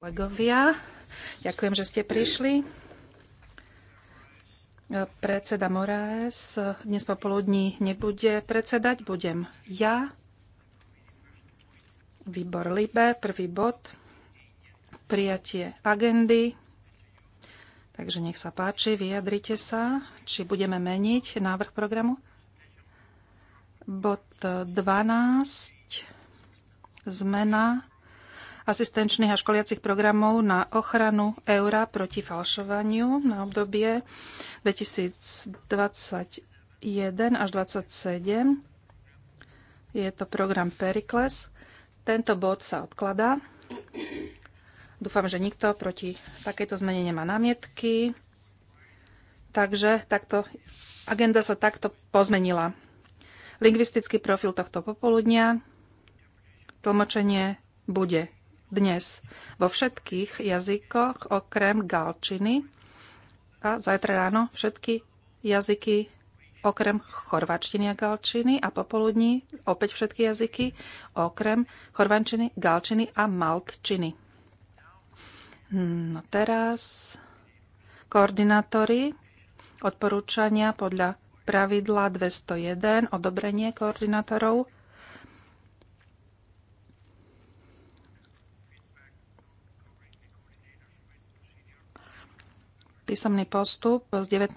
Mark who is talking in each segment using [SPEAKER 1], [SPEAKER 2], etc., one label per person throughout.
[SPEAKER 1] Kolegovia, ďakujem, že ste prišli. Predseda Moraes dnes popoludní nebude predsedať, budem ja. Výbor Libe, prvý bod, prijatie agendy. Takže nech sa páči, vyjadrite sa, či budeme meniť návrh programu. Bod 12 zmena asistenčných a školiacich programov na ochranu eura proti falšovaniu na obdobie 2021 až 2027. Je to program Pericles. Tento bod sa odkladá. Dúfam, že nikto proti takéto zmene nemá námietky. Takže takto, agenda sa takto pozmenila. Lingvistický profil tohto popoludnia Tlmočenie bude dnes vo všetkých jazykoch okrem galčiny a zajtra ráno všetky jazyky okrem chorvačtiny a galčiny a popoludní opäť všetky jazyky okrem chorvančiny, galčiny a maltčiny. No teraz koordinátory odporúčania podľa pravidla 201, odobrenie koordinátorov. písomný postup z 19.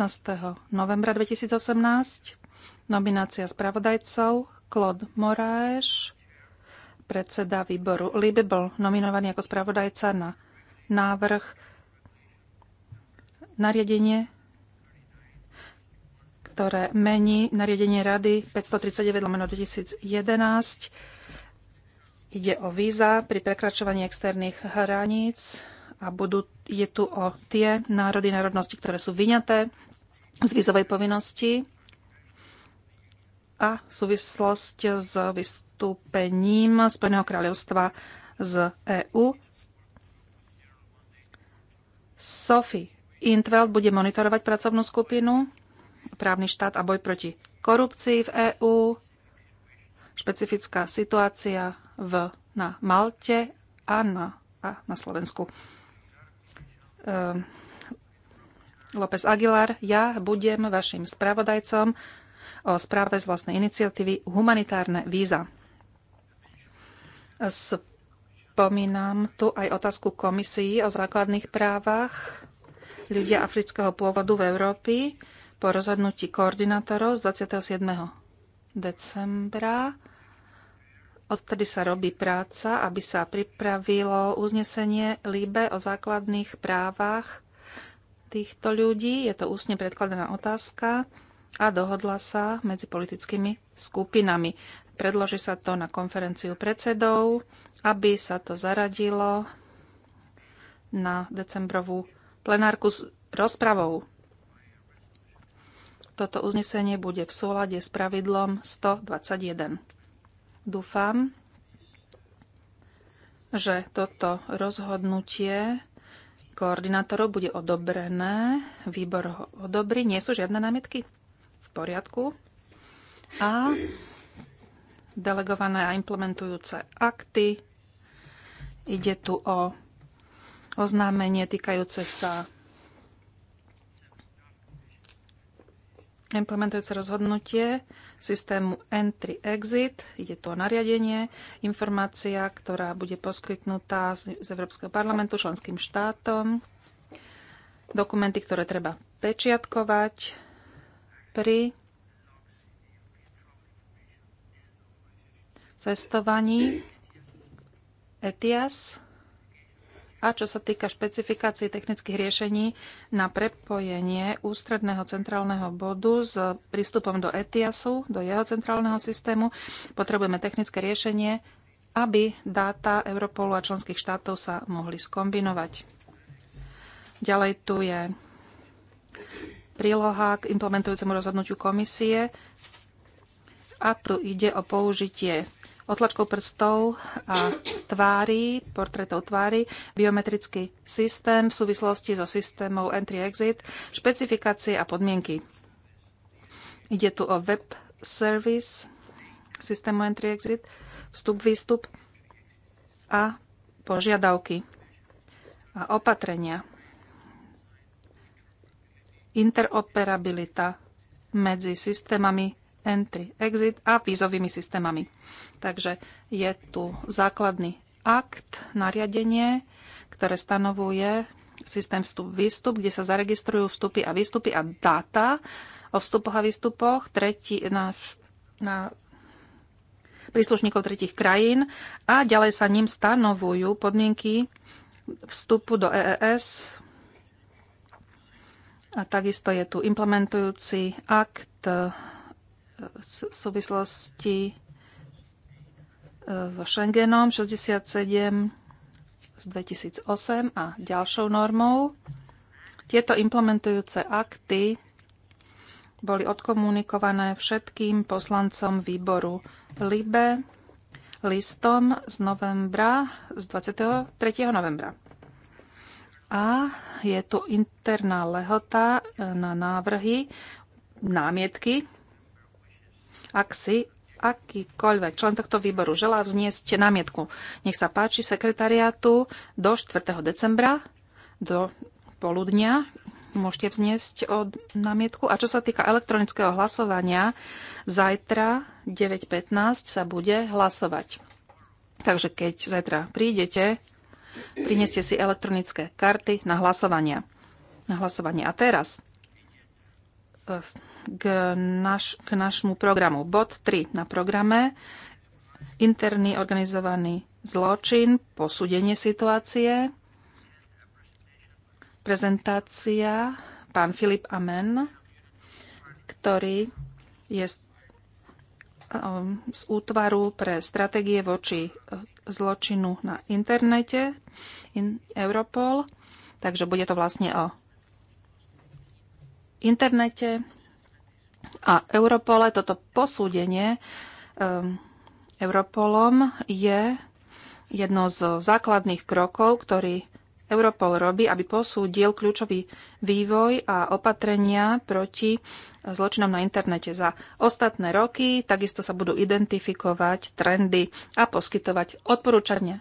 [SPEAKER 1] novembra 2018, nominácia spravodajcov Claude Moraes, predseda výboru Liby bol nominovaný ako spravodajca na návrh nariadenie, ktoré mení nariadenie Rady 539 2011 Ide o víza pri prekračovaní externých hraníc a budú, je tu o tie národy, národnosti, ktoré sú vyňaté z vízovej povinnosti a súvislosť s vystúpením Spojeného kráľovstva z EÚ. Sophie Intveld bude monitorovať pracovnú skupinu právny štát a boj proti korupcii v EÚ, špecifická situácia v, na Malte a na, a na Slovensku. Ehm, López Aguilar, ja budem vašim spravodajcom o správe z vlastnej iniciatívy Humanitárne víza. Spomínam tu aj otázku komisii o základných právach ľudia afrického pôvodu v Európy po rozhodnutí koordinátorov z 27. decembra Odtedy sa robí práca, aby sa pripravilo uznesenie Líbe o základných právach týchto ľudí. Je to ústne predkladaná otázka a dohodla sa medzi politickými skupinami. Predloží sa to na konferenciu predsedov, aby sa to zaradilo na decembrovú plenárku s rozpravou. Toto uznesenie bude v súlade s pravidlom 121. Dúfam, že toto rozhodnutie koordinátorov bude odobrené, výbor ho odobrí, nie sú žiadne námietky? V poriadku. A delegované a implementujúce akty. Ide tu o oznámenie týkajúce sa implementujúce rozhodnutie systému Entry-Exit. Ide to nariadenie, informácia, ktorá bude poskytnutá z, z Európskeho parlamentu členským štátom, dokumenty, ktoré treba pečiatkovať pri cestovaní ETIAS a čo sa týka špecifikácie technických riešení na prepojenie ústredného centrálneho bodu s prístupom do ETIASu, do jeho centrálneho systému, potrebujeme technické riešenie, aby dáta Europolu a členských štátov sa mohli skombinovať. Ďalej tu je príloha k implementujúcemu rozhodnutiu komisie a tu ide o použitie otlačkou prstov a tvári, portrétov tvári, biometrický systém v súvislosti so systémov entry-exit, špecifikácie a podmienky. Ide tu o web service systému entry-exit, vstup-výstup a požiadavky a opatrenia. Interoperabilita medzi systémami entry, exit a vízovými systémami. Takže je tu základný akt, nariadenie, ktoré stanovuje systém vstup-výstup, kde sa zaregistrujú vstupy a výstupy a dáta o vstupoch a výstupoch tretí, na, na príslušníkov tretich krajín a ďalej sa ním stanovujú podmienky vstupu do EES a takisto je tu implementujúci akt v súvislosti e, so Schengenom 67 z 2008 a ďalšou normou. Tieto implementujúce akty boli odkomunikované všetkým poslancom výboru LIBE listom z novembra, z 23. novembra. A je tu interná lehota e, na návrhy, námietky ak si akýkoľvek člen tohto výboru želá vzniesť námietku, nech sa páči sekretariátu do 4. decembra do poludnia môžete vzniesť od námietku. A čo sa týka elektronického hlasovania, zajtra 9.15 sa bude hlasovať. Takže keď zajtra prídete, prineste si elektronické karty na hlasovanie. Na hlasovanie. A teraz eh, k, naš, k našmu programu. Bod 3 na programe. Interný organizovaný zločin, posúdenie situácie, prezentácia pán Filip Amen, ktorý je z, um, z útvaru pre stratégie voči uh, zločinu na internete in, Europol. Takže bude to vlastne o internete, a Europole, toto posúdenie um, Europolom je jedno z základných krokov, ktorý Europol robí, aby posúdil kľúčový vývoj a opatrenia proti zločinom na internete. Za ostatné roky takisto sa budú identifikovať trendy a poskytovať odporúčania.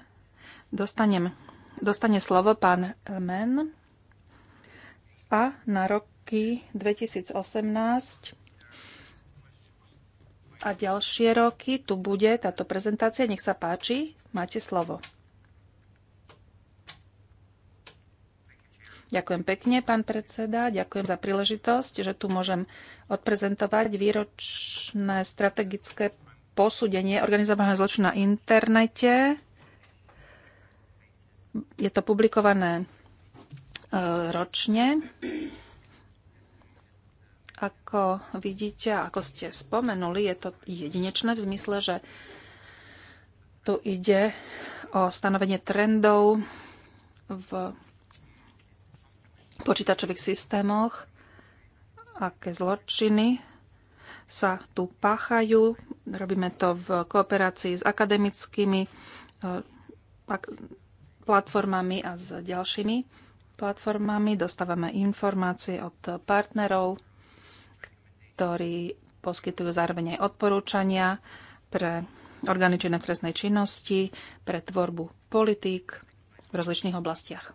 [SPEAKER 1] Dostanem, dostane slovo pán Men a na roky 2018 a ďalšie roky. Tu bude táto prezentácia. Nech sa páči, máte slovo. Ďakujem pekne, pán predseda. Ďakujem za príležitosť, že tu môžem odprezentovať výročné strategické posúdenie organizovaného zločinu na internete. Je to publikované e, ročne ako vidíte, ako ste spomenuli, je to jedinečné v zmysle, že tu ide o stanovenie trendov v počítačových systémoch, aké zločiny sa tu páchajú. Robíme to v kooperácii s akademickými e, platformami a s ďalšími platformami. Dostávame informácie od partnerov, ktorí poskytujú zároveň aj odporúčania pre orgány činné v trestnej činnosti, pre tvorbu politík v rozličných oblastiach.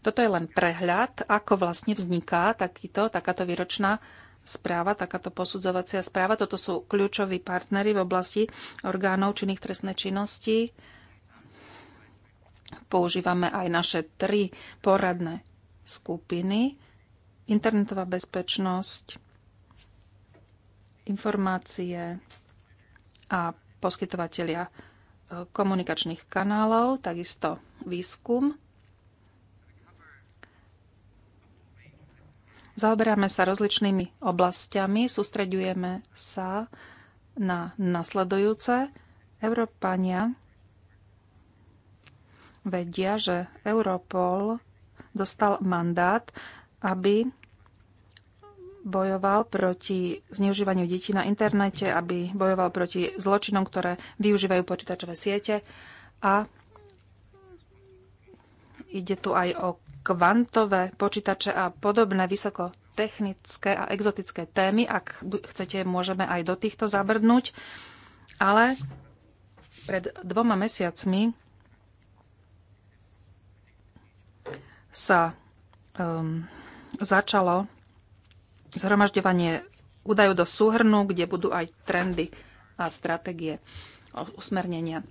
[SPEAKER 1] Toto je len prehľad, ako vlastne vzniká takýto, takáto výročná správa, takáto posudzovacia správa. Toto sú kľúčoví partnery v oblasti orgánov činných trestnej činnosti. Používame aj naše tri poradné skupiny, internetová bezpečnosť, informácie a poskytovateľia e, komunikačných kanálov, takisto výskum. Zaoberáme sa rozličnými oblastiami, sústreďujeme sa na nasledujúce. Európania vedia, že Europol dostal mandát, aby bojoval proti zneužívaniu detí na internete, aby bojoval proti zločinom, ktoré využívajú počítačové siete. A ide tu aj o kvantové počítače a podobné vysokotechnické a exotické témy. Ak chcete, môžeme aj do týchto zabrdnúť. Ale pred dvoma mesiacmi sa um, začalo zhromažďovanie údajov do súhrnu, kde budú aj trendy a stratégie usmernenia.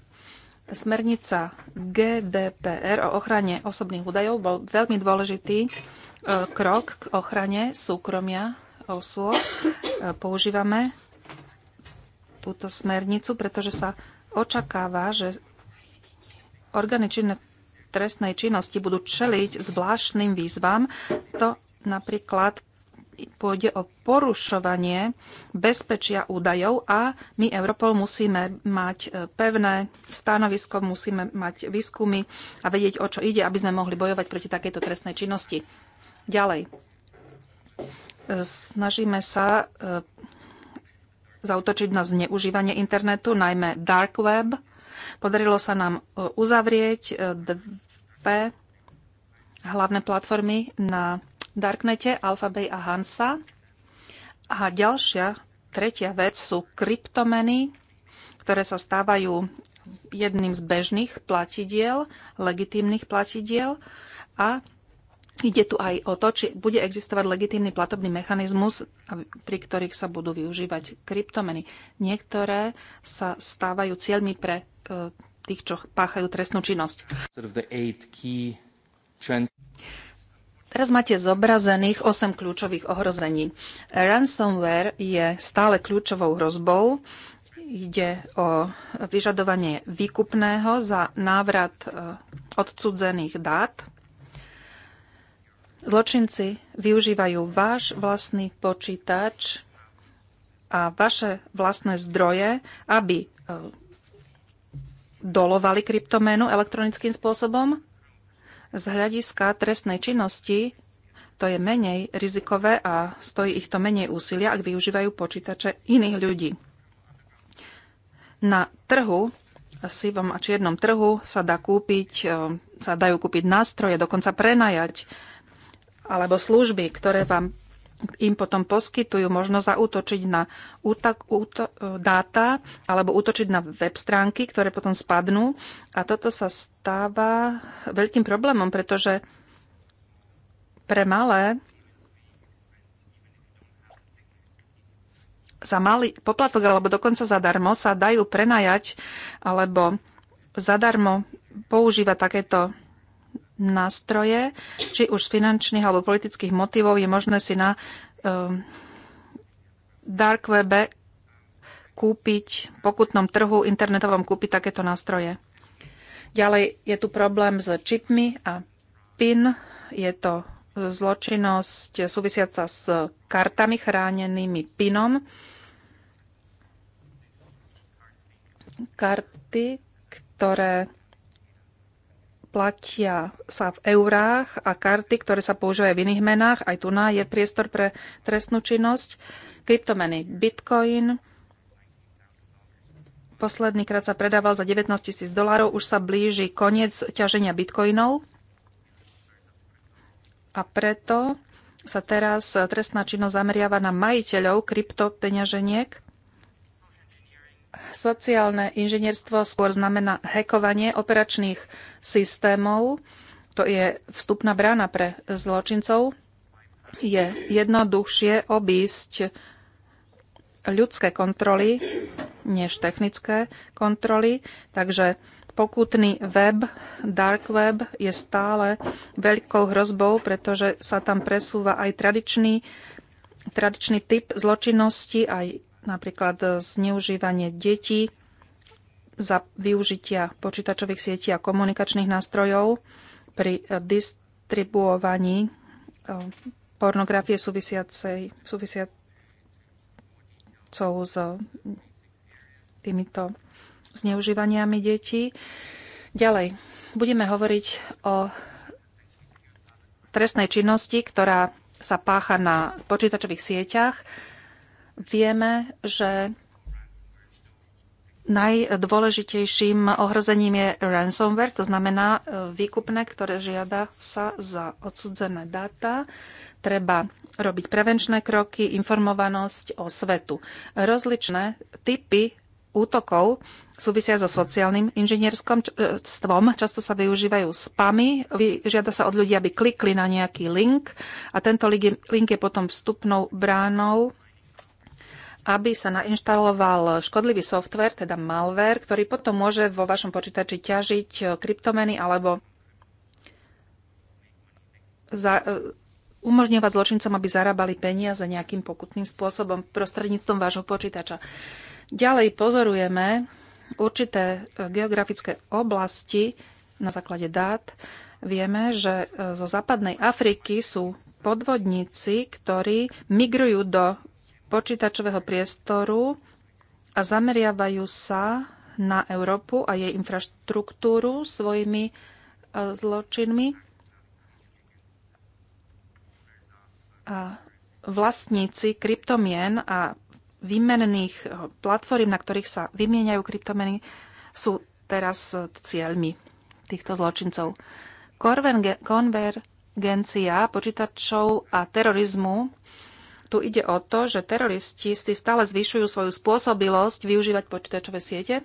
[SPEAKER 1] Smernica GDPR o ochrane osobných údajov bol veľmi dôležitý e, krok k ochrane súkromia osôb. E, používame túto smernicu, pretože sa očakáva, že orgány činné v trestnej činnosti budú čeliť zvláštnym výzvam. To napríklad pôjde o porušovanie bezpečia údajov a my, Europol, musíme mať e, pevné stanovisko, musíme mať výskumy a vedieť, o čo ide, aby sme mohli bojovať proti takejto trestnej činnosti. Ďalej. Snažíme sa e, zautočiť na zneužívanie internetu, najmä dark web, Podarilo sa nám e, uzavrieť e, dve hlavné platformy na Darknete, Alphabay a Hansa. A ďalšia, tretia vec sú kryptomeny, ktoré sa stávajú jedným z bežných platidiel, legitímnych platidiel a Ide tu aj o to, či bude existovať legitímny platobný mechanizmus, pri ktorých sa budú využívať kryptomeny. Niektoré sa stávajú cieľmi pre e, tých, čo páchajú trestnú činnosť. Teraz máte zobrazených 8 kľúčových ohrození. Ransomware je stále kľúčovou hrozbou. Ide o vyžadovanie výkupného za návrat e, odcudzených dát Zločinci využívajú váš vlastný počítač a vaše vlastné zdroje, aby e, dolovali kryptoménu elektronickým spôsobom? Z hľadiska trestnej činnosti to je menej rizikové a stojí ich to menej úsilia, ak využívajú počítače iných ľudí. Na trhu, sivom a čiernom trhu, sa, dá kúpiť, e, sa dajú kúpiť nástroje, dokonca prenajať alebo služby, ktoré vám im potom poskytujú možnosť zaútočiť na útok, úto, e, dáta alebo útočiť na web stránky, ktoré potom spadnú. A toto sa stáva veľkým problémom, pretože pre malé za malý poplatok alebo dokonca zadarmo sa dajú prenajať alebo zadarmo používať takéto nástroje, či už z finančných alebo politických motivov je možné si na um, dark webe kúpiť, pokutnom trhu internetovom kúpiť takéto nástroje. Ďalej je tu problém s čipmi a PIN. Je to zločinnosť súvisiaca s kartami chránenými PINom. Karty, ktoré platia sa v eurách a karty, ktoré sa používajú v iných menách, aj tu je priestor pre trestnú činnosť. Kryptomeny Bitcoin, posledný krát sa predával za 19 tisíc dolárov, už sa blíži koniec ťaženia bitcoinov a preto sa teraz trestná činnosť zameriava na majiteľov kryptopeňaženiek Sociálne inžinierstvo skôr znamená hekovanie operačných systémov. To je vstupná brána pre zločincov. Je jednoduchšie obísť ľudské kontroly než technické kontroly, takže pokutný web, dark web je stále veľkou hrozbou, pretože sa tam presúva aj tradičný, tradičný typ zločinnosti, aj napríklad e, zneužívanie detí za využitia počítačových sietí a komunikačných nástrojov pri e, distribuovaní e, pornografie súvisiacej, súvisiacou s týmito zneužívaniami detí. Ďalej, budeme hovoriť o trestnej činnosti, ktorá sa pácha na počítačových sieťach Vieme, že najdôležitejším ohrozením je ransomware, to znamená e, výkupné, ktoré žiada sa za odsudzené dáta. Treba robiť prevenčné kroky, informovanosť o svetu. Rozličné typy útokov súvisia so sociálnym e, stvom. Často sa využívajú spamy. Žiada sa od ľudí, aby klikli na nejaký link a tento link je potom vstupnou bránou aby sa nainštaloval škodlivý software, teda malware, ktorý potom môže vo vašom počítači ťažiť e, kryptomeny alebo za, e, umožňovať zločincom, aby zarábali peniaze nejakým pokutným spôsobom prostredníctvom vášho počítača. Ďalej pozorujeme určité e, geografické oblasti na základe dát. Vieme, že zo západnej Afriky sú podvodníci, ktorí migrujú do počítačového priestoru a zameriavajú sa na Európu a jej infraštruktúru svojimi e, zločinmi. A vlastníci kryptomien a výmenných e, platform, na ktorých sa vymieňajú kryptomeny, sú teraz e, cieľmi týchto zločincov. Konvergencia počítačov a terorizmu tu ide o to, že teroristi si stále zvyšujú svoju spôsobilosť využívať počítačové siete,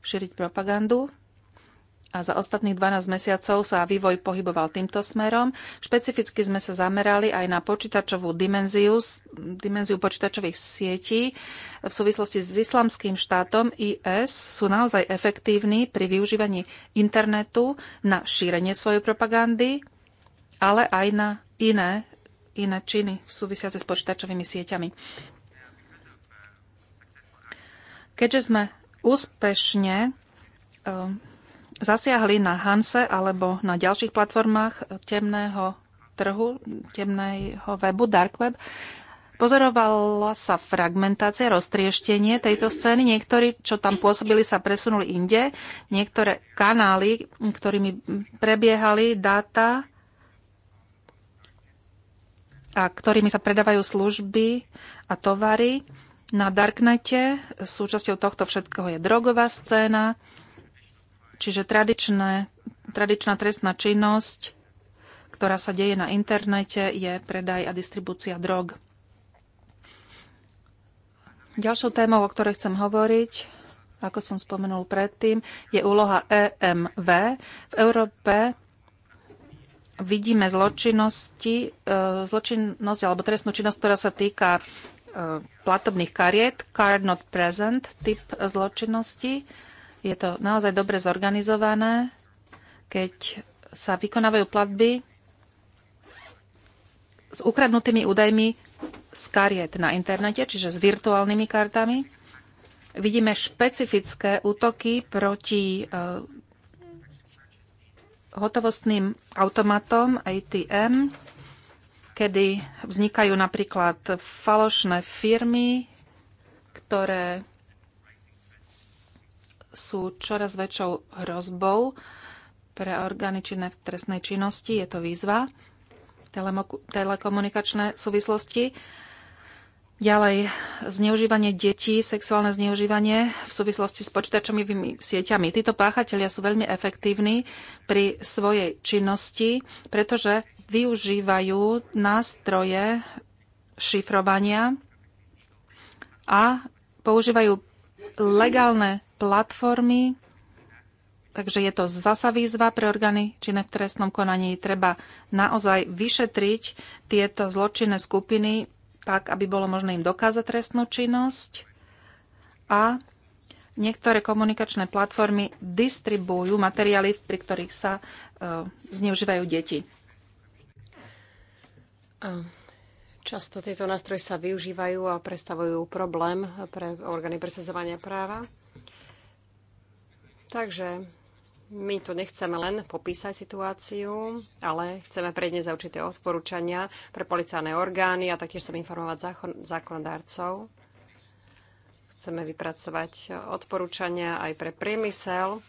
[SPEAKER 1] šíriť propagandu. A za ostatných 12 mesiacov sa vývoj pohyboval týmto smerom. Špecificky sme sa zamerali aj na počítačovú dimenziu, dimenziu počítačových sietí. V súvislosti s islamským štátom IS sú naozaj efektívni pri využívaní internetu na šírenie svojej propagandy, ale aj na iné iné činy súvisiace s počítačovými sieťami. Keďže sme úspešne e, zasiahli na Hanse alebo na ďalších platformách e, temného trhu, temného webu, dark web, Pozorovala sa fragmentácia, roztrieštenie tejto scény. Niektorí, čo tam pôsobili, sa presunuli inde. Niektoré kanály, ktorými prebiehali dáta, a ktorými sa predávajú služby a tovary. Na Darknete súčasťou tohto všetkého je drogová scéna, čiže tradičné, tradičná trestná činnosť, ktorá sa deje na internete, je predaj a distribúcia drog. Ďalšou témou, o ktorej chcem hovoriť, ako som spomenul predtým, je úloha EMV. V Európe vidíme zločinnosti, e, zločinnosť alebo trestnú činnosť, ktorá sa týka e, platobných kariet, card not present, typ zločinnosti. Je to naozaj dobre zorganizované, keď sa vykonávajú platby s ukradnutými údajmi z kariet na internete, čiže s virtuálnymi kartami. Vidíme špecifické útoky proti e, hotovostným automatom ATM, kedy vznikajú napríklad falošné firmy, ktoré sú čoraz väčšou hrozbou pre orgány činné v trestnej činnosti. Je to výzva telekomunikačné súvislosti. Ďalej, zneužívanie detí, sexuálne zneužívanie v súvislosti s počítačovými sieťami. Títo páchatelia sú veľmi efektívni pri svojej činnosti, pretože využívajú nástroje šifrovania a používajú legálne platformy, takže je to zasa výzva pre orgány činné v trestnom konaní. Treba naozaj vyšetriť tieto zločinné skupiny tak, aby bolo možné im dokázať trestnú činnosť a niektoré komunikačné platformy distribujú materiály, pri ktorých sa uh, zneužívajú deti.
[SPEAKER 2] Často tieto nástroje sa využívajú a predstavujú problém pre orgány presazovania práva. Takže my tu nechceme len popísať situáciu, ale chceme predniesť za určité odporúčania pre policajné orgány a taktiež chceme informovať zákon, zákonodárcov. Chceme vypracovať odporúčania aj pre priemysel.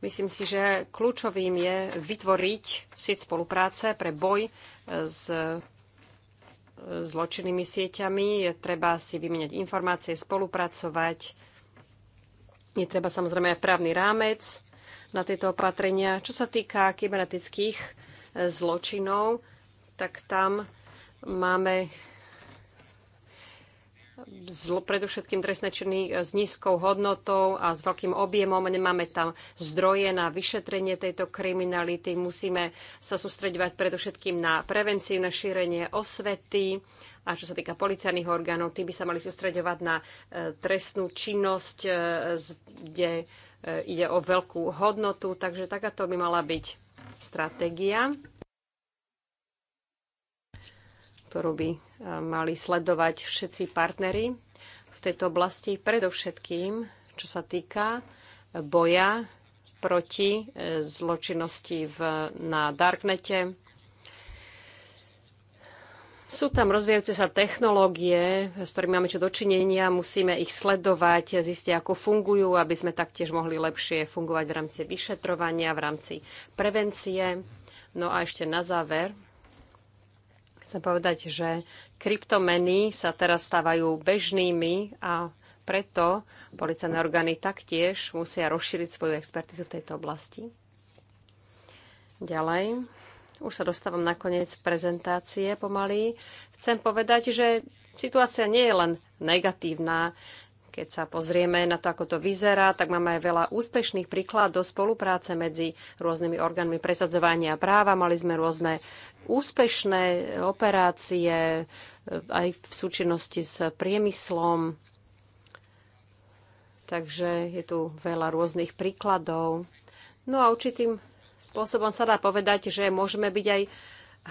[SPEAKER 2] Myslím si, že kľúčovým je vytvoriť sieť spolupráce pre boj s zločinnými sieťami. Je treba si vymeniať informácie, spolupracovať je treba samozrejme aj právny rámec na tieto opatrenia. Čo sa týka kybernetických eh, zločinov, tak tam máme zlo, predovšetkým trestné činy e, s nízkou hodnotou a s veľkým objemom. Nemáme tam zdroje na vyšetrenie tejto kriminality. Musíme sa sústredovať predovšetkým na prevenciu, na šírenie osvety. A čo sa týka policajných orgánov, tí by sa mali sústredovať na e, trestnú činnosť, e, kde ide o veľkú hodnotu. Takže takáto by mala byť stratégia ktorú by e, mali sledovať všetci partnery v tejto oblasti, predovšetkým čo sa týka boja proti e, zločinnosti v, na Darknete. Sú tam rozvíjajúce sa technológie, s ktorými máme čo dočinenia, musíme ich sledovať, zistiť, ako fungujú, aby sme taktiež mohli lepšie fungovať v rámci vyšetrovania, v rámci prevencie. No a ešte na záver Chcem povedať, že kryptomeny sa teraz stávajú bežnými a preto policajné orgány taktiež musia rozšíriť svoju expertizu v tejto oblasti. Ďalej, už sa dostávam na koniec prezentácie pomaly. Chcem povedať, že situácia nie je len negatívna. Keď sa pozrieme na to, ako to vyzerá, tak máme aj veľa úspešných príkladov spolupráce medzi rôznymi orgánmi presadzovania práva. Mali sme rôzne úspešné operácie eh, aj v súčinnosti s priemyslom. Takže je tu veľa rôznych príkladov. No a určitým spôsobom sa dá povedať, že môžeme byť aj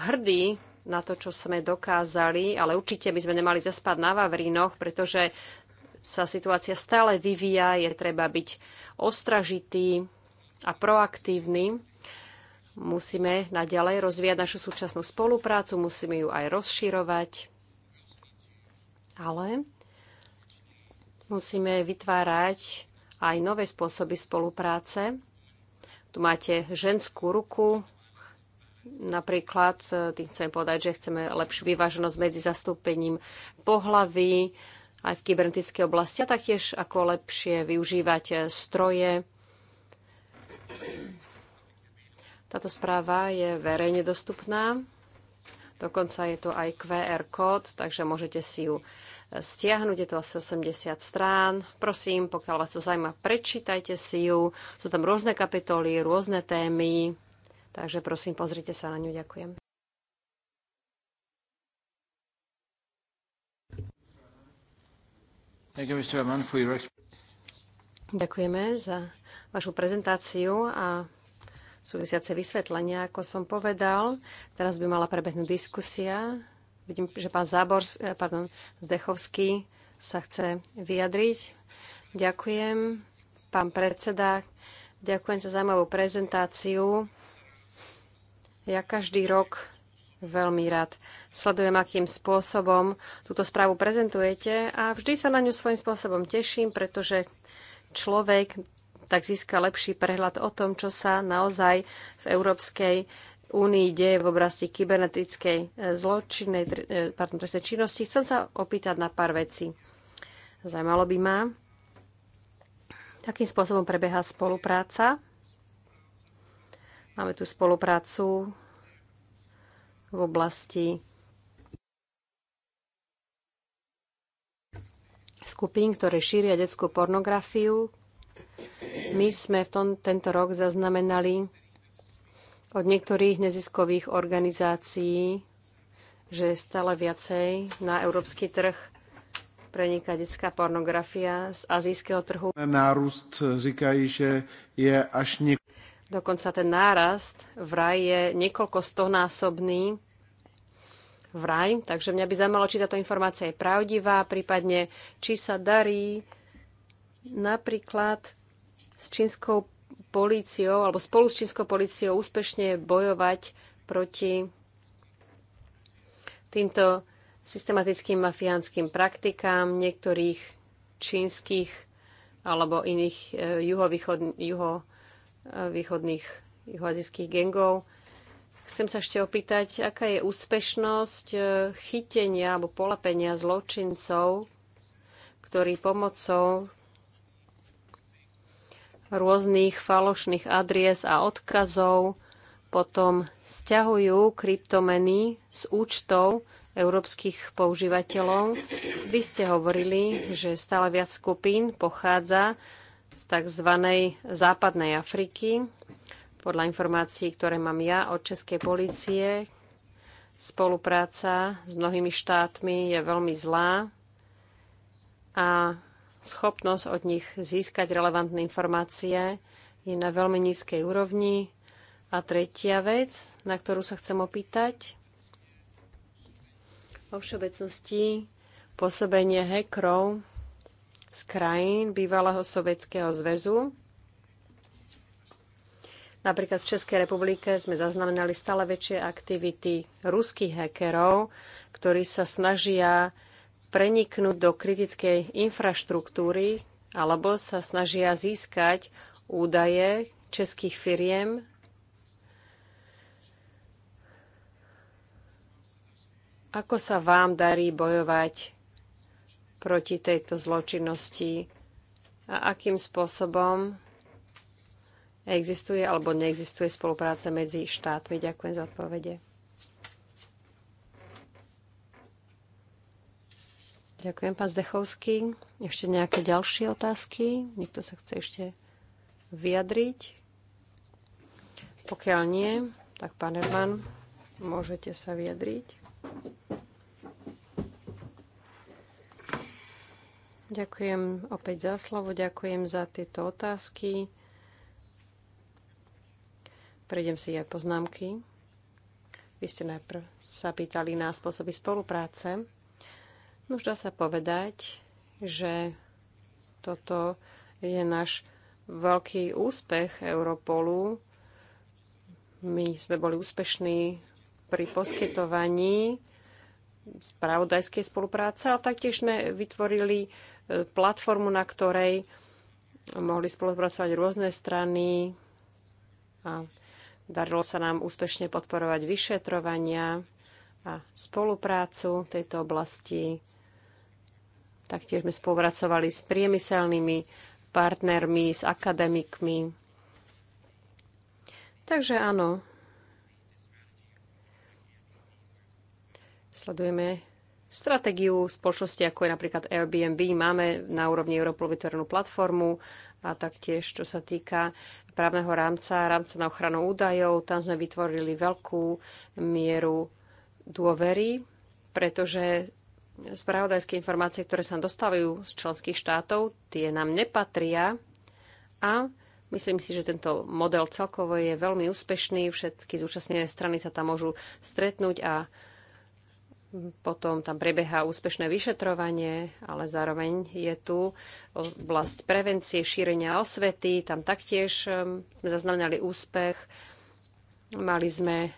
[SPEAKER 2] hrdí na to, čo sme dokázali, ale určite by sme nemali zaspať na Vavrinoch, pretože sa situácia stále vyvíja, je treba byť ostražitý a proaktívny. Musíme naďalej rozvíjať našu súčasnú spoluprácu, musíme ju aj rozširovať, ale musíme vytvárať aj nové spôsoby spolupráce. Tu máte ženskú ruku, Napríklad eh, tým chcem povedať, že chceme lepšiu vyváženosť medzi zastúpením pohlaví, aj v kybernetickej oblasti a taktiež ako lepšie využívať eh, stroje. Táto správa je verejne dostupná. Dokonca je to aj QR kód, takže môžete si ju eh, stiahnuť. Je to asi 80 strán. Prosím, pokiaľ vás to zaujíma, prečítajte si ju. Sú tam rôzne kapitoly, rôzne témy. Takže prosím, pozrite sa na ňu. Ďakujem. Ďakujeme za vašu prezentáciu a súvisiace vysvetlenia, ako som povedal. Teraz by mala prebehnúť diskusia. Vidím, že pán Zábor, pardon, Zdechovský sa chce vyjadriť. Ďakujem, pán predseda. Ďakujem za zaujímavú prezentáciu. Ja každý rok veľmi rád sledujem, akým spôsobom túto správu prezentujete a vždy sa na ňu svojím spôsobom teším, pretože človek tak získa lepší prehľad o tom, čo sa naozaj v Európskej únii deje v oblasti kybernetickej e, zločinnej e, trestnej činnosti. Chcem sa opýtať na pár vecí. Zajímalo by ma, akým spôsobom prebieha spolupráca. Máme tu spoluprácu v oblasti skupín, ktoré šíria detskú pornografiu. My sme v tom, tento rok zaznamenali od niektorých neziskových organizácií, že stále viacej na európsky trh preniká detská pornografia z azijského
[SPEAKER 1] trhu. Nárůst
[SPEAKER 3] říkají, že je až niekto
[SPEAKER 2] Dokonca ten nárast v raj je niekoľko stonásobný vraj, takže mňa by zaujímalo, či táto informácia je pravdivá, prípadne či sa darí napríklad s čínskou políciou alebo spolu s čínskou políciou úspešne bojovať proti týmto systematickým mafiánskym praktikám niektorých čínskych alebo iných eh, juhovýchodných juho východných juhoazijských gengov. Chcem sa ešte opýtať, aká je úspešnosť e, chytenia alebo polapenia zločincov, ktorí pomocou rôznych falošných adries a odkazov potom stiahujú kryptomeny z účtov európskych používateľov. Vy ste hovorili, že stále viac skupín pochádza z tzv. západnej Afriky. Podľa informácií, ktoré mám ja od Českej policie, spolupráca s mnohými štátmi je veľmi zlá a schopnosť od nich získať relevantné informácie je na veľmi nízkej úrovni. A tretia vec, na ktorú sa chcem opýtať, vo všeobecnosti pôsobenie hekrov z krajín bývalého Sovietskeho zväzu. Napríklad v Českej republike sme zaznamenali stále väčšie aktivity ruských hackerov, ktorí sa snažia preniknúť do kritickej infraštruktúry alebo sa snažia získať údaje českých firiem Ako sa vám darí bojovať proti tejto zločinnosti a akým spôsobom existuje alebo neexistuje spolupráca medzi štátmi. Ďakujem za odpovede. Ďakujem, pán Zdechovský. Ešte nejaké ďalšie otázky? Niekto sa chce ešte vyjadriť? Pokiaľ nie, tak pán Erman, môžete sa vyjadriť. Ďakujem opäť za slovo, ďakujem za tieto otázky. Prejdem si aj poznámky. Vy ste najprv sa pýtali na spôsoby spolupráce. No už dá sa povedať, že toto je náš veľký úspech Europolu. My sme boli úspešní pri poskytovaní spravodajskej spolupráce, ale taktiež sme vytvorili platformu, na ktorej mohli spolupracovať rôzne strany a darilo sa nám úspešne podporovať vyšetrovania a spoluprácu v tejto oblasti. Taktiež sme spolupracovali s priemyselnými partnermi, s akademikmi. Takže áno, sledujeme stratégiu spoločnosti, ako je napríklad Airbnb. Máme na úrovni Europol vytvorenú platformu a taktiež, čo sa týka právneho rámca, rámca na ochranu údajov, tam sme vytvorili veľkú mieru dôvery, pretože spravodajské informácie, ktoré sa dostávajú z členských štátov, tie nám nepatria a Myslím si, že tento model celkovo je veľmi úspešný. Všetky zúčastnené strany sa tam môžu stretnúť a potom tam prebieha úspešné vyšetrovanie, ale zároveň je tu oblasť prevencie, šírenia osvety. Tam taktiež um, sme zaznamenali úspech. Mali sme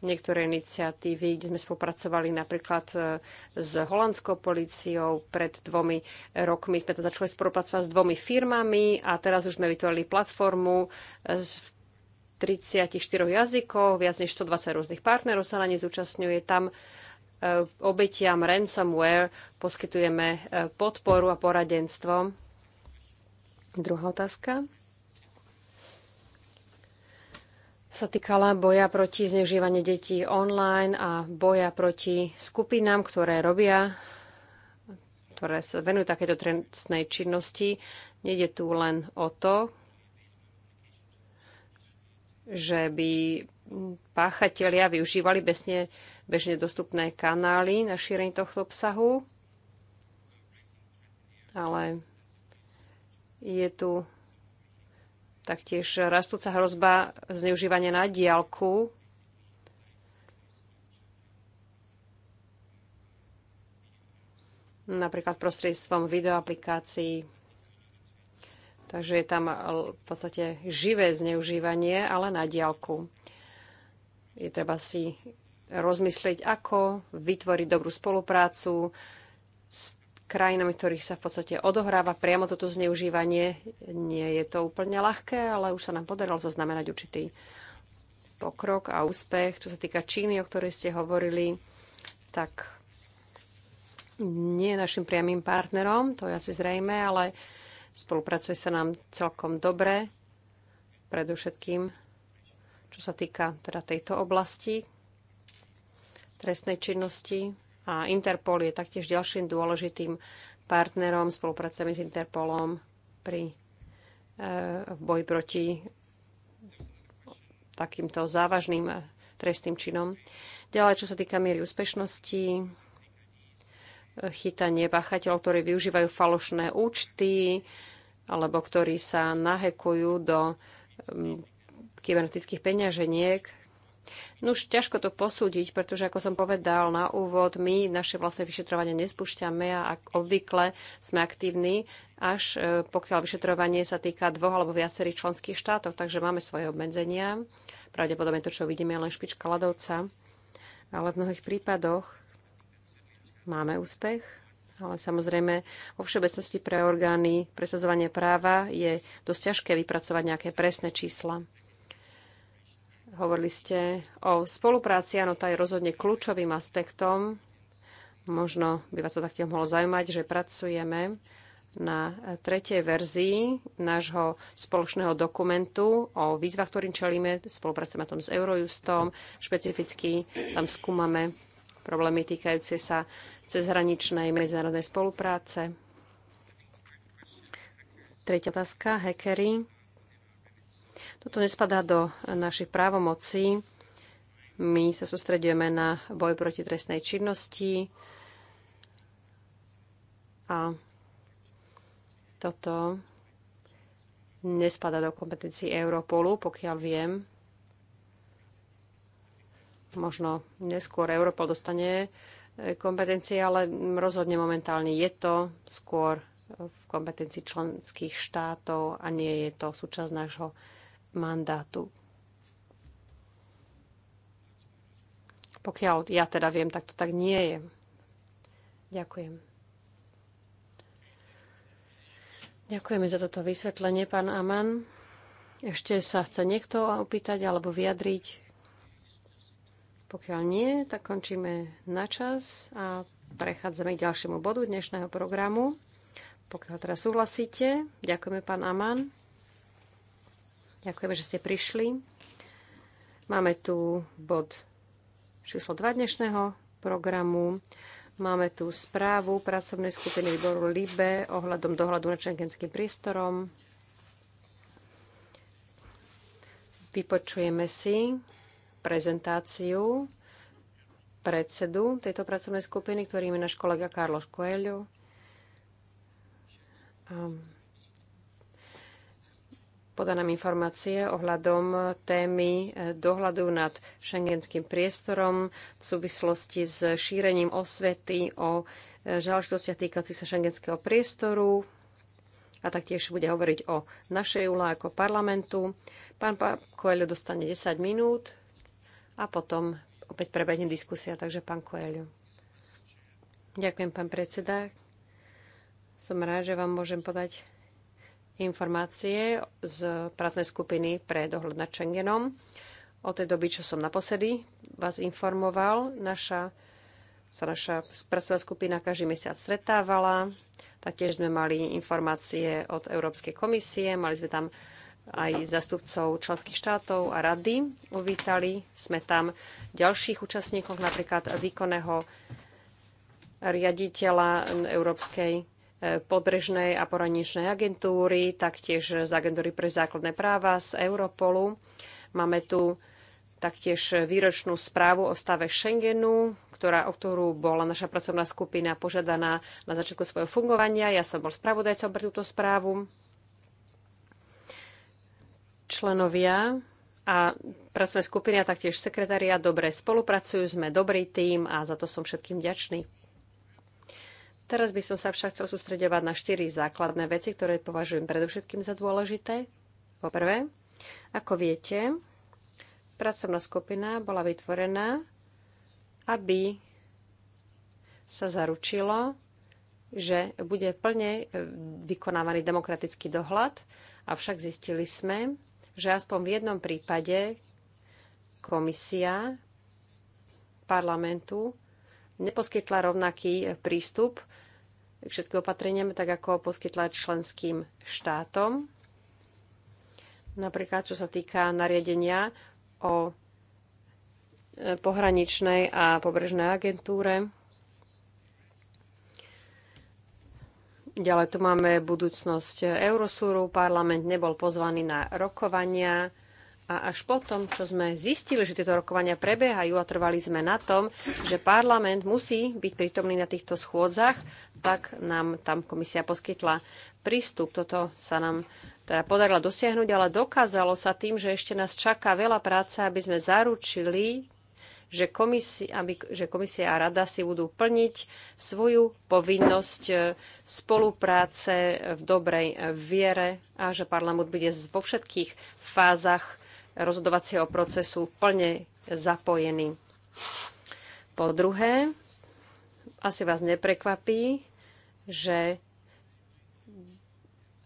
[SPEAKER 2] niektoré iniciatívy, kde sme spolupracovali napríklad uh, s holandskou policiou pred dvomi rokmi. Sme to začali spolupracovať s dvomi firmami a teraz už sme vytvorili platformu uh, 34 jazykoch, viac než 120 rôznych partnerov sa na ne zúčastňuje. Tam e, obetiam ransomware poskytujeme e, podporu a poradenstvo. Druhá otázka sa týkala boja proti zneužívaniu detí online a boja proti skupinám, ktoré robia, ktoré sa venujú takéto trestnej činnosti. Nede tu len o to, že by páchatelia využívali besne, bežne dostupné kanály na šírenie tohto obsahu, ale je tu taktiež rastúca hrozba zneužívania na diálku. napríklad prostredstvom videoaplikácií. Takže je tam eh, v podstate živé zneužívanie, ale na diálku. Je treba si rozmyslieť, ako vytvoriť dobrú spoluprácu s krajinami, ktorých sa v podstate odohráva priamo toto zneužívanie. Nie je to úplne ľahké, ale už sa nám podarilo zaznamenať určitý pokrok a úspech. Čo sa týka Číny, o ktorej ste hovorili, tak nie je našim priamým partnerom, to je asi zrejme, ale Spolupracuje sa nám celkom dobre, predovšetkým čo sa týka teda tejto oblasti trestnej činnosti. A Interpol je taktiež ďalším dôležitým partnerom, spolupracujeme s Interpolom pri, e, v boji proti takýmto závažným e, trestným činom. Ďalej, čo sa týka miery úspešnosti, chytanie páchateľov, ktorí využívajú falošné účty alebo ktorí sa nahekujú do mm, kybernetických peňaženiek. No už ťažko to posúdiť, pretože ako som povedal na úvod, my naše vlastné vyšetrovanie nespúšťame a ak obvykle sme aktívni, až e, pokiaľ vyšetrovanie sa týka dvoch alebo viacerých členských štátov, takže máme svoje obmedzenia. Pravdepodobne to, čo vidíme, je len špička ľadovca. Ale v mnohých prípadoch máme úspech, ale samozrejme vo všeobecnosti pre orgány presadzovanie práva je dosť ťažké vypracovať nejaké presné čísla. Hovorili ste o spolupráci, áno, tá je rozhodne kľúčovým aspektom. Možno by vás to taktiež mohlo zaujímať, že pracujeme na tretej verzii nášho spoločného dokumentu o výzvach, ktorým čelíme. Spolupracujeme tam s Eurojustom, špecificky tam skúmame problémy týkajúce sa cezhraničnej medzinárodnej spolupráce. Tretia otázka, hackery. Toto nespadá do našich právomocí. My sa sústredujeme na boj proti trestnej činnosti a toto nespada do kompetencií Europolu, pokiaľ viem. Možno neskôr Európa dostane e, kompetencie, ale rozhodne momentálne je to skôr v kompetencii členských štátov a nie je to súčasť nášho mandátu. Pokiaľ ja teda viem, tak to tak nie je. Ďakujem. Ďakujeme za toto vysvetlenie, pán Aman. Ešte sa chce niekto opýtať alebo vyjadriť? Pokiaľ nie, tak končíme na čas a prechádzame k ďalšiemu bodu dnešného programu. Pokiaľ teraz súhlasíte, ďakujeme pán Aman. Ďakujeme, že ste prišli. Máme tu bod číslo 2 dnešného programu. Máme tu správu pracovnej skupiny výboru LIBE ohľadom dohľadu na čengenským priestorom. Vypočujeme si prezentáciu predsedu tejto pracovnej skupiny, ktorým je náš kolega Carlos Coelho. Ehm, podá nám informácie ohľadom témy eh, dohľadu nad šengenským priestorom v súvislosti s šírením osvety o eh, záležitostiach týkajúcich sa šengenského priestoru a taktiež bude hovoriť o našej úlohe ako parlamentu. Pán Coelho dostane 10 minút a potom opäť prebehne diskusia. Takže pán Koelio. Ďakujem, pán predseda. Som rád, že vám môžem podať informácie z pracovnej skupiny pre dohľad nad Schengenom. O tej doby, čo som naposledy vás informoval, naša, sa naša pracovná skupina každý mesiac stretávala. Taktiež sme mali informácie od Európskej komisie, mali sme tam aj zastupcov členských štátov a rady. Uvítali sme tam ďalších účastníkov, napríklad výkonného riaditeľa Európskej e, pobrežnej a poraničnej agentúry, taktiež z agentúry pre základné práva z Europolu. Máme tu taktiež výročnú správu o stave Schengenu, ktorá, o ktorú bola naša pracovná skupina požiadaná na začiatku svojho fungovania. Ja som bol spravodajcom pre túto správu členovia a pracovné skupiny a taktiež sekretária dobre spolupracujú, sme dobrý tým a za to som všetkým vďačný. Teraz by som sa však chcel sústredovať na štyri základné veci, ktoré považujem predovšetkým za dôležité. Poprvé, ako viete, pracovná skupina bola vytvorená, aby sa zaručilo, že bude plne vykonávaný demokratický dohľad, avšak zistili sme, že aspoň v jednom prípade komisia parlamentu neposkytla rovnaký prístup k všetkým opatreniam, tak ako poskytla členským štátom. Napríklad, čo sa týka nariadenia o e, pohraničnej a pobrežnej agentúre, Ďalej tu máme budúcnosť Eurosúru. Parlament nebol pozvaný na rokovania. A až potom, čo sme zistili, že tieto rokovania prebiehajú a trvali sme na tom, že parlament musí byť prítomný na týchto schôdzach, tak nám tam komisia poskytla prístup. Toto sa nám teda podarila dosiahnuť, ale dokázalo sa tým, že ešte nás čaká veľa práce, aby sme zaručili že komisia, aby, že komisia a rada si budú plniť svoju povinnosť e, spolupráce v dobrej e, viere a že parlament bude vo všetkých fázach rozhodovacieho procesu plne zapojený. Po druhé, asi vás neprekvapí, že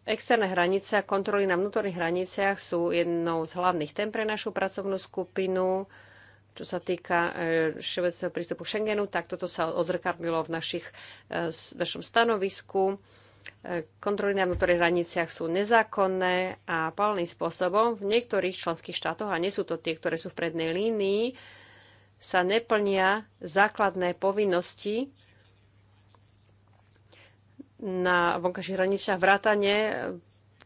[SPEAKER 2] Externé hranice a kontroly na vnútorných hraniciach sú jednou z hlavných tém pre našu pracovnú skupinu čo sa týka e, všeobecného prístupu Schengenu, tak toto sa odzrkadlilo v našich, e, našom stanovisku. E, kontroly na vnútorných hraniciach sú nezákonné a palným spôsobom v niektorých členských štátoch, a nie sú to tie, ktoré sú v prednej línii, sa neplnia základné povinnosti na vonkajších hraniciach vrátane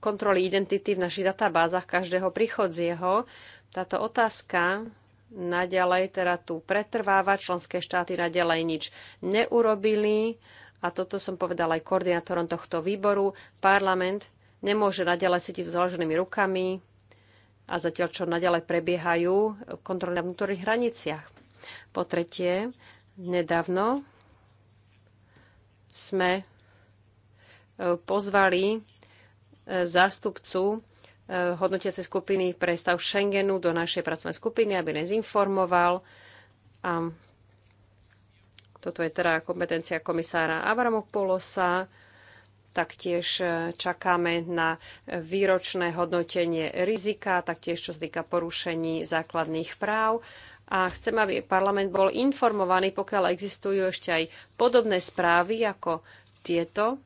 [SPEAKER 2] kontroly identity v našich databázach každého prichodzieho. Táto otázka naďalej teda tu pretrváva, členské štáty naďalej nič neurobili a toto som povedala aj koordinátorom tohto výboru. Parlament nemôže naďalej sedieť s založenými rukami a zatiaľ čo naďalej prebiehajú kontroly na vnútorných hraniciach. Po tretie, nedávno sme e, pozvali e, zástupcu Eh, hodnotiace skupiny pre stav Schengenu do našej pracovnej skupiny, aby nás informoval. A toto je teda kompetencia komisára Avramopoulosa. Taktiež eh, čakáme na výročné hodnotenie rizika, taktiež čo sa týka porušení základných práv. A chcem, aby parlament bol informovaný, pokiaľ existujú ešte aj podobné správy ako tieto,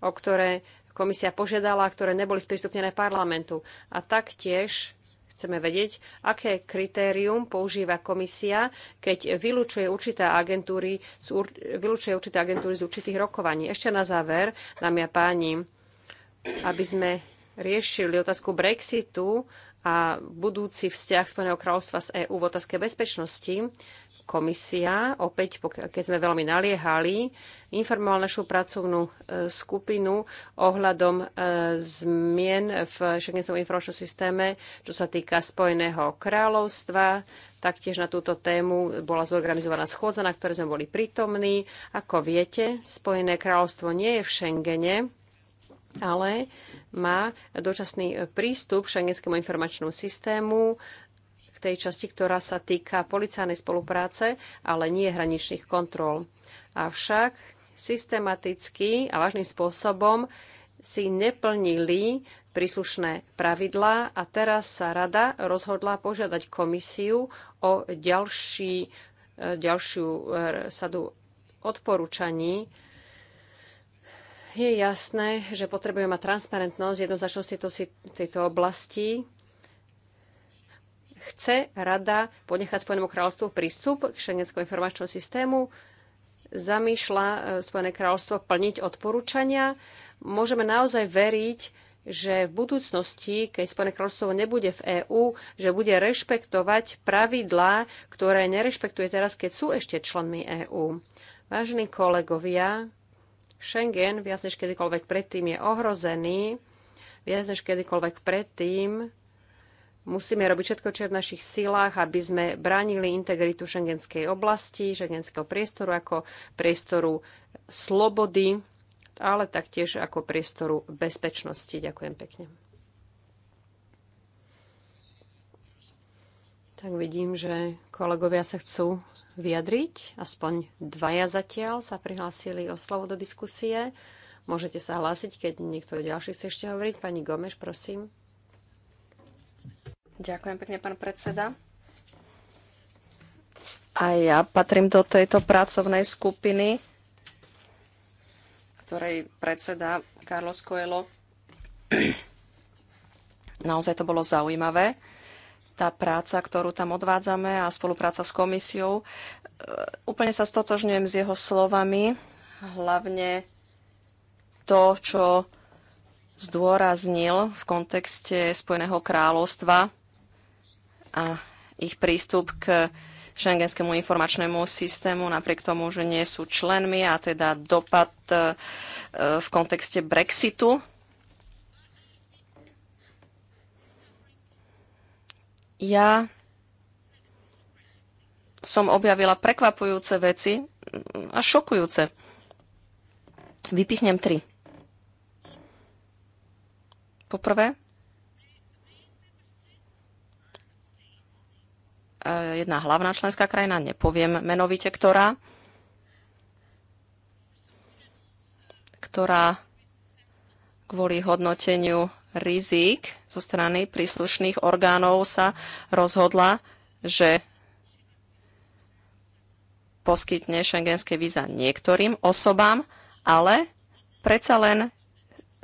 [SPEAKER 2] o ktoré komisia požiadala, ktoré neboli sprístupnené parlamentu. A taktiež chceme vedieť, aké kritérium používa komisia, keď vylúčuje určité agentúry z, ur, vylúčuje určité agentúry z určitých rokovaní. Ešte na záver, dámy a páni, aby sme riešili otázku Brexitu a budúci vzťah Spojeného kráľovstva z EÚ v otázke bezpečnosti, komisia, opäť, keď sme veľmi naliehali, informoval našu pracovnú e, skupinu ohľadom e, zmien v schengenskom informačnom systéme, čo sa týka Spojeného kráľovstva. Taktiež na túto tému bola zorganizovaná schôdza, na ktorej sme boli prítomní. Ako viete, Spojené kráľovstvo nie je v Schengene, ale má dočasný prístup k Schengenskému informačnému systému tej časti, ktorá sa týka policajnej spolupráce, ale nie hraničných kontrol. Avšak systematicky a vážnym spôsobom si neplnili príslušné pravidlá a teraz sa rada rozhodla požiadať komisiu o ďalší, e, ďalšiu e, sadu odporúčaní, je jasné, že potrebujeme mať transparentnosť, jednoznačnosť tejto, tejto oblasti Chce rada ponechať Spojenému kráľovstvu prístup k šengenskému informačnému systému? Zamýšľa e, Spojené kráľovstvo plniť odporúčania? Môžeme naozaj veriť, že v budúcnosti, keď Spojené kráľovstvo nebude v EÚ, že bude rešpektovať pravidlá, ktoré nerešpektuje teraz, keď sú ešte členmi EÚ. Vážení kolegovia, Schengen viac než kedykoľvek predtým je ohrozený, viac než kedykoľvek predtým Musíme robiť všetko, čo je v našich silách, aby sme bránili integritu šengenskej oblasti, šengenského priestoru ako priestoru slobody, ale taktiež ako priestoru bezpečnosti. Ďakujem pekne. Tak vidím, že kolegovia sa chcú vyjadriť. Aspoň dvaja zatiaľ sa prihlásili o slovo do diskusie. Môžete sa hlásiť, keď niekto ďalší chce ešte hovoriť. Pani Gomeš, prosím. Ďakujem pekne, pán predseda.
[SPEAKER 4] A ja patrím do tejto pracovnej skupiny, ktorej predseda Carlos Coelho. Naozaj to bolo zaujímavé. Tá práca, ktorú tam odvádzame a spolupráca s komisiou. E, úplne sa stotožňujem s jeho slovami, hlavne to, čo zdôraznil v kontexte Spojeného kráľovstva a ich prístup k šengenskému informačnému systému, napriek tomu, že nie sú členmi a teda dopad e, v kontexte Brexitu. Ja som objavila prekvapujúce veci a šokujúce. Vypichnem tri. Poprvé, E, jedna hlavná členská krajina, nepoviem menovite ktorá, ktorá kvôli hodnoteniu rizík zo strany príslušných orgánov sa rozhodla, že poskytne šengenské víza niektorým osobám, ale predsa len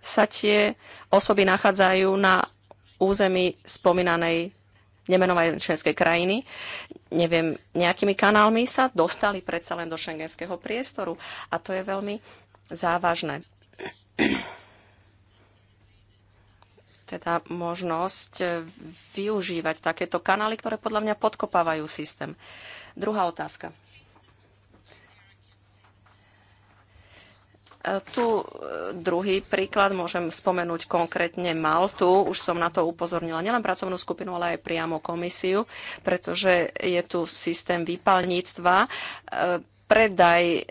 [SPEAKER 4] sa tie osoby nachádzajú na území spomínanej Nemenovanej členské krajiny, neviem, nejakými kanálmi sa dostali predsa len do šengenského priestoru. A to je veľmi závažné. Teda možnosť využívať takéto kanály, ktoré podľa mňa podkopávajú systém. Druhá otázka. Tu e, druhý príklad môžem spomenúť konkrétne Maltu. Už som na to upozornila nielen pracovnú skupinu, ale aj priamo komisiu, pretože je tu systém výpalníctva, e, predaj e,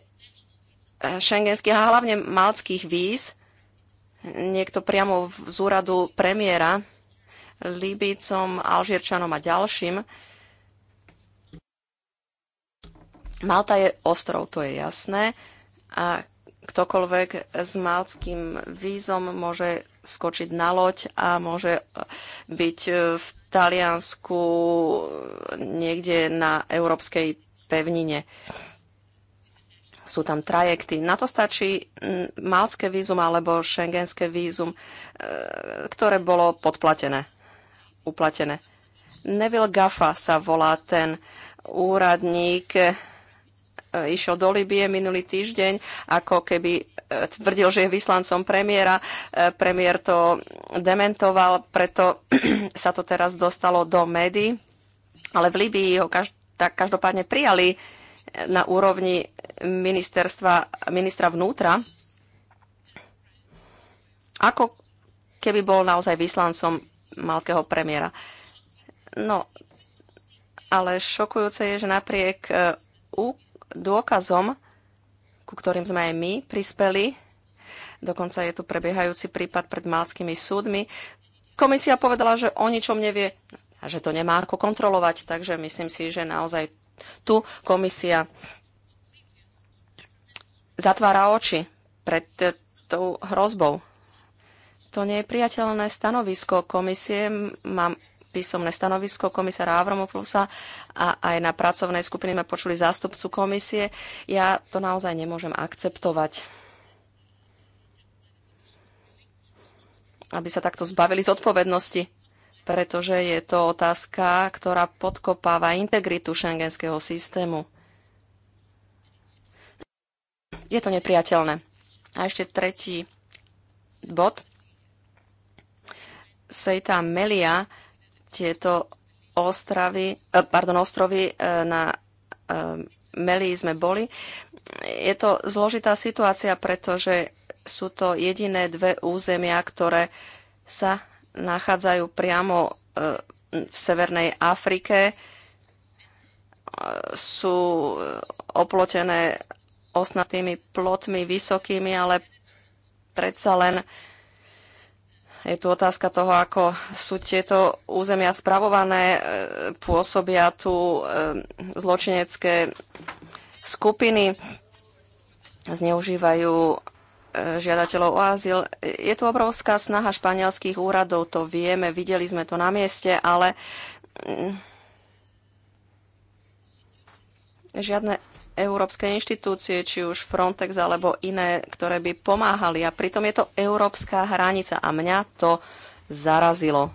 [SPEAKER 4] šengenských a hlavne malckých víz. Niekto priamo z úradu premiéra Libícom, Alžírčanom a ďalším. Malta je ostrov, to je jasné. A ktokoľvek s malckým vízom môže skočiť na loď a môže e, byť e, v Taliansku e, niekde na európskej pevnine. Sú tam trajekty. Na to stačí malské vízum alebo šengenské vízum, ktoré bolo podplatené, uplatené. Neville Gaffa sa volá ten úradník, E, išiel do Libie minulý týždeň, ako keby e, tvrdil, že je vyslancom premiéra. E, premiér to dementoval, preto sa to teraz dostalo do médií. Ale v Libii ho každ- tak každopádne prijali na úrovni ministerstva, ministra vnútra, ako keby bol naozaj vyslancom malkého premiéra. No, ale šokujúce je, že napriek dôkazom, ku ktorým sme aj my prispeli. Dokonca je tu prebiehajúci prípad pred malckými súdmi. Komisia povedala, že o ničom nevie a že to nemá ako kontrolovať, takže myslím si, že naozaj tu komisia zatvára oči pred tou hrozbou. To nie je priateľné stanovisko komisie. Mám písomné stanovisko komisára Avramopoulosa a aj na pracovnej skupine sme počuli zástupcu komisie. Ja to naozaj nemôžem akceptovať. Aby sa takto zbavili zodpovednosti pretože je to otázka, ktorá podkopáva integritu šengenského systému. Je to nepriateľné. A ešte tretí bod. Sejta Melia tieto ostravy, eh, pardon, ostrovy eh, na eh, Melí sme boli. Je to zložitá situácia, pretože sú to jediné dve územia, ktoré sa nachádzajú priamo v Severnej Afrike. Sú oplotené osnatými plotmi vysokými, ale predsa len uh, je tu otázka toho, ako sú tieto územia spravované, e, pôsobia tu e, zločinecké skupiny, zneužívajú e, žiadateľov o azyl. Je tu obrovská snaha španielských úradov, to vieme, videli sme to na mieste, ale mm, žiadne európske inštitúcie, či už Frontex alebo iné, ktoré by pomáhali. A pritom je to európska hranica a mňa to zarazilo.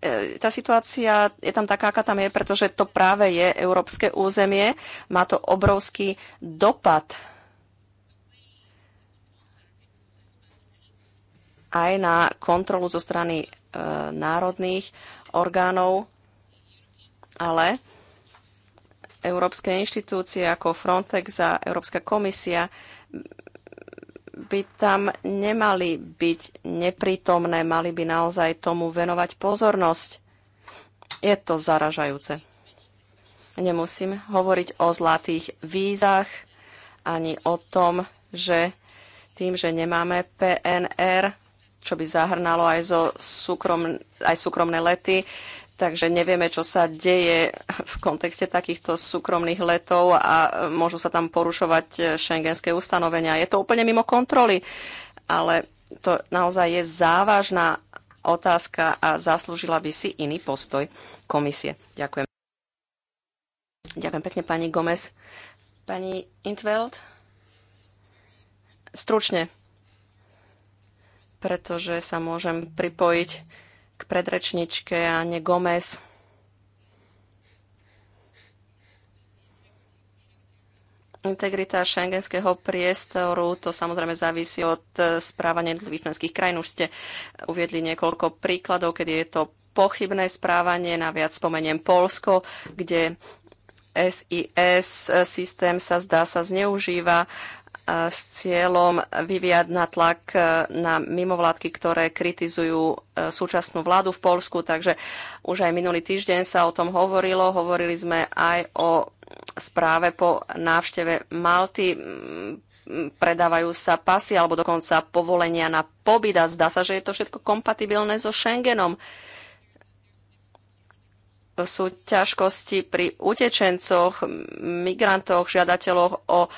[SPEAKER 4] E, tá situácia je tam taká, aká tam je, pretože to práve je európske územie. Má to obrovský dopad aj na kontrolu zo strany národných orgánov, ale európske inštitúcie ako Frontex a Európska komisia by tam nemali byť neprítomné, mali by naozaj tomu venovať pozornosť. Je to zaražajúce. Nemusím hovoriť o zlatých vízach ani o tom, že tým, že nemáme PNR, čo by zahrnalo aj, zo súkrom, aj súkromné lety. Takže nevieme, čo sa deje v kontexte takýchto súkromných letov a môžu sa tam porušovať e, šengenské ustanovenia. Je to úplne mimo kontroly, ale to naozaj je závažná otázka a zaslúžila by si iný postoj komisie. Ďakujem. Ďakujem pekne, pani Gomez. Pani Intveld? Stručne pretože sa môžem pripojiť k predrečničke ne Gomez. Integrita šengenského priestoru, to samozrejme závisí od eh, správania jednotlivých členských krajín. Už ste uviedli niekoľko príkladov, kedy je to pochybné správanie, naviac spomeniem Polsko, kde SIS eh, systém sa zdá sa zneužíva s cieľom vyviať natlak e, na mimovládky, ktoré kritizujú e, súčasnú vládu v Polsku. Takže už aj minulý týždeň sa o tom hovorilo. Hovorili sme aj o správe po návšteve Malty. Predávajú sa pasy alebo dokonca povolenia na pobyt a zdá sa, že je to všetko kompatibilné so Schengenom sú ťažkosti pri utečencoch, migrantoch, žiadateľoch o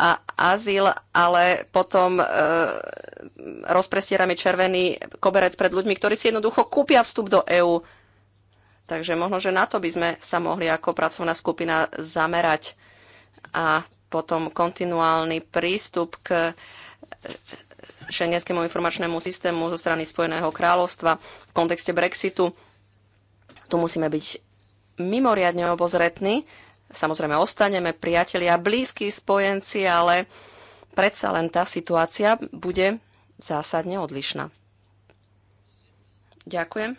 [SPEAKER 4] a azyl, ale potom e, rozprestierame červený koberec pred ľuďmi, ktorí si jednoducho kúpia vstup do EÚ. Takže možno, že na to by sme sa mohli ako pracovná skupina zamerať a potom kontinuálny prístup k e, šengenskému informačnému systému zo strany Spojeného kráľovstva v kontexte Brexitu. Tu musíme byť mimoriadne obozretní, Samozrejme, ostaneme priatelia, blízki spojenci, ale predsa len tá situácia bude zásadne odlišná. Ďakujem.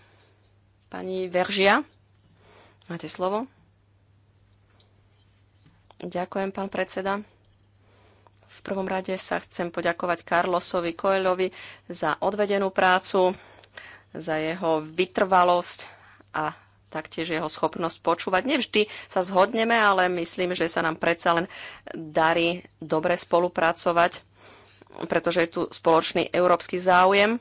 [SPEAKER 4] Pani Veržia, máte slovo. Ďakujem, pán predseda. V prvom rade sa chcem poďakovať Carlosovi Koelovi za odvedenú prácu, za jeho vytrvalosť a taktiež jeho schopnosť počúvať. Nevždy sa zhodneme, ale myslím, že sa nám predsa len darí dobre spolupracovať, pretože je tu spoločný európsky záujem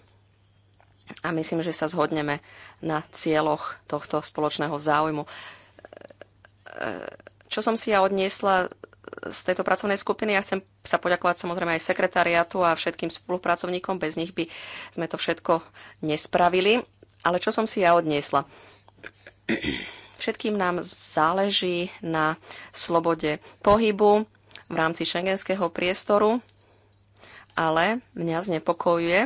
[SPEAKER 4] a myslím, že sa zhodneme na cieľoch tohto spoločného záujmu. Čo som si ja odniesla z tejto pracovnej skupiny. Ja chcem sa poďakovať samozrejme aj sekretariatu a všetkým spolupracovníkom. Bez nich by sme to všetko nespravili. Ale čo som si ja odniesla? Všetkým nám záleží na slobode pohybu v rámci šengenského priestoru, ale mňa znepokojuje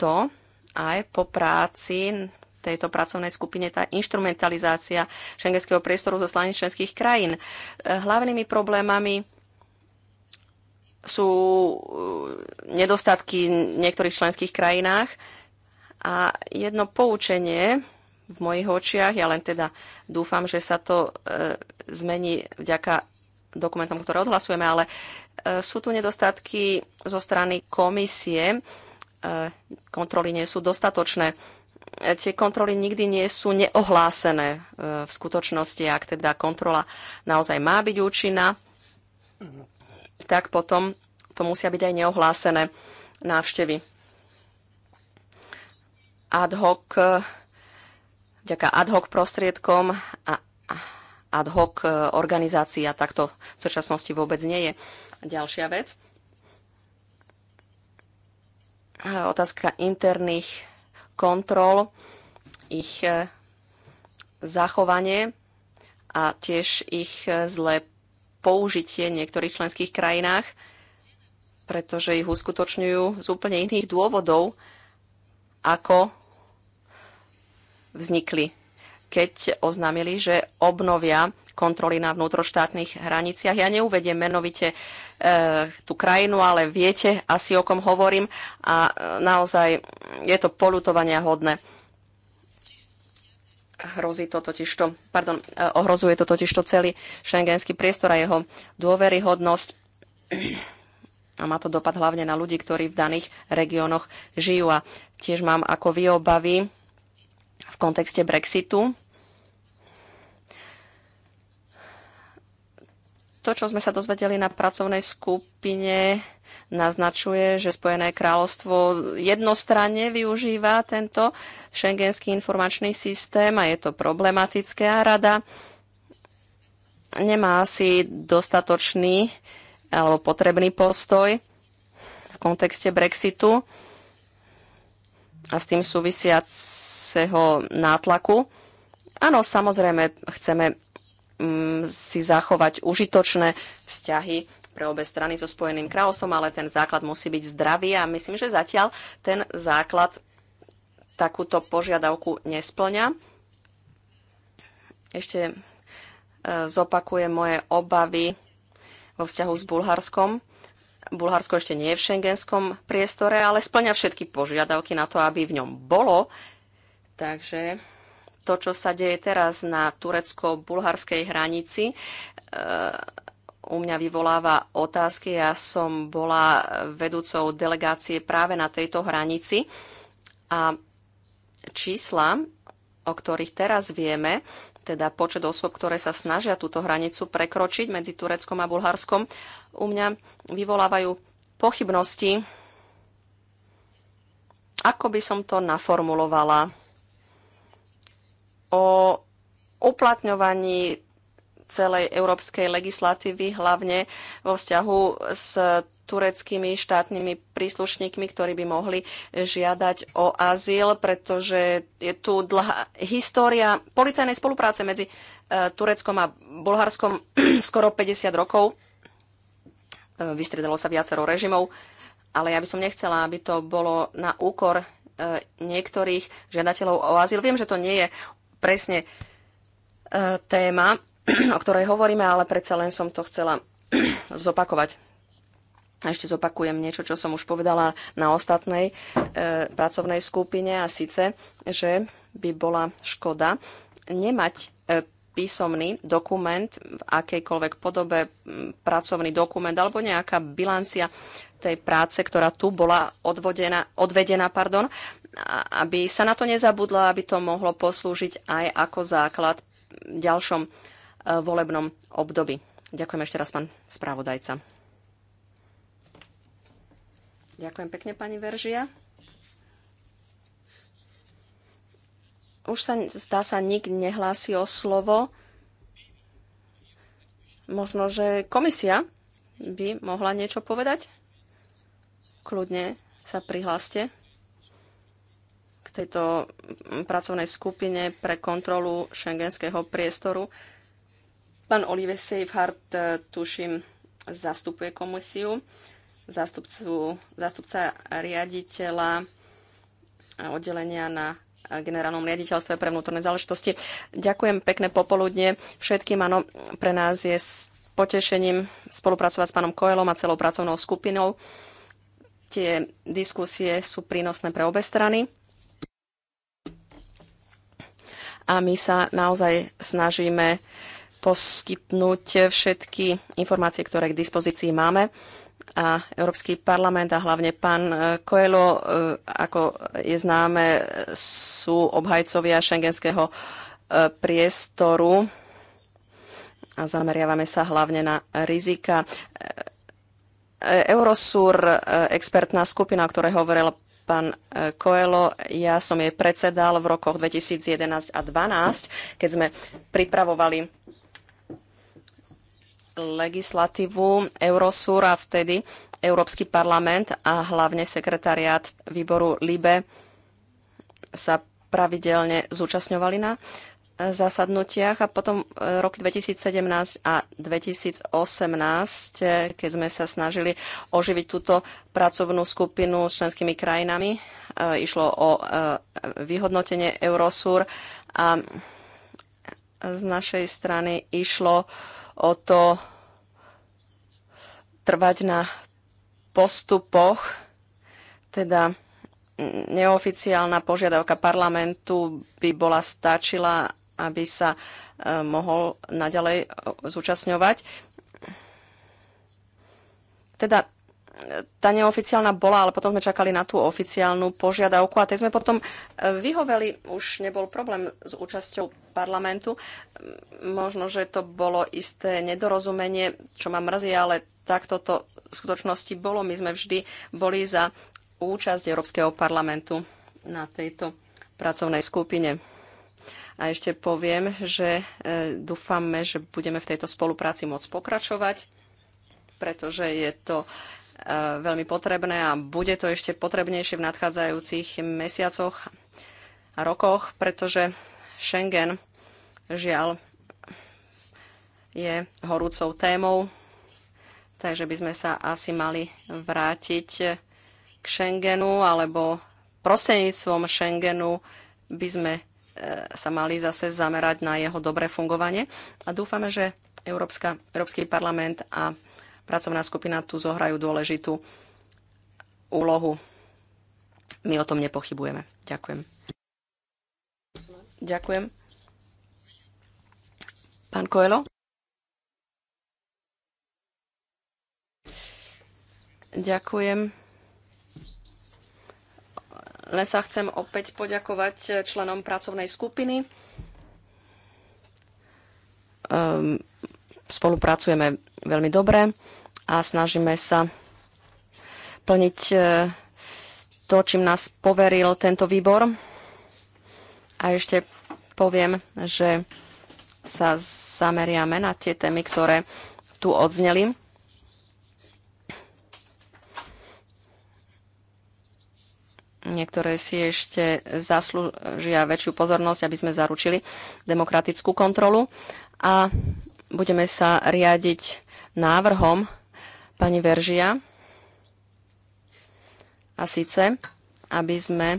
[SPEAKER 4] to aj po práci tejto pracovnej skupine tá instrumentalizácia šengenského priestoru zo strany členských krajín. Eh, hlavnými problémami sú eh, nedostatky v niektorých členských krajinách a jedno poučenie v mojich očiach. Ja len teda dúfam, že sa to e, zmení vďaka dokumentom, ktoré odhlasujeme, ale e, sú tu nedostatky zo strany komisie. E, kontroly nie sú dostatočné. E, tie kontroly nikdy nie sú neohlásené e, v skutočnosti. Ak teda kontrola naozaj má byť účinná, tak potom to musia byť aj neohlásené návštevy. Ad hoc e, vďaka ad hoc prostriedkom a ad hoc e, organizácia a takto v súčasnosti vôbec nie je. Ďalšia vec. E, otázka interných kontrol, ich e, zachovanie a tiež ich zlé použitie v niektorých členských krajinách, pretože ich uskutočňujú z úplne iných dôvodov, ako vznikli, keď oznámili, že obnovia kontroly na vnútroštátnych hraniciach. Ja neuvediem menovite e, tú krajinu, ale viete asi, o kom hovorím a e, naozaj je to polutovania hodné. Hrozí to totižto, pardon, e, ohrozuje to totižto celý šengenský priestor a jeho dôveryhodnosť. A má to dopad hlavne na ľudí, ktorí v daných regiónoch žijú. A tiež mám ako vy obavy, v kontexte Brexitu. To, čo sme sa dozvedeli na pracovnej skupine, naznačuje, že Spojené kráľovstvo jednostranne využíva tento šengenský informačný systém a je to problematické a rada nemá asi dostatočný alebo potrebný postoj v kontexte Brexitu a s tým súvisiaceho nátlaku. Áno, samozrejme, chceme mm, si zachovať užitočné vzťahy pre obe strany so Spojeným kráľovstvom, ale ten základ musí byť zdravý a myslím, že zatiaľ ten základ takúto požiadavku nesplňa. Ešte e, zopakujem moje obavy vo vzťahu s Bulharskom. Bulharsko ešte nie je v šengenskom priestore, ale splňa všetky požiadavky na to, aby v ňom bolo. Takže to, čo sa deje teraz na turecko-bulharskej hranici, e, u mňa vyvoláva otázky. Ja som bola vedúcou delegácie práve na tejto hranici a čísla, o ktorých teraz vieme, teda počet osôb, ktoré sa snažia túto hranicu prekročiť medzi Tureckom a Bulharskom, u mňa vyvolávajú pochybnosti, ako by som to naformulovala, o uplatňovaní celej európskej legislatívy, hlavne vo vzťahu s tureckými štátnymi príslušníkmi, ktorí by mohli žiadať o azyl, pretože je tu dlhá história policajnej spolupráce medzi eh, Tureckom a Bulharskom skoro 50 rokov. E, vystredalo sa viacero režimov, ale ja by som nechcela, aby to bolo na úkor e, niektorých žiadateľov o azyl. Viem, že to nie je presne e, téma, o ktorej hovoríme, ale predsa len som to chcela zopakovať. Ešte zopakujem niečo, čo som už povedala na ostatnej e, pracovnej skupine a síce, že by bola škoda nemať e, písomný dokument v akejkoľvek podobe, pracovný dokument alebo nejaká bilancia tej práce, ktorá tu bola odvodená, odvedená, pardon, aby sa na to nezabudlo, aby to mohlo poslúžiť aj ako základ v ďalšom e, volebnom období. Ďakujem ešte raz, pán správodajca. Ďakujem pekne, pani Veržia. Už sa, zdá sa, nik nehlási o slovo. Možno, že komisia by mohla niečo povedať? Kľudne sa prihláste k tejto pracovnej skupine pre kontrolu šengenského priestoru. Pán Olive Seifhardt, e, tuším, zastupuje komisiu, zastupca zástupca riaditeľa oddelenia na generálnom riaditeľstve pre vnútorné záležitosti. Ďakujem pekné popoludne všetkým. Áno, pre nás je s potešením spolupracovať s pánom Koelom a celou pracovnou skupinou. Tie diskusie sú prínosné pre obe strany. A my sa naozaj snažíme poskytnúť všetky informácie, ktoré k dispozícii máme a Európsky parlament a hlavne pán e, Coelho, e, ako je známe, sú obhajcovia šengenského e, priestoru a zameriavame sa hlavne na rizika. Eurosur, expertná skupina, o ktorej hovoril pán Koelo, ja som jej predsedal v rokoch 2011 a 2012, keď sme pripravovali legislatívu a vtedy Európsky parlament a hlavne sekretariát výboru LIBE sa pravidelne zúčastňovali na e, zasadnutiach a potom e, rok 2017 a 2018, e, keď sme sa snažili oživiť túto pracovnú skupinu s členskými krajinami. Išlo o vyhodnotenie Eurosur a z našej strany išlo o to trvať na postupoch, teda neoficiálna požiadavka parlamentu by bola stačila, aby sa e, mohol naďalej e, zúčastňovať. Teda tá neoficiálna bola, ale potom sme čakali na tú oficiálnu požiadavku a tej sme potom e, vyhoveli, už nebol problém s účasťou parlamentu. Možno, že to bolo isté nedorozumenie, čo ma mrzí, ale takto to v skutočnosti bolo. My sme vždy boli za účasť Európskeho parlamentu na tejto pracovnej skupine. A ešte poviem, že e, dúfame, že budeme v tejto spolupráci môcť pokračovať, pretože je to veľmi potrebné a bude to ešte potrebnejšie v nadchádzajúcich mesiacoch a rokoch, pretože Schengen žiaľ je horúcou témou, takže by sme sa asi mali vrátiť k Schengenu alebo prostredníctvom Schengenu by sme e, sa mali zase zamerať na jeho dobré fungovanie. A dúfame, že Európska, Európsky parlament a pracovná skupina tu zohrajú dôležitú úlohu. My o tom nepochybujeme. Ďakujem. Ďakujem. Pán Koelo? Ďakujem. Len sa chcem opäť poďakovať členom pracovnej skupiny. Um, spolupracujeme veľmi dobre a snažíme sa plniť e, to, čím nás poveril tento výbor. A ešte poviem, že sa zameriame na tie témy, ktoré tu odzneli. Niektoré si ešte zaslúžia väčšiu pozornosť, aby sme zaručili demokratickú kontrolu. A budeme sa riadiť návrhom pani Veržia. A síce, aby sme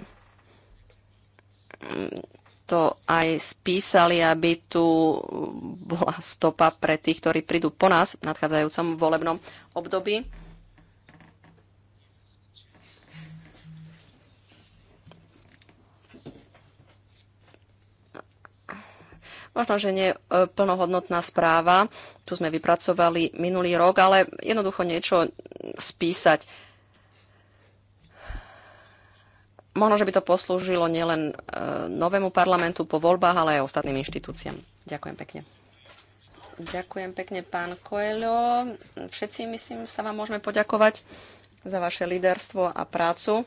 [SPEAKER 4] to aj spísali, aby tu bola stopa pre tých, ktorí prídu po nás v nadchádzajúcom volebnom období. Možno, že nie e, plnohodnotná správa, tu sme vypracovali minulý rok, ale jednoducho niečo spísať možno, že by to poslúžilo nielen e, novému parlamentu po voľbách, ale aj ostatným inštitúciám. Ďakujem pekne. Ďakujem pekne, pán Koelo. Všetci, myslím, sa vám môžeme poďakovať za vaše líderstvo a prácu.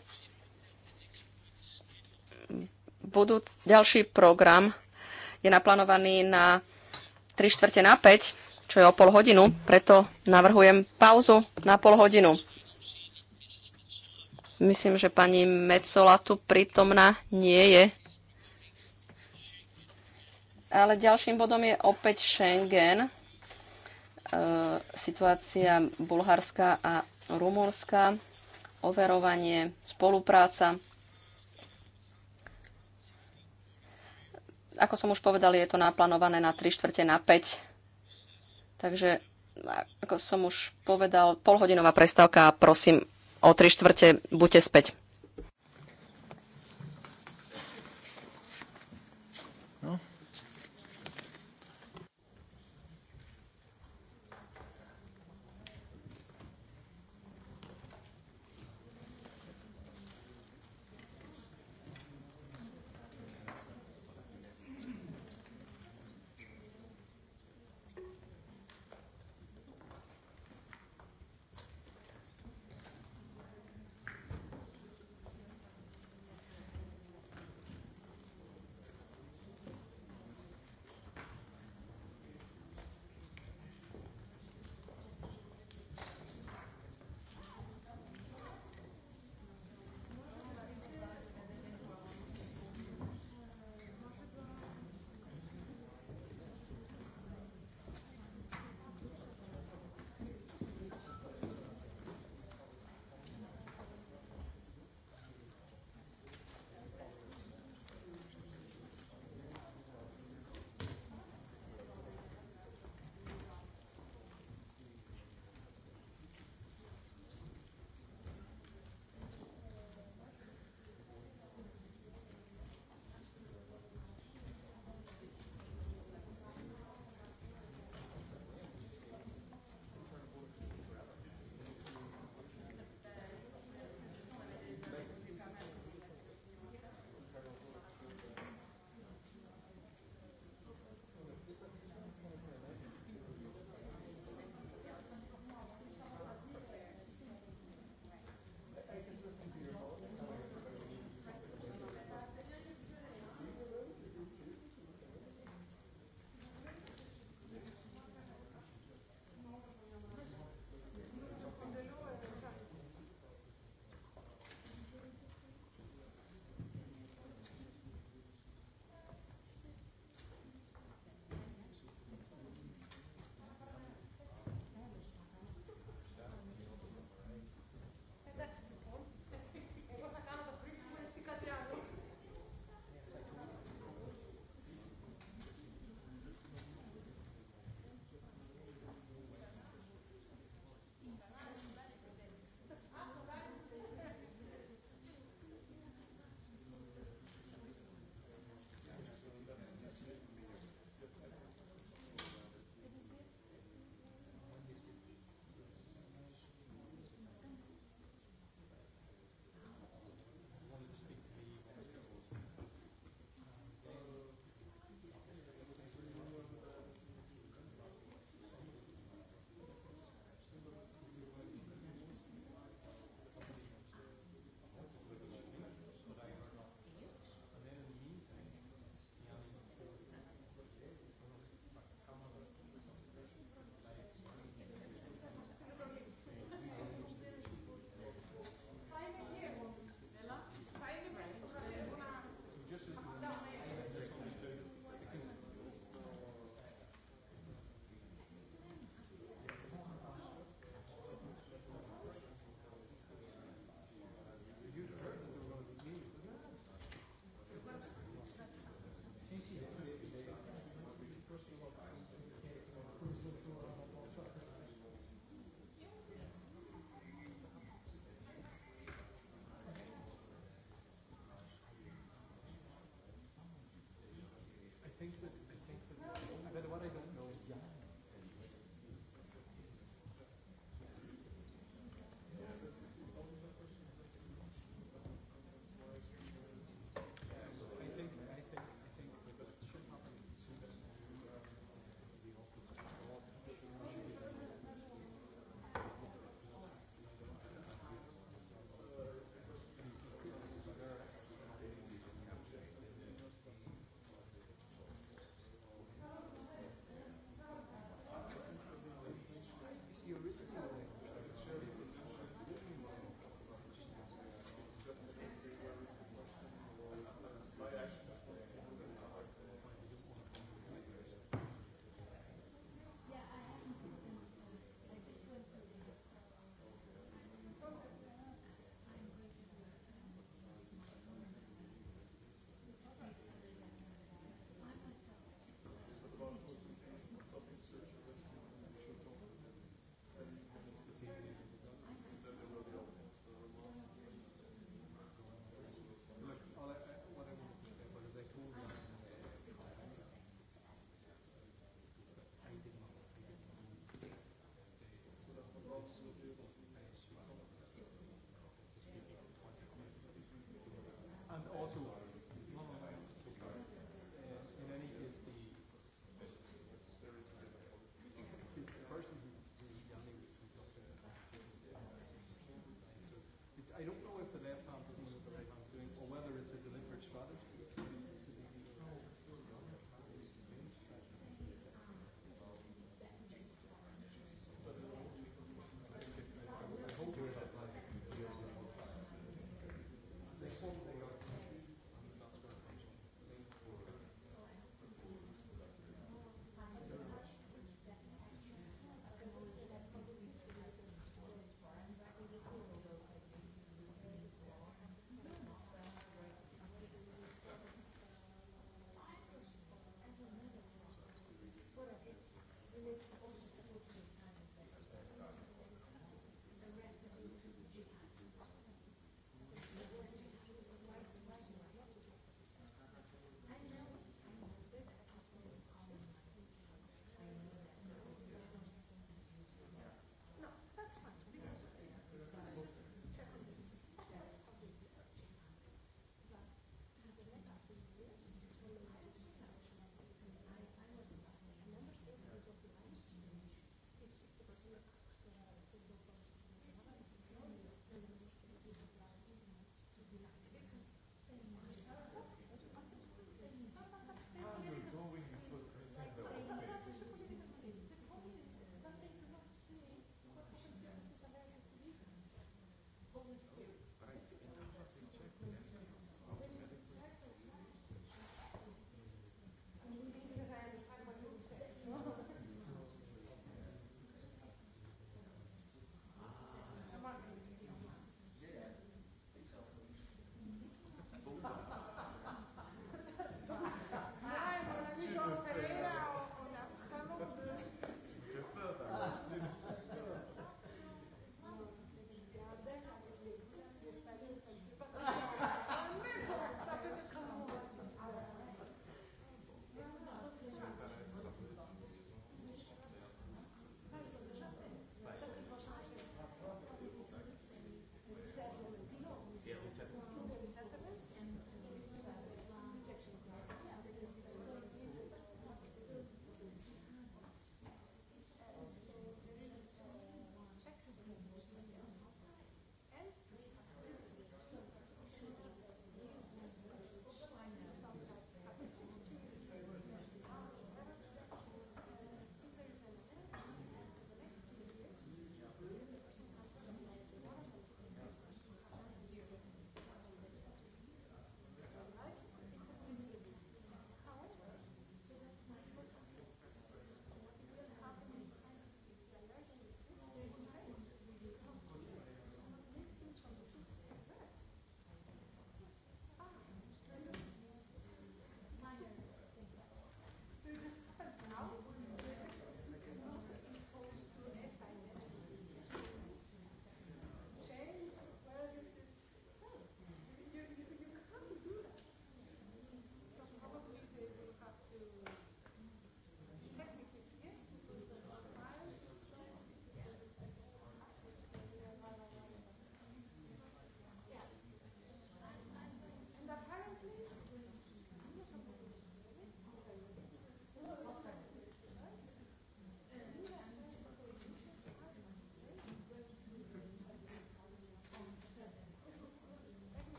[SPEAKER 4] Budú ďalší program je naplánovaný na 3 štvrte na 5, čo je o pol hodinu, preto navrhujem pauzu na pol hodinu. Myslím, že pani Mecola tu prítomná nie je. Ale ďalším bodom je opäť Schengen. E, situácia Bulharska a Rumunska, overovanie, spolupráca. Ako som už povedal, je to naplánované na 3 čtvrte na 5. Takže, ako som už povedal, polhodinová prestávka a prosím o 3 čtvrte buďte späť.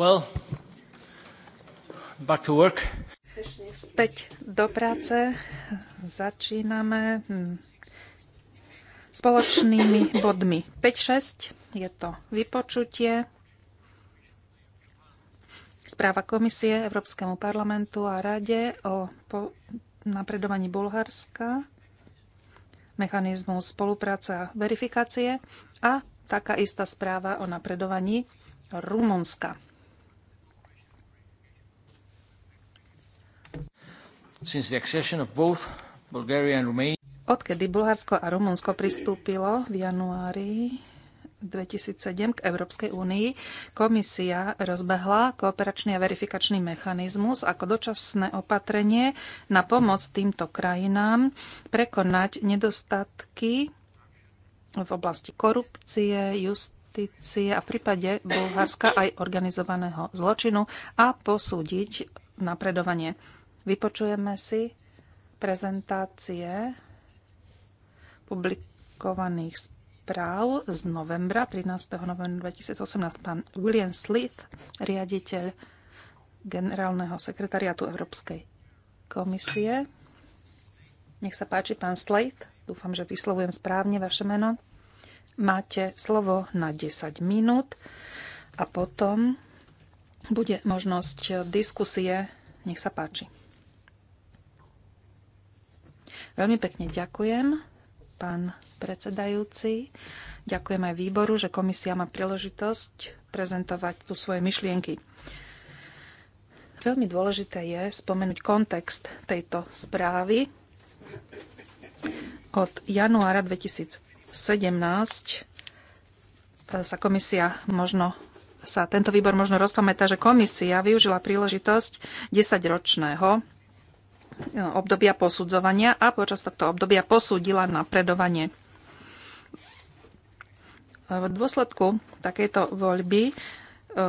[SPEAKER 3] Well, back to work. Späť do práce.
[SPEAKER 1] Začíname hm, spoločnými bodmi 5-6. Je to vypočutie správa Komisie Európskemu parlamentu a Rade o napredovaní Bulharska, mechanizmu spolupráce a verifikácie a taká istá správa o napredovaní Rumunska. Odkedy Bulharsko a Rumunsko pristúpilo v januári 2007 k Európskej únii, komisia rozbehla kooperačný a verifikačný mechanizmus ako dočasné opatrenie na pomoc týmto krajinám prekonať nedostatky v oblasti korupcie, justície a v prípade Bulharska aj organizovaného zločinu a posúdiť napredovanie. Vypočujeme si prezentácie publikovaných správ z novembra, 13. novembra 2018, pán William Slith, riaditeľ generálneho sekretariátu Európskej komisie. Nech sa páči, pán Slith, dúfam, že vyslovujem správne vaše meno. Máte slovo na 10 minút a potom bude možnosť diskusie. Nech sa páči. Veľmi pekne ďakujem, pán predsedajúci. Ďakujem aj výboru, že komisia má príležitosť prezentovať tu svoje myšlienky. Veľmi dôležité je spomenúť kontext tejto správy. Od januára 2017 e, sa komisia možno sa tento výbor možno rozpamätá, že komisia využila príležitosť 10-ročného obdobia posudzovania a počas tohto obdobia posúdila napredovanie. V dôsledku takejto voľby e,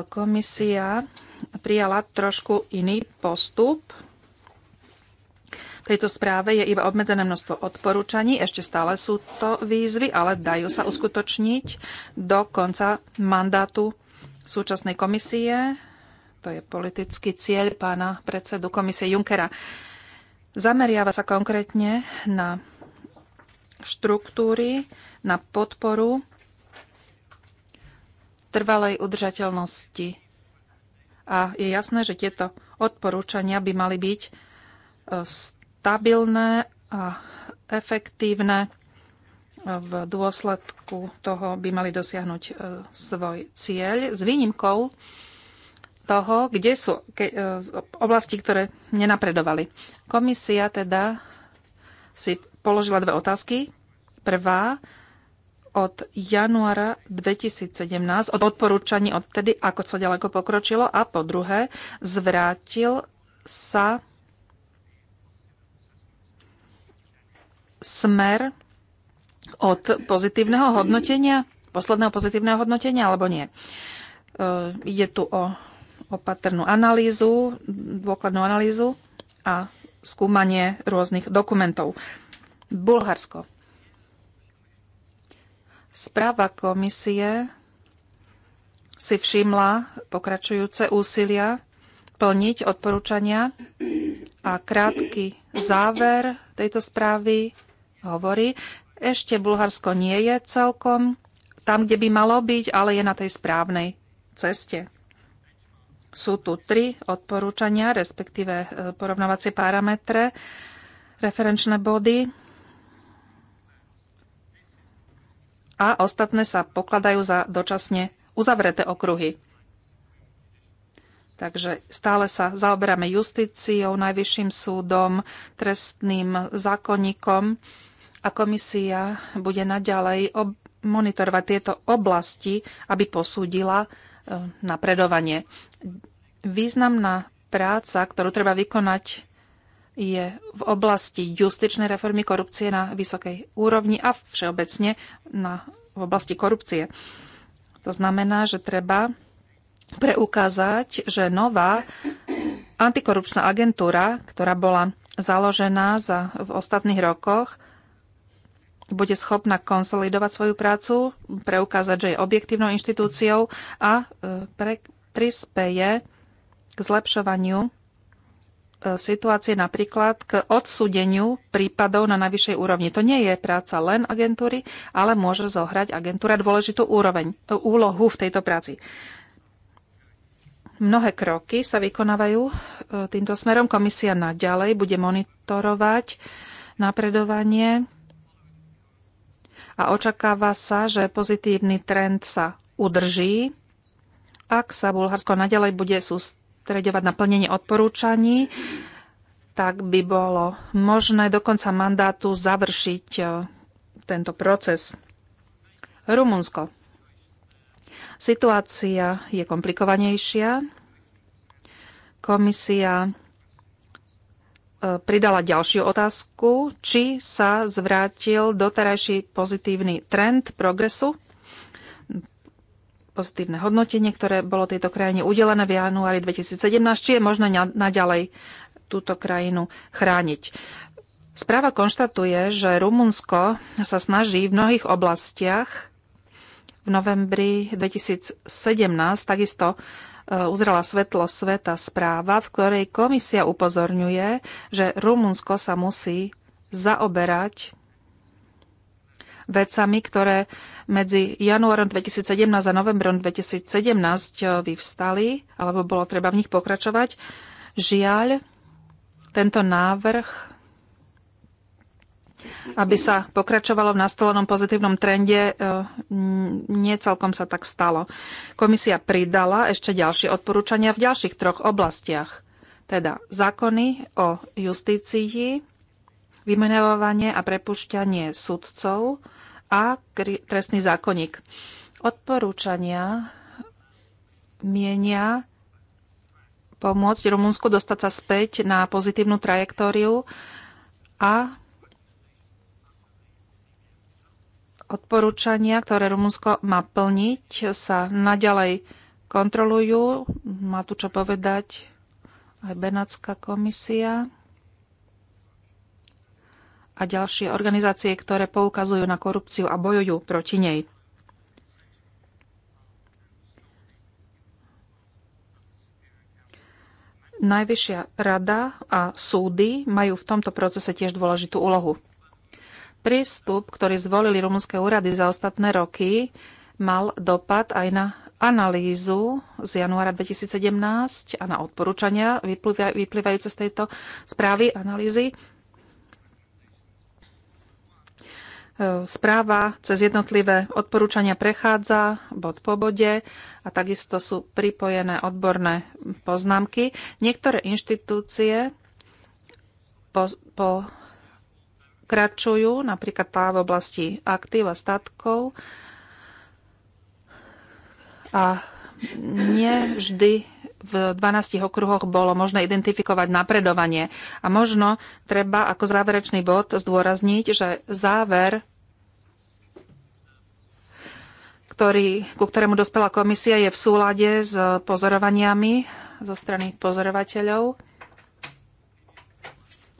[SPEAKER 1] komisia prijala trošku iný postup. V tejto správe je iba obmedzené množstvo odporúčaní, ešte stále sú to výzvy, ale dajú sa uskutočniť do konca mandátu súčasnej komisie. To je politický cieľ pána predsedu komisie Junckera. Zameriava sa konkrétne na štruktúry, na podporu trvalej udržateľnosti. A je jasné, že tieto odporúčania by mali byť e, stabilné a efektívne. E, v dôsledku toho by mali dosiahnuť e, svoj cieľ s výnimkou toho, kde sú ke, e, oblasti, ktoré nenapredovali. Komisia teda si položila dve otázky. Prvá od januára 2017, od odporúčaní odtedy, ako sa ďaleko pokročilo, a po druhé, zvrátil sa smer od pozitívneho hodnotenia, posledného pozitívneho hodnotenia, alebo nie. E, ide tu o opatrnú analýzu, dôkladnú analýzu a skúmanie rôznych dokumentov. Bulharsko. Správa komisie si všimla pokračujúce úsilia plniť odporúčania a krátky záver tejto správy hovorí, ešte Bulharsko nie je celkom tam, kde by malo byť, ale je na tej správnej ceste. Sú tu tri odporúčania, respektíve e, porovnávacie parametre, referenčné body a ostatné sa pokladajú za dočasne uzavreté okruhy. Takže stále sa zaoberáme justíciou, najvyšším súdom, trestným zákonníkom a komisia bude naďalej monitorovať tieto oblasti, aby posúdila, E, napredovanie. Významná práca, ktorú treba vykonať, je v oblasti justičnej reformy korupcie na vysokej úrovni a všeobecne na, v oblasti korupcie. To znamená, že treba preukázať, že nová antikorupčná agentúra, ktorá bola založená za, v ostatných rokoch, bude schopná konsolidovať svoju prácu, preukázať, že je objektívnou inštitúciou a e, pre, prispeje k zlepšovaniu e, situácie napríklad k odsudeniu prípadov na najvyššej úrovni. To nie je práca len agentúry, ale môže zohrať agentúra dôležitú úroveň, e, úlohu v tejto práci. Mnohé kroky sa vykonávajú týmto smerom. Komisia naďalej bude monitorovať napredovanie a očakáva sa, že pozitívny trend sa udrží, ak sa Bulharsko nadalej bude sústreďovať na plnenie odporúčaní, tak by bolo možné do konca mandátu završiť e, tento proces. Rumunsko. Situácia je komplikovanejšia. Komisia E, pridala ďalšiu otázku, či sa zvrátil doterajší pozitívny trend progresu, pozitívne hodnotenie, ktoré bolo tejto krajine udelené v januári 2017, či je možné naďalej túto krajinu chrániť. Správa konštatuje, že Rumunsko sa snaží v mnohých oblastiach v novembri 2017 takisto Eh, uzrela svetlo sveta správa, v ktorej komisia upozorňuje, že Rumunsko sa musí zaoberať vecami, ktoré medzi januárom 2017 a novembrom 2017 eh, vyvstali, alebo bolo treba v nich pokračovať. Žiaľ, tento návrh aby sa pokračovalo v nastolenom pozitívnom trende, e, nie celkom sa tak stalo. Komisia pridala ešte ďalšie odporúčania v ďalších troch oblastiach, teda zákony o justícii, vymenovanie a prepušťanie sudcov a trestný zákonník. Odporúčania mienia pomôcť Rumunsku dostať sa späť na pozitívnu trajektóriu a odporúčania, ktoré Rumunsko má plniť, sa naďalej kontrolujú. Má tu čo povedať aj Benátska komisia a ďalšie organizácie, ktoré poukazujú na korupciu a bojujú proti nej. Najvyššia rada a súdy majú v tomto procese tiež dôležitú úlohu. Prístup, ktorý zvolili rumunské úrady za ostatné roky, mal dopad aj na analýzu z januára 2017 a na odporúčania vyplývajúce z tejto správy analýzy. E, správa cez jednotlivé odporúčania prechádza bod po bode a takisto sú pripojené odborné poznámky. Niektoré inštitúcie po, po pokračujú, napríklad tá v oblasti aktív a statkov. A nie vždy v 12 okruhoch bolo možné identifikovať napredovanie. A možno treba ako záverečný bod zdôrazniť, že záver, ktorý, ku ktorému dospela komisia, je v súlade s pozorovaniami zo strany pozorovateľov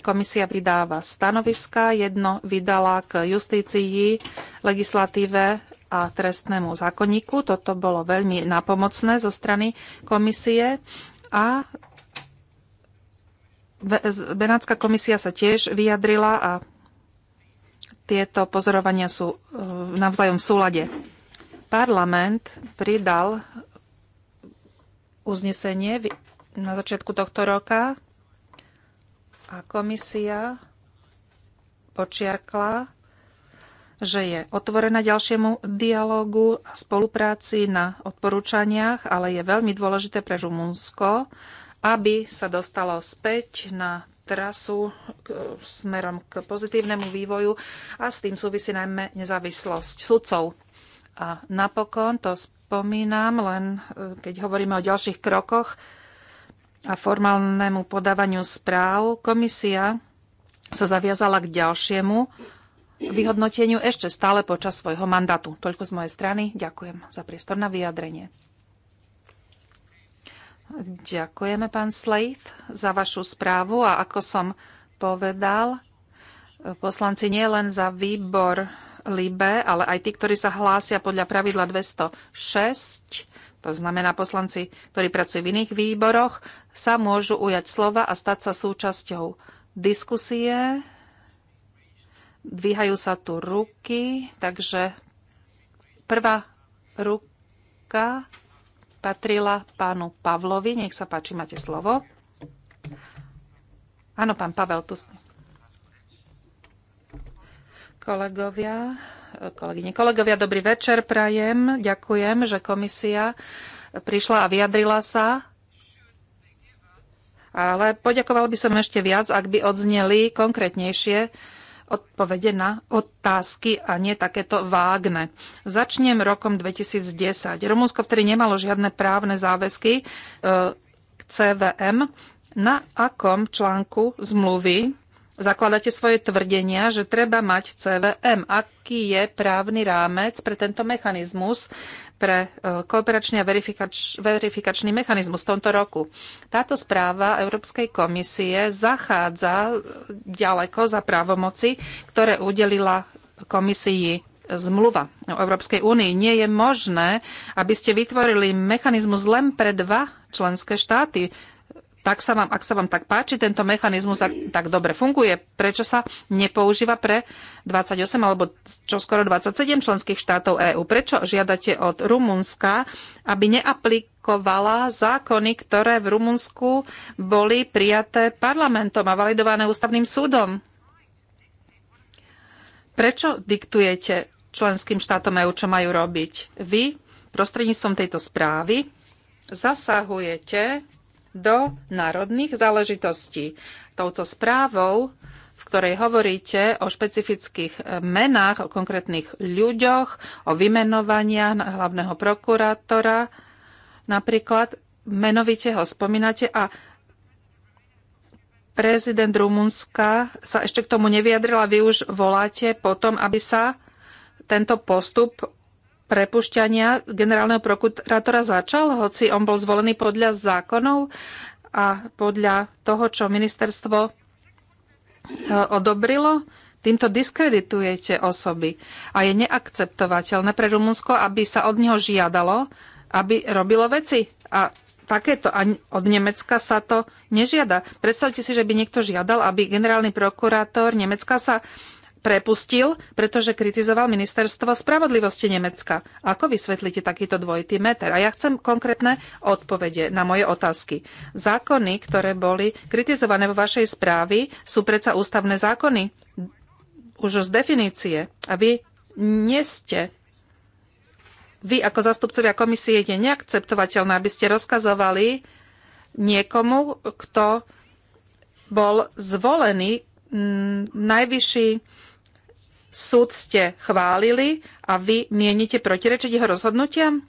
[SPEAKER 1] Komisia vydáva stanoviska, jedno vydala k justícii, legislatíve a trestnému zákonníku. Toto bolo veľmi napomocné zo strany komisie a Benátska komisia sa tiež vyjadrila a tieto pozorovania sú e, navzájom v súlade. Parlament pridal uznesenie na začiatku tohto roka a komisia počiarkla, že je otvorená ďalšiemu dialogu a spolupráci na odporúčaniach, ale je veľmi dôležité pre Rumunsko, aby sa dostalo späť na trasu smerom k pozitívnemu vývoju a s tým súvisí najmä nezávislosť sudcov. A napokon, to spomínam len, e, keď hovoríme o ďalších krokoch, a formálnemu podávaniu správ, komisia sa zaviazala k ďalšiemu vyhodnoteniu ešte stále počas svojho mandátu. Toľko z mojej strany. Ďakujem za priestor na vyjadrenie. Ďakujeme, pán Slejth, za vašu správu a ako som povedal, poslanci nie len za výbor LIBE, ale aj tí, ktorí sa hlásia podľa pravidla 206, to znamená poslanci, ktorí pracujú v iných výboroch, sa môžu ujať slova a stať sa súčasťou diskusie. Dvíhajú sa tu ruky, takže prvá ruka patrila pánu Pavlovi. Nech sa páči, máte slovo. Áno, pán Pavel, tu ste. Kolegovia, kolegyne, kolegovia, dobrý večer prajem. Ďakujem, že komisia prišla a vyjadrila sa. Ale poďakoval by som ešte viac, ak by odzneli konkrétnejšie odpovede na otázky a nie takéto vágne. Začnem rokom 2010. Rumunsko vtedy nemalo žiadne právne záväzky eh, k CVM. Na akom článku zmluvy zakladáte svoje tvrdenia, že treba mať CVM. Aký je právny rámec pre tento mechanizmus, pre e, kooperačný a verifikač, verifikačný mechanizmus v tomto roku? Táto správa Európskej komisie zachádza ďaleko za právomoci, ktoré udelila komisii zmluva o Európskej únii. Nie je možné, aby ste vytvorili mechanizmus len pre dva členské štáty tak sa vám, ak sa vám tak páči tento mechanizmus, ak tak dobre funguje, prečo sa nepoužíva pre 28 alebo čo skoro 27 členských štátov EÚ? Prečo žiadate od Rumunska, aby neaplikovala zákony, ktoré v Rumunsku boli prijaté parlamentom a validované ústavným súdom? Prečo diktujete členským štátom EÚ, čo majú robiť? Vy prostredníctvom tejto správy zasahujete do národných záležitostí. Touto správou, v ktorej hovoríte o špecifických menách, o konkrétnych ľuďoch, o vymenovaniach hlavného prokurátora, napríklad menovite ho spomínate a prezident Rumunska sa ešte k tomu neviadrila, Vy už voláte potom, aby sa tento postup prepušťania generálneho prokurátora začal, hoci on bol zvolený podľa zákonov a podľa toho, čo ministerstvo e, odobrilo. Týmto diskreditujete osoby a je neakceptovateľné pre Rumunsko, aby sa od neho žiadalo, aby robilo veci. A takéto a od Nemecka sa to nežiada. Predstavte si, že by niekto žiadal, aby generálny prokurátor Nemecka sa uh, prepustil, pretože kritizoval ministerstvo spravodlivosti Nemecka. Ako vysvetlíte takýto dvojitý meter? A ja chcem konkrétne odpovede na moje otázky. Zákony, ktoré boli kritizované vo vašej správy, sú predsa ústavné zákony? Už z definície. A vy nie ste vy ako zastupcovia komisie je neakceptovateľné, aby ste rozkazovali niekomu, kto bol zvolený najvyšší Súd ste chválili a vy mienite protirečiť jeho rozhodnutiam?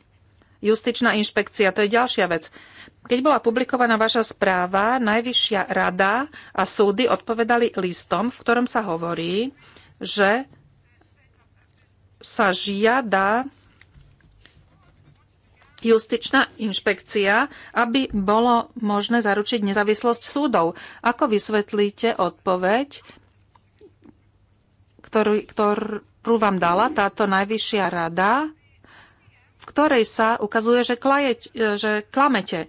[SPEAKER 1] Justičná inšpekcia, to je ďalšia vec. Keď bola publikovaná vaša správa, Najvyššia rada a súdy odpovedali listom, v ktorom sa hovorí, že sa žiada justičná inšpekcia, aby bolo možné zaručiť nezávislosť súdov. Ako vysvetlíte odpoveď ktorú, ktorú vám dala táto najvyššia rada, v ktorej sa ukazuje, že, klajeť, e, že klamete.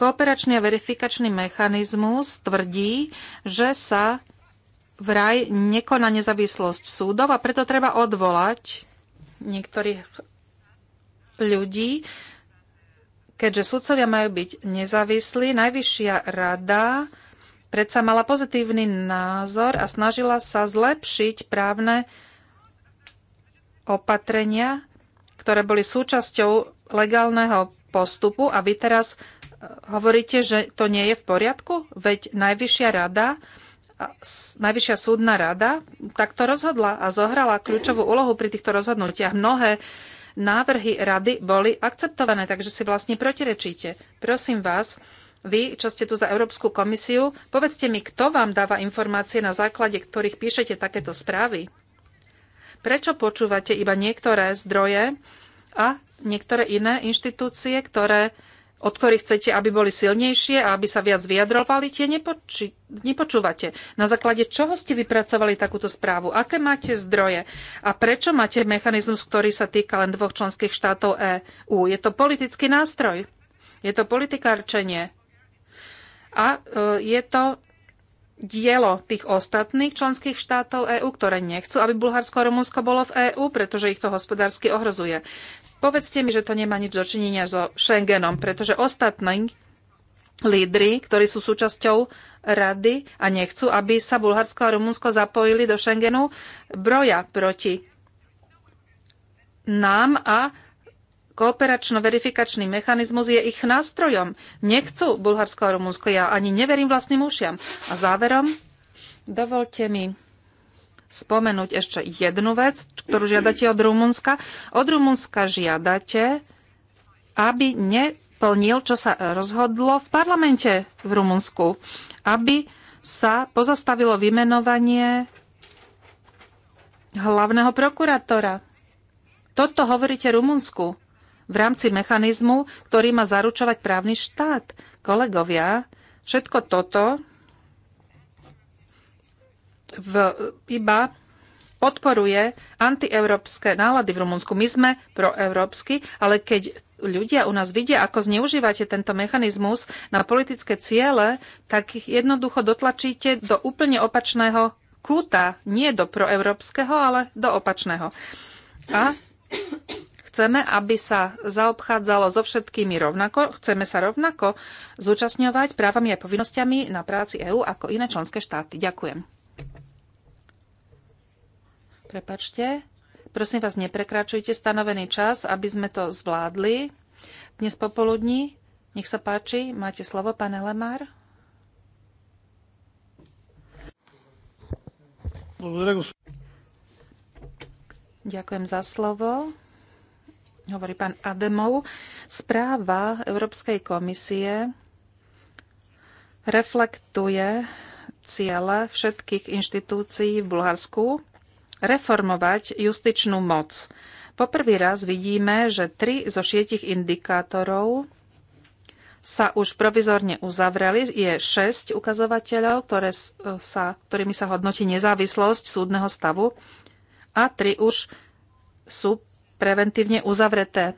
[SPEAKER 1] Kooperačný a verifikačný mechanizmus tvrdí, že sa vraj nekoná nezávislosť súdov a preto treba odvolať niektorých ľudí, keďže sudcovia majú byť nezávislí. Najvyššia rada predsa mala pozitívny názor a snažila sa zlepšiť právne opatrenia, ktoré boli súčasťou legálneho postupu a vy teraz e, hovoríte, že to nie je v poriadku? Veď Najvyššia rada, Najvyššia súdna rada takto rozhodla a zohrala kľúčovú úlohu pri týchto rozhodnutiach. Mnohé návrhy rady boli akceptované, takže si vlastne protirečíte. Prosím vás, vy, čo ste tu za Európsku komisiu, povedzte mi, kto vám dáva informácie, na základe ktorých píšete takéto správy? Prečo počúvate iba niektoré zdroje a niektoré iné inštitúcie, ktoré, od ktorých chcete, aby boli silnejšie a aby sa viac vyjadrovali, tie nepoči- nepočúvate. Na základe čoho ste vypracovali takúto správu? Aké máte zdroje? A prečo máte mechanizmus, ktorý sa týka len dvoch členských štátov EÚ? Je to politický nástroj? Je to politikárčenie? A e, je to dielo tých ostatných členských štátov EÚ, ktoré nechcú, aby Bulharsko a Rumunsko bolo v EÚ, pretože ich to hospodársky ohrozuje. Povedzte mi, že to nemá nič dočinenia so Schengenom, pretože ostatní lídry, ktorí sú súčasťou rady a nechcú, aby sa Bulharsko a Rumunsko zapojili do Schengenu, broja proti nám a Kooperačno-verifikačný mechanizmus je ich nástrojom. Nechcú Bulharsko a Rumunsko. Ja ani neverím vlastným ušiam. A záverom, dovolte mi spomenúť ešte jednu vec, ktorú žiadate od Rumunska. Od Rumunska žiadate, aby neplnil, čo sa rozhodlo v parlamente v Rumunsku, aby sa pozastavilo vymenovanie hlavného prokurátora. Toto hovoríte Rumunsku v rámci mechanizmu, ktorý má zaručovať právny štát. Kolegovia, všetko toto v, iba podporuje antieurópske nálady v Rumunsku. My sme proeurópsky, ale keď ľudia u nás vidia, ako zneužívate tento mechanizmus na politické ciele, tak ich jednoducho dotlačíte do úplne opačného kúta, nie do proeurópskeho, ale do opačného. A Chceme, aby sa zaobchádzalo so všetkými rovnako, chceme sa rovnako zúčastňovať právami a povinnosťami na práci EÚ ako iné členské štáty. Ďakujem. Prepačte. Prosím vás, neprekračujte stanovený čas, aby sme to zvládli. Dnes popoludní, nech sa páči, máte slovo, pán Lemár. Ďakujem za slovo hovorí pán Ademov. Správa Európskej komisie reflektuje ciele všetkých inštitúcií v Bulharsku reformovať justičnú moc. Poprvý raz vidíme, že tri zo šietich indikátorov sa už provizorne uzavreli. Je šesť ukazovateľov, ktoré sa, ktorými sa hodnotí nezávislosť súdneho stavu a tri už sú preventívne uzavreté.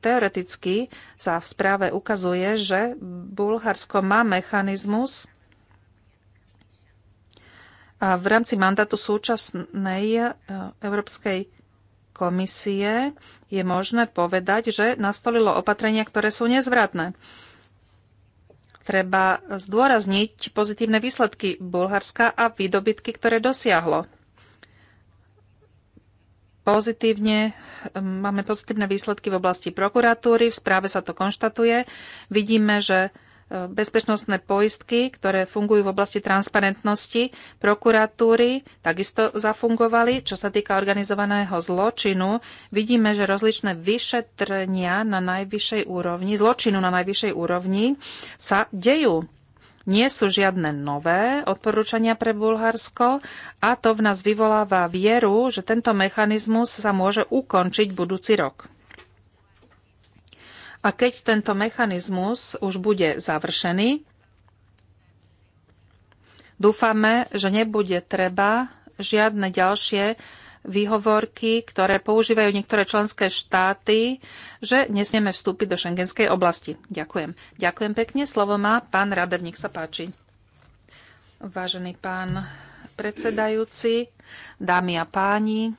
[SPEAKER 1] Teoreticky sa v správe ukazuje, že Bulharsko má mechanizmus a v rámci mandátu súčasnej e, Európskej komisie je možné povedať, že nastolilo opatrenia, ktoré sú nezvratné. Treba zdôrazniť pozitívne výsledky Bulharska a výdobytky, ktoré dosiahlo pozitívne, máme pozitívne výsledky v oblasti prokuratúry, v správe sa to konštatuje. Vidíme, že e, bezpečnostné poistky, ktoré fungujú v oblasti transparentnosti prokuratúry, takisto zafungovali. Čo sa týka organizovaného zločinu, vidíme, že rozličné vyšetrenia na najvyššej úrovni, zločinu na najvyššej úrovni sa dejú. Nie sú žiadne nové odporúčania pre Bulharsko a to v nás vyvoláva vieru, že tento mechanizmus sa môže ukončiť budúci rok. A keď tento mechanizmus už bude završený, dúfame, že nebude treba žiadne ďalšie výhovorky, ktoré používajú niektoré členské štáty, že nesmieme vstúpiť do šengenskej oblasti. Ďakujem. Ďakujem pekne. Slovo má pán Rader, nech sa páči. Vážený pán predsedajúci, dámy a páni,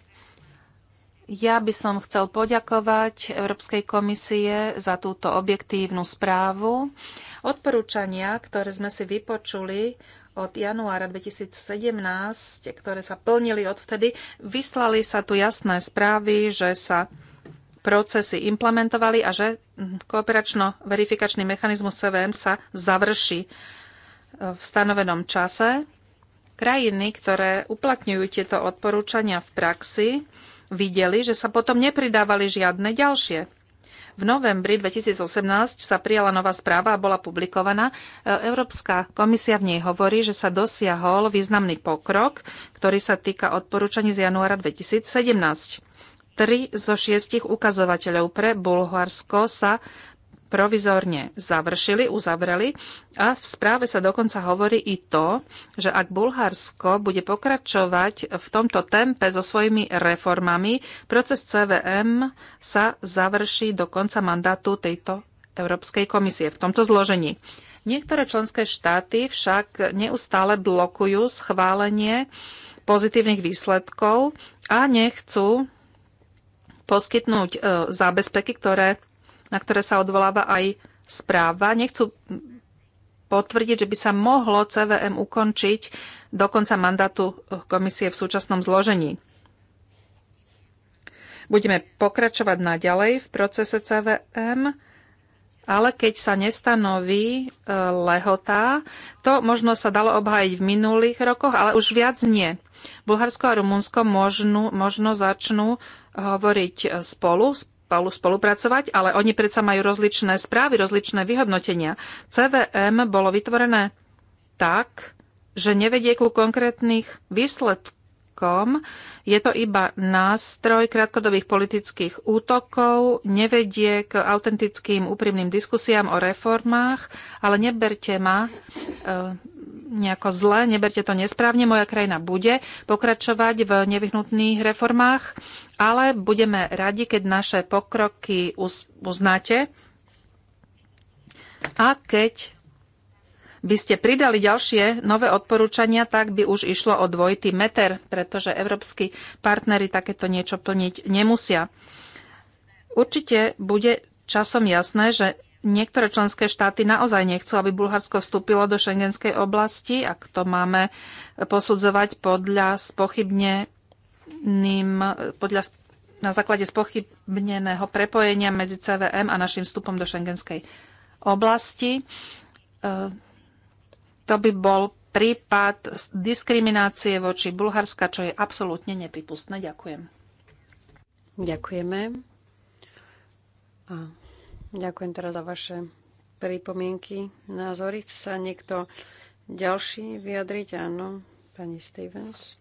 [SPEAKER 1] ja by som chcel poďakovať Európskej komisie za túto objektívnu správu. Odporúčania, ktoré sme si vypočuli, od januára 2017, ktoré sa plnili odvtedy, vyslali sa tu jasné správy, že sa procesy implementovali a že kooperačno-verifikačný mechanizmus CVM sa završí e, v stanovenom čase. Krajiny, ktoré uplatňujú tieto odporúčania v praxi, videli, že sa potom nepridávali žiadne ďalšie. V novembri 2018 sa prijala nová správa a bola publikovaná. E, Európska komisia v nej hovorí, že sa dosiahol významný pokrok, ktorý sa týka odporúčaní z januára 2017. Tri zo šiestich ukazovateľov pre Bulharsko sa provizorne završili, uzavreli a v správe sa dokonca hovorí i to, že ak Bulharsko bude pokračovať v tomto tempe so svojimi reformami, proces CVM sa završí do konca mandátu tejto Európskej komisie v tomto zložení. Niektoré členské štáty však neustále blokujú schválenie pozitívnych výsledkov a nechcú poskytnúť e, zábezpeky, ktoré na ktoré sa odvoláva aj správa, nechcú potvrdiť, že by sa mohlo CVM ukončiť do konca mandátu komisie v súčasnom zložení. Budeme pokračovať naďalej v procese CVM, ale keď sa nestanoví e, lehota, to možno sa dalo obhájiť v minulých rokoch, ale už viac nie. Bulharsko a Rumunsko možno, možno začnú hovoriť spolu, spolu spolupracovať, ale oni predsa majú rozličné správy, rozličné vyhodnotenia. CVM bolo vytvorené tak, že nevedie ku konkrétnych výsledkom. Je to iba nástroj krátkodobých politických útokov, nevedie k autentickým úprimným diskusiám o reformách, ale neberte ma, eh, nejako zle, neberte to nesprávne, moja krajina bude pokračovať v nevyhnutných reformách, ale budeme radi, keď naše pokroky uznáte a keď by ste pridali ďalšie nové odporúčania, tak by už išlo o dvojitý meter, pretože európsky partnery takéto niečo plniť nemusia. Určite bude časom jasné, že Niektoré členské štáty naozaj nechcú, aby Bulharsko vstúpilo do šengenskej oblasti, ak to máme posudzovať podľa spochybneným, podľa, na základe spochybneného prepojenia medzi CVM a našim vstupom do šengenskej oblasti. E, to by bol prípad diskriminácie voči Bulharska, čo je absolútne nepripustné. Ďakujem. Ďakujeme. A Ďakujem teraz za vaše pripomienky,
[SPEAKER 2] názory. Chce sa niekto ďalší vyjadriť? Áno, pani Stevens.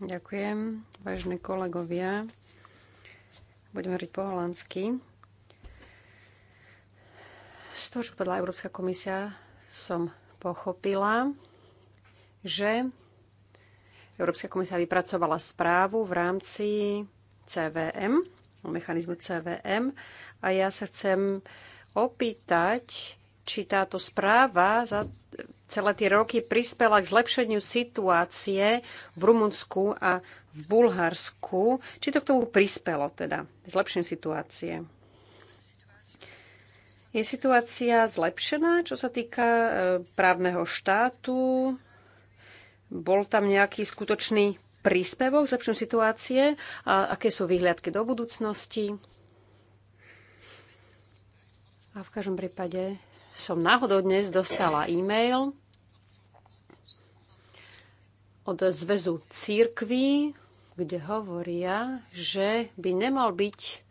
[SPEAKER 2] Ďakujem, vážne kolegovia. budeme hovoriť po holandsky. Z toho, čo povedala Európska komisia, som pochopila, že Európska komisia vypracovala správu v rámci CVM, o mechanizmu CVM. A ja sa chcem opýtať, či táto správa za celé tie roky prispela k zlepšeniu situácie v Rumunsku a v Bulharsku. Či to k tomu prispelo teda, zlepšeniu situácie? Je situácia zlepšená, čo sa týka e, právneho štátu? Bol tam nejaký skutočný príspevok k zlepšeniu situácie a aké sú výhľadky do budúcnosti. A v každom prípade som náhodou dnes dostala e-mail od Zväzu církví, kde hovoria, že by nemal byť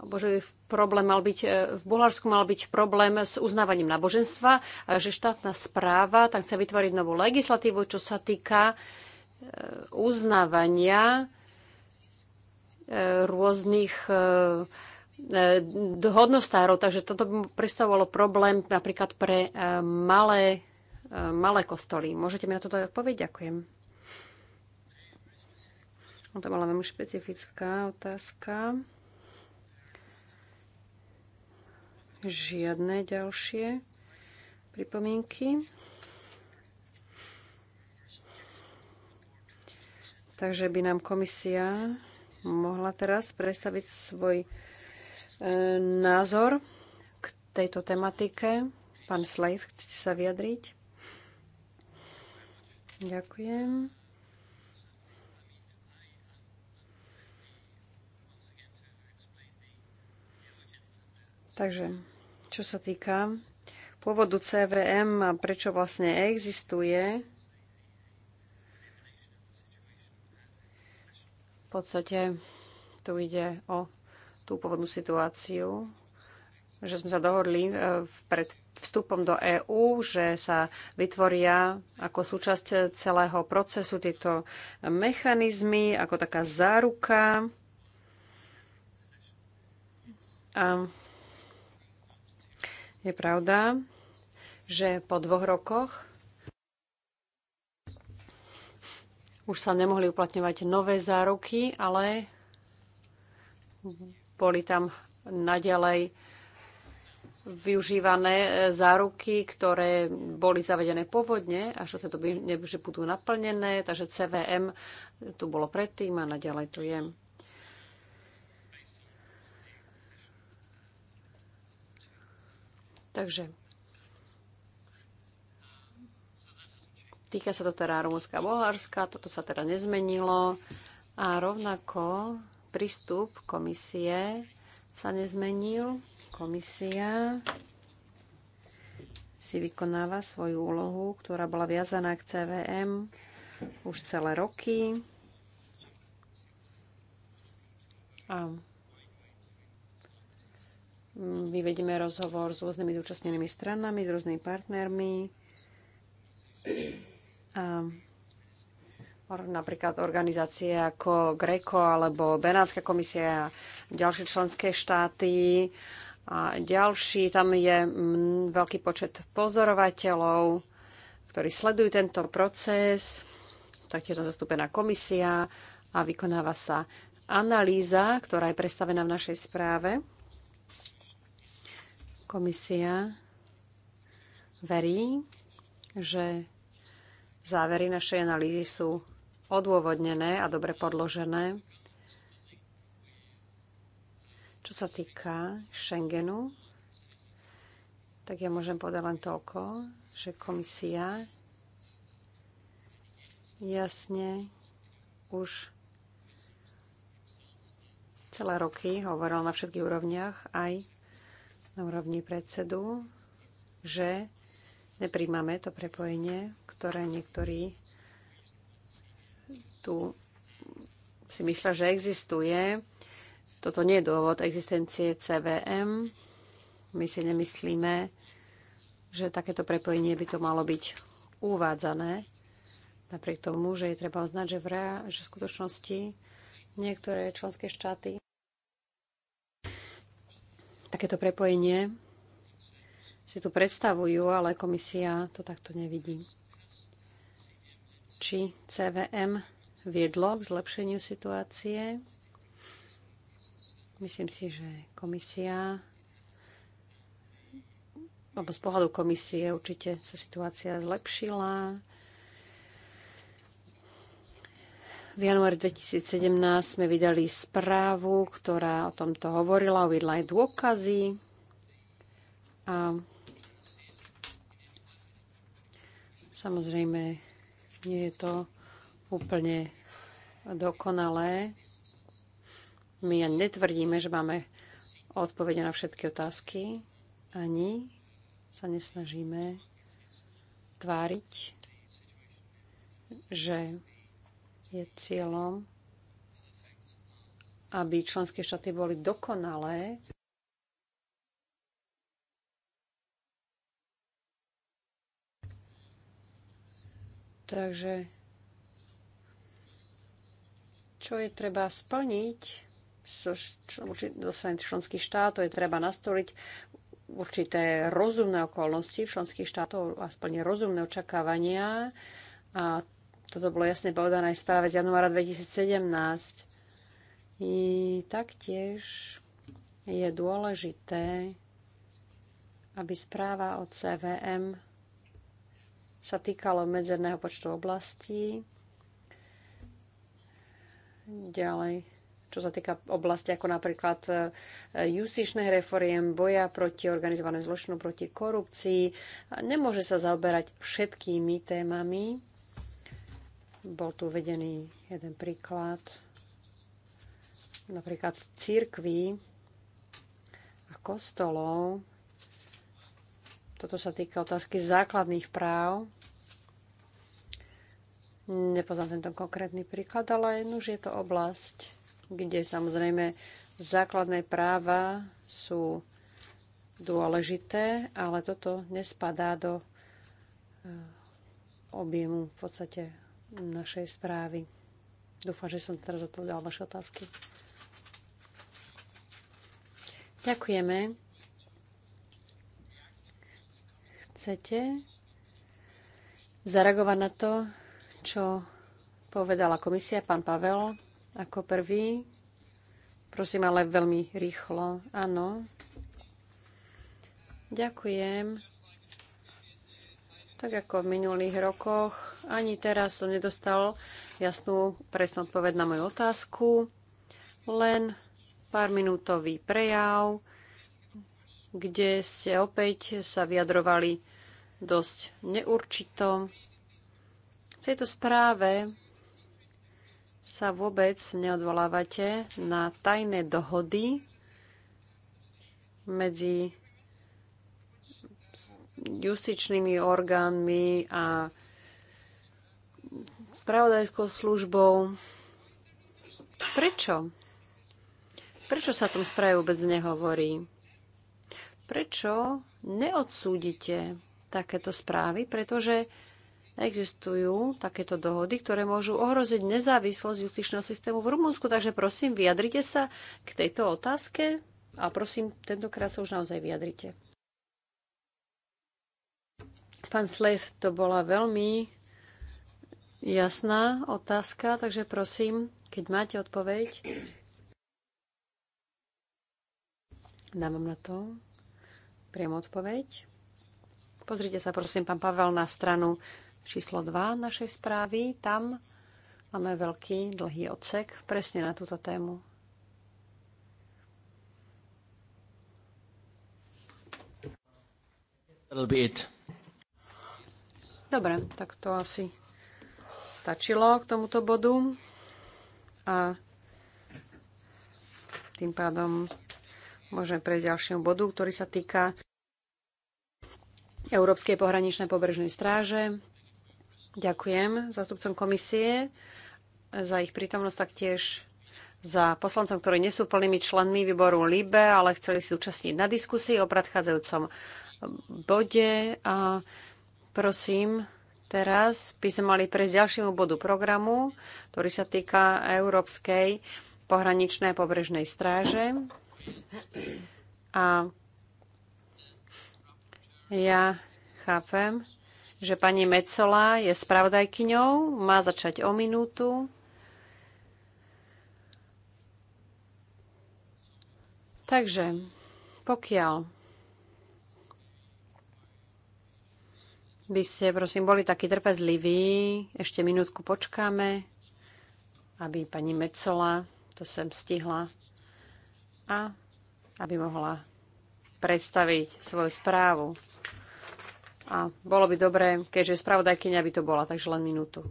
[SPEAKER 2] že by v problém mal byť, e, v Bulharsku mal byť problém s uznávaním náboženstva, že štátna správa tam chce vytvoriť novú legislatívu, čo sa týka e, uznávania e, rôznych hodnostárov. Takže toto by predstavovalo problém napríklad pre malé, malé kostoly. Môžete mi na toto odpovedť? Ďakujem. No, to bola veľmi špecifická otázka. Žiadne ďalšie pripomienky. Takže by nám komisia mohla teraz predstaviť svoj e, názor k tejto tematike. Pán Slejt, chcete sa vyjadriť? Ďakujem. Takže čo sa týka pôvodu CVM a prečo vlastne existuje. V podstate tu ide o tú pôvodnú situáciu, že sme sa dohodli e, pred vstupom do EÚ, že sa vytvoria ako súčasť celého procesu tieto mechanizmy, ako taká záruka. A je pravda, že po dvoch rokoch už sa nemohli uplatňovať nové záruky, ale boli tam naďalej využívané záruky, ktoré boli zavedené pôvodne a že toto by, budú naplnené, takže CVM tu bolo predtým a naďalej tu je. Takže týka sa to teda Rumunska a Bulharska, toto sa teda nezmenilo a rovnako prístup komisie sa nezmenil. Komisia si vykonáva svoju úlohu, ktorá bola viazaná k CVM už celé roky. A vyvedieme mm, rozhovor s rôznymi zúčastnenými stranami, s rôznymi partnermi. A napríklad organizácie ako GRECO alebo Benátska komisia a ďalšie členské štáty a ďalší. Tam je mm, veľký počet pozorovateľov, ktorí sledujú tento proces. Taktiež tam zastúpená komisia a vykonáva sa analýza, ktorá je predstavená v našej správe. Komisia verí, že závery našej analýzy sú odôvodnené a dobre podložené. Čo sa týka Schengenu, tak ja môžem povedať len toľko, že komisia jasne už celé roky hovorila na všetkých úrovniach aj na úrovni predsedu, že nepríjmame to prepojenie, ktoré niektorí tu si myslia, že existuje. Toto nie je dôvod existencie CVM. My si nemyslíme, že takéto prepojenie by to malo byť uvádzané. Napriek tomu, že je treba uznať, že v, rea- že v skutočnosti niektoré členské štáty takéto prepojenie si tu predstavujú, ale komisia to takto nevidí. Či CVM viedlo k zlepšeniu situácie? Myslím si, že komisia alebo z pohľadu komisie určite sa situácia zlepšila. V januári 2017 sme vydali správu, ktorá o tomto hovorila, uvidla aj dôkazy. A samozrejme, nie je to úplne dokonalé. My ani netvrdíme, že máme odpovede na všetky otázky. Ani sa nesnažíme tváriť, že je cieľom, aby členské štáty boli dokonalé. Takže čo je treba splniť zo členských štátov, je treba nastoliť určité rozumné okolnosti v členských štátov, aspoň rozumné očakávania a toto bolo jasne povedané aj správe z januára 2017. I taktiež je dôležité, aby správa o CVM sa týkala medzerného počtu oblastí. Ďalej, čo sa týka oblasti ako napríklad e, justičných reforiem, boja proti organizovanému zločinu, proti korupcii. Nemôže sa zaoberať všetkými témami, bol tu uvedený jeden príklad, napríklad církvy a kostolov. Toto sa týka otázky základných práv. Nepoznám tento konkrétny príklad, ale už je to oblasť, kde samozrejme základné práva sú dôležité, ale toto nespadá do eh, objemu v podstate našej správy. Dúfam, že som teraz odpovedala vaše otázky. Ďakujeme. Chcete zareagovať na to, čo povedala komisia, pán Pavel, ako prvý? Prosím, ale veľmi rýchlo. Áno. Ďakujem tak ako v minulých rokoch. Ani teraz som nedostal jasnú presnú odpoveď na moju otázku. Len pár minútový prejav, kde ste opäť sa vyjadrovali dosť neurčito. V tejto správe sa vôbec neodvolávate na tajné dohody medzi justičnými orgánmi a spravodajskou službou. Prečo? Prečo sa tom správe vôbec nehovorí? Prečo neodsúdite takéto správy? Pretože existujú takéto dohody, ktoré môžu ohroziť nezávislosť justičného systému v Rumunsku. Takže prosím, vyjadrite sa k tejto otázke a prosím, tentokrát sa už naozaj vyjadrite. Pán Slejs, to bola veľmi jasná otázka, takže prosím, keď máte odpoveď, dávam na to priamo odpoveď. Pozrite sa, prosím, pán Pavel, na stranu číslo 2 našej správy. Tam máme veľký, dlhý odsek presne na túto tému. be it. Dobre, tak to asi stačilo k tomuto bodu. A tým pádom môžeme prejsť ďalšiemu bodu, ktorý sa týka Európskej pohraničnej pobrežnej stráže. Ďakujem zástupcom komisie za ich prítomnosť, taktiež za poslancom, ktorí nie sú plnými členmi výboru LIBE, ale chceli si zúčastniť na diskusii o predchádzajúcom bode. A Prosím, teraz by sme mali prejsť ďalšiemu bodu programu, ktorý sa týka Európskej pohraničnej pobrežnej stráže. A ja chápem, že pani Mecola je spravodajkyňou, má začať o minútu. Takže, pokiaľ by ste, prosím, boli takí trpezliví. Ešte minútku počkáme, aby pani Mecola to sem stihla a aby mohla predstaviť svoju správu. A bolo by dobré, keďže spravodajkyňa by to bola, takže len minútu.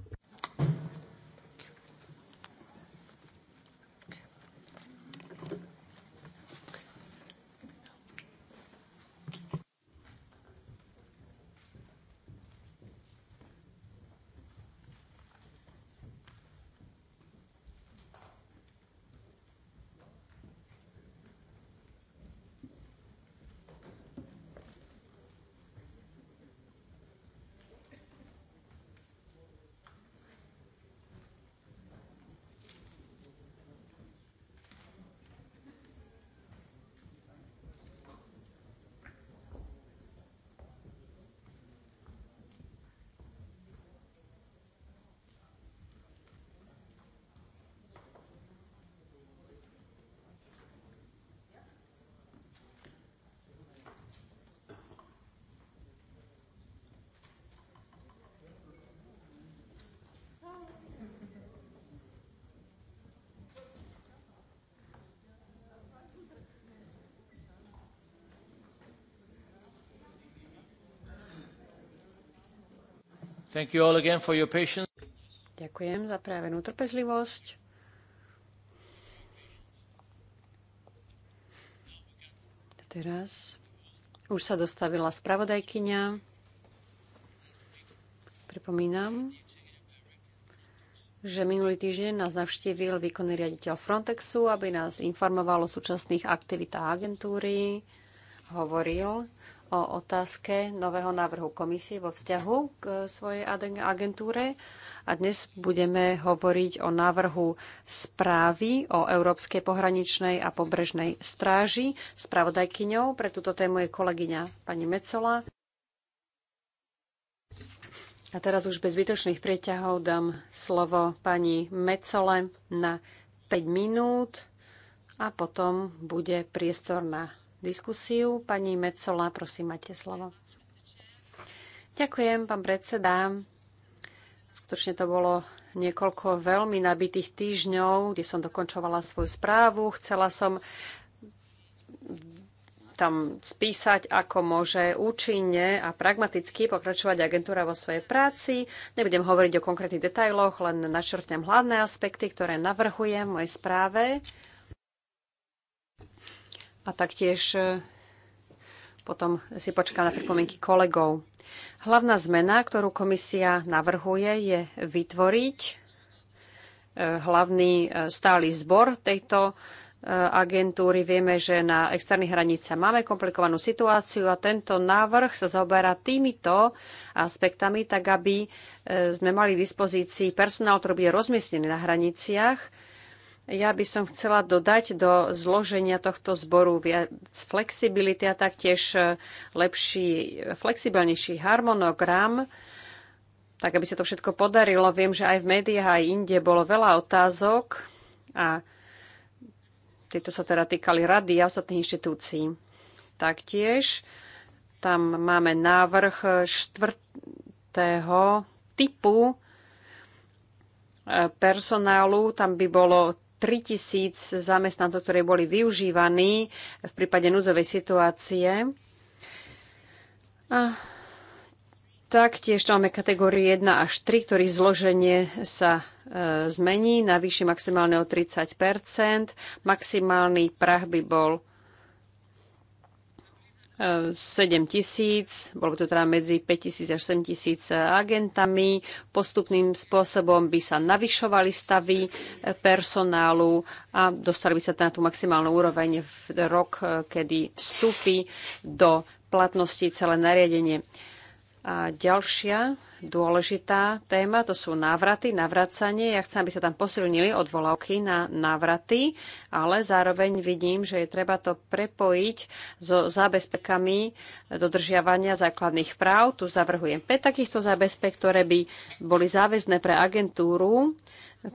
[SPEAKER 3] Thank you all again for your patience.
[SPEAKER 2] Ďakujem za prejavenú trpezlivosť. Teraz už sa dostavila spravodajkyňa. Pripomínam, že minulý týždeň nás navštívil výkonný riaditeľ Frontexu, aby nás informoval o súčasných aktivitách agentúry. Hovoril o otázke nového návrhu komisie vo vzťahu k svojej agentúre a dnes budeme hovoriť o návrhu správy o Európskej pohraničnej a pobrežnej stráži. Spravodajkyňou pre túto tému je kolegyňa pani Mecola. A teraz už bez zbytočných prieťahov dám slovo pani Mecole na 5 minút a potom bude priestor na diskusiu. Pani Mecola, prosím, máte slovo. Ďakujem, pán predseda. Skutočne to bolo niekoľko veľmi nabitých týždňov, kde som dokončovala svoju správu. Chcela som tam spísať, ako môže účinne a pragmaticky pokračovať agentúra vo svojej práci. Nebudem hovoriť o konkrétnych detailoch, len načrtnem hlavné aspekty, ktoré navrhujem v mojej správe a taktiež e, potom si počkám na pripomienky kolegov. Hlavná zmena, ktorú komisia navrhuje, je vytvoriť e, hlavný e, stály zbor tejto agentúry. Vieme, že na externých hranicách máme komplikovanú situáciu a tento návrh sa zaoberá týmito aspektami, tak aby sme mali v dispozícii personál, ktorý bude rozmiestnený na hraniciach ja by som chcela dodať do zloženia tohto zboru viac flexibility a taktiež e, lepší, flexibilnejší harmonogram, tak aby sa to všetko podarilo. Viem, že aj v médiách, aj inde bolo veľa otázok a tieto sa teda týkali rady a ostatných inštitúcií. Taktiež tam máme návrh štvrtého typu e, personálu, tam by bolo 3000 zamestnancov, ktorí boli využívaní v prípade núzovej situácie. A taktiež máme kategórie 1 až 3, ktorých zloženie sa e, zmení, výši maximálne o 30 Maximálny prah by bol 7 tisíc, bolo to teda medzi 5 tisíc až 7 tisíc agentami. Postupným spôsobom by sa navyšovali stavy personálu a dostali by sa na tú maximálnu úroveň v rok, kedy vstúpi do platnosti celé nariadenie. A ďalšia dôležitá téma, to sú návraty, navracanie. Ja chcem, aby sa tam posilnili odvolavky na návraty, ale zároveň vidím, že je treba to prepojiť so zábezpekami dodržiavania základných práv. Tu zavrhujem 5 takýchto zábezpek, ktoré by boli záväzné pre agentúru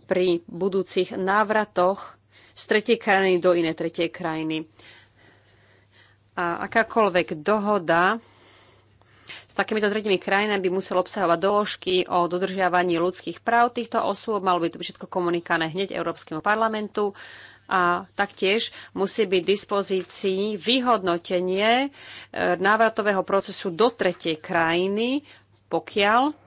[SPEAKER 2] pri budúcich návratoch z tretej krajiny do inej tretej krajiny. A akákoľvek dohoda s takýmito tretimi krajinami by musel obsahovať doložky o dodržiavaní ľudských práv týchto osôb, malo by to byť všetko komunikované hneď Európskemu parlamentu a taktiež musí byť dispozícii vyhodnotenie eh, návratového procesu do tretej krajiny, pokiaľ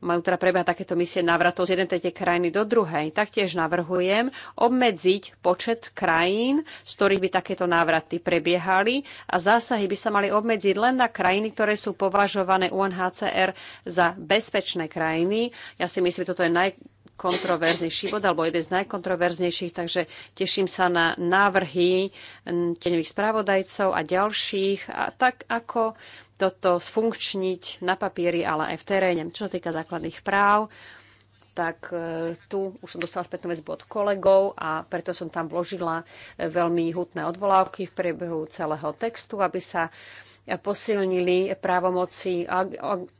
[SPEAKER 2] majú teda prebiehať takéto misie návratov z jednej tretej krajiny do druhej. Taktiež navrhujem obmedziť počet krajín, z ktorých by takéto návraty prebiehali a zásahy by sa mali obmedziť len na krajiny, ktoré sú považované UNHCR za bezpečné krajiny. Ja si myslím, že toto je naj kontroverznejší bod, alebo jeden z najkontroverznejších, takže teším sa na návrhy tenových spravodajcov a ďalších, a tak ako toto sfunkčniť na papíri, ale aj v teréne. Čo sa týka základných práv, tak e, tu už som dostala spätnú väzbu od kolegov a preto som tam vložila e, veľmi hutné odvolávky v priebehu celého textu, aby sa posilnili právomoci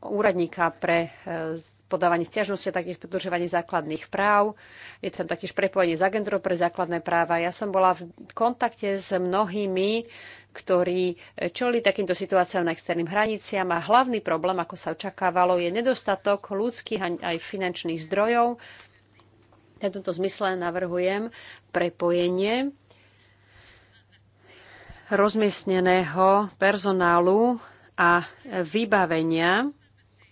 [SPEAKER 2] úradníka pre e, podávanie stiažnosti a taktiež podržovanie základných práv. Je tam taktiež prepojenie s agentúrou pre základné práva. Ja som bola v kontakte s mnohými, ktorí čoli takýmto situáciám na externým hraniciam a hlavný problém, ako sa očakávalo, je nedostatok ľudských aj finančných zdrojov. V tomto zmysle navrhujem prepojenie rozmiestneného personálu a vybavenia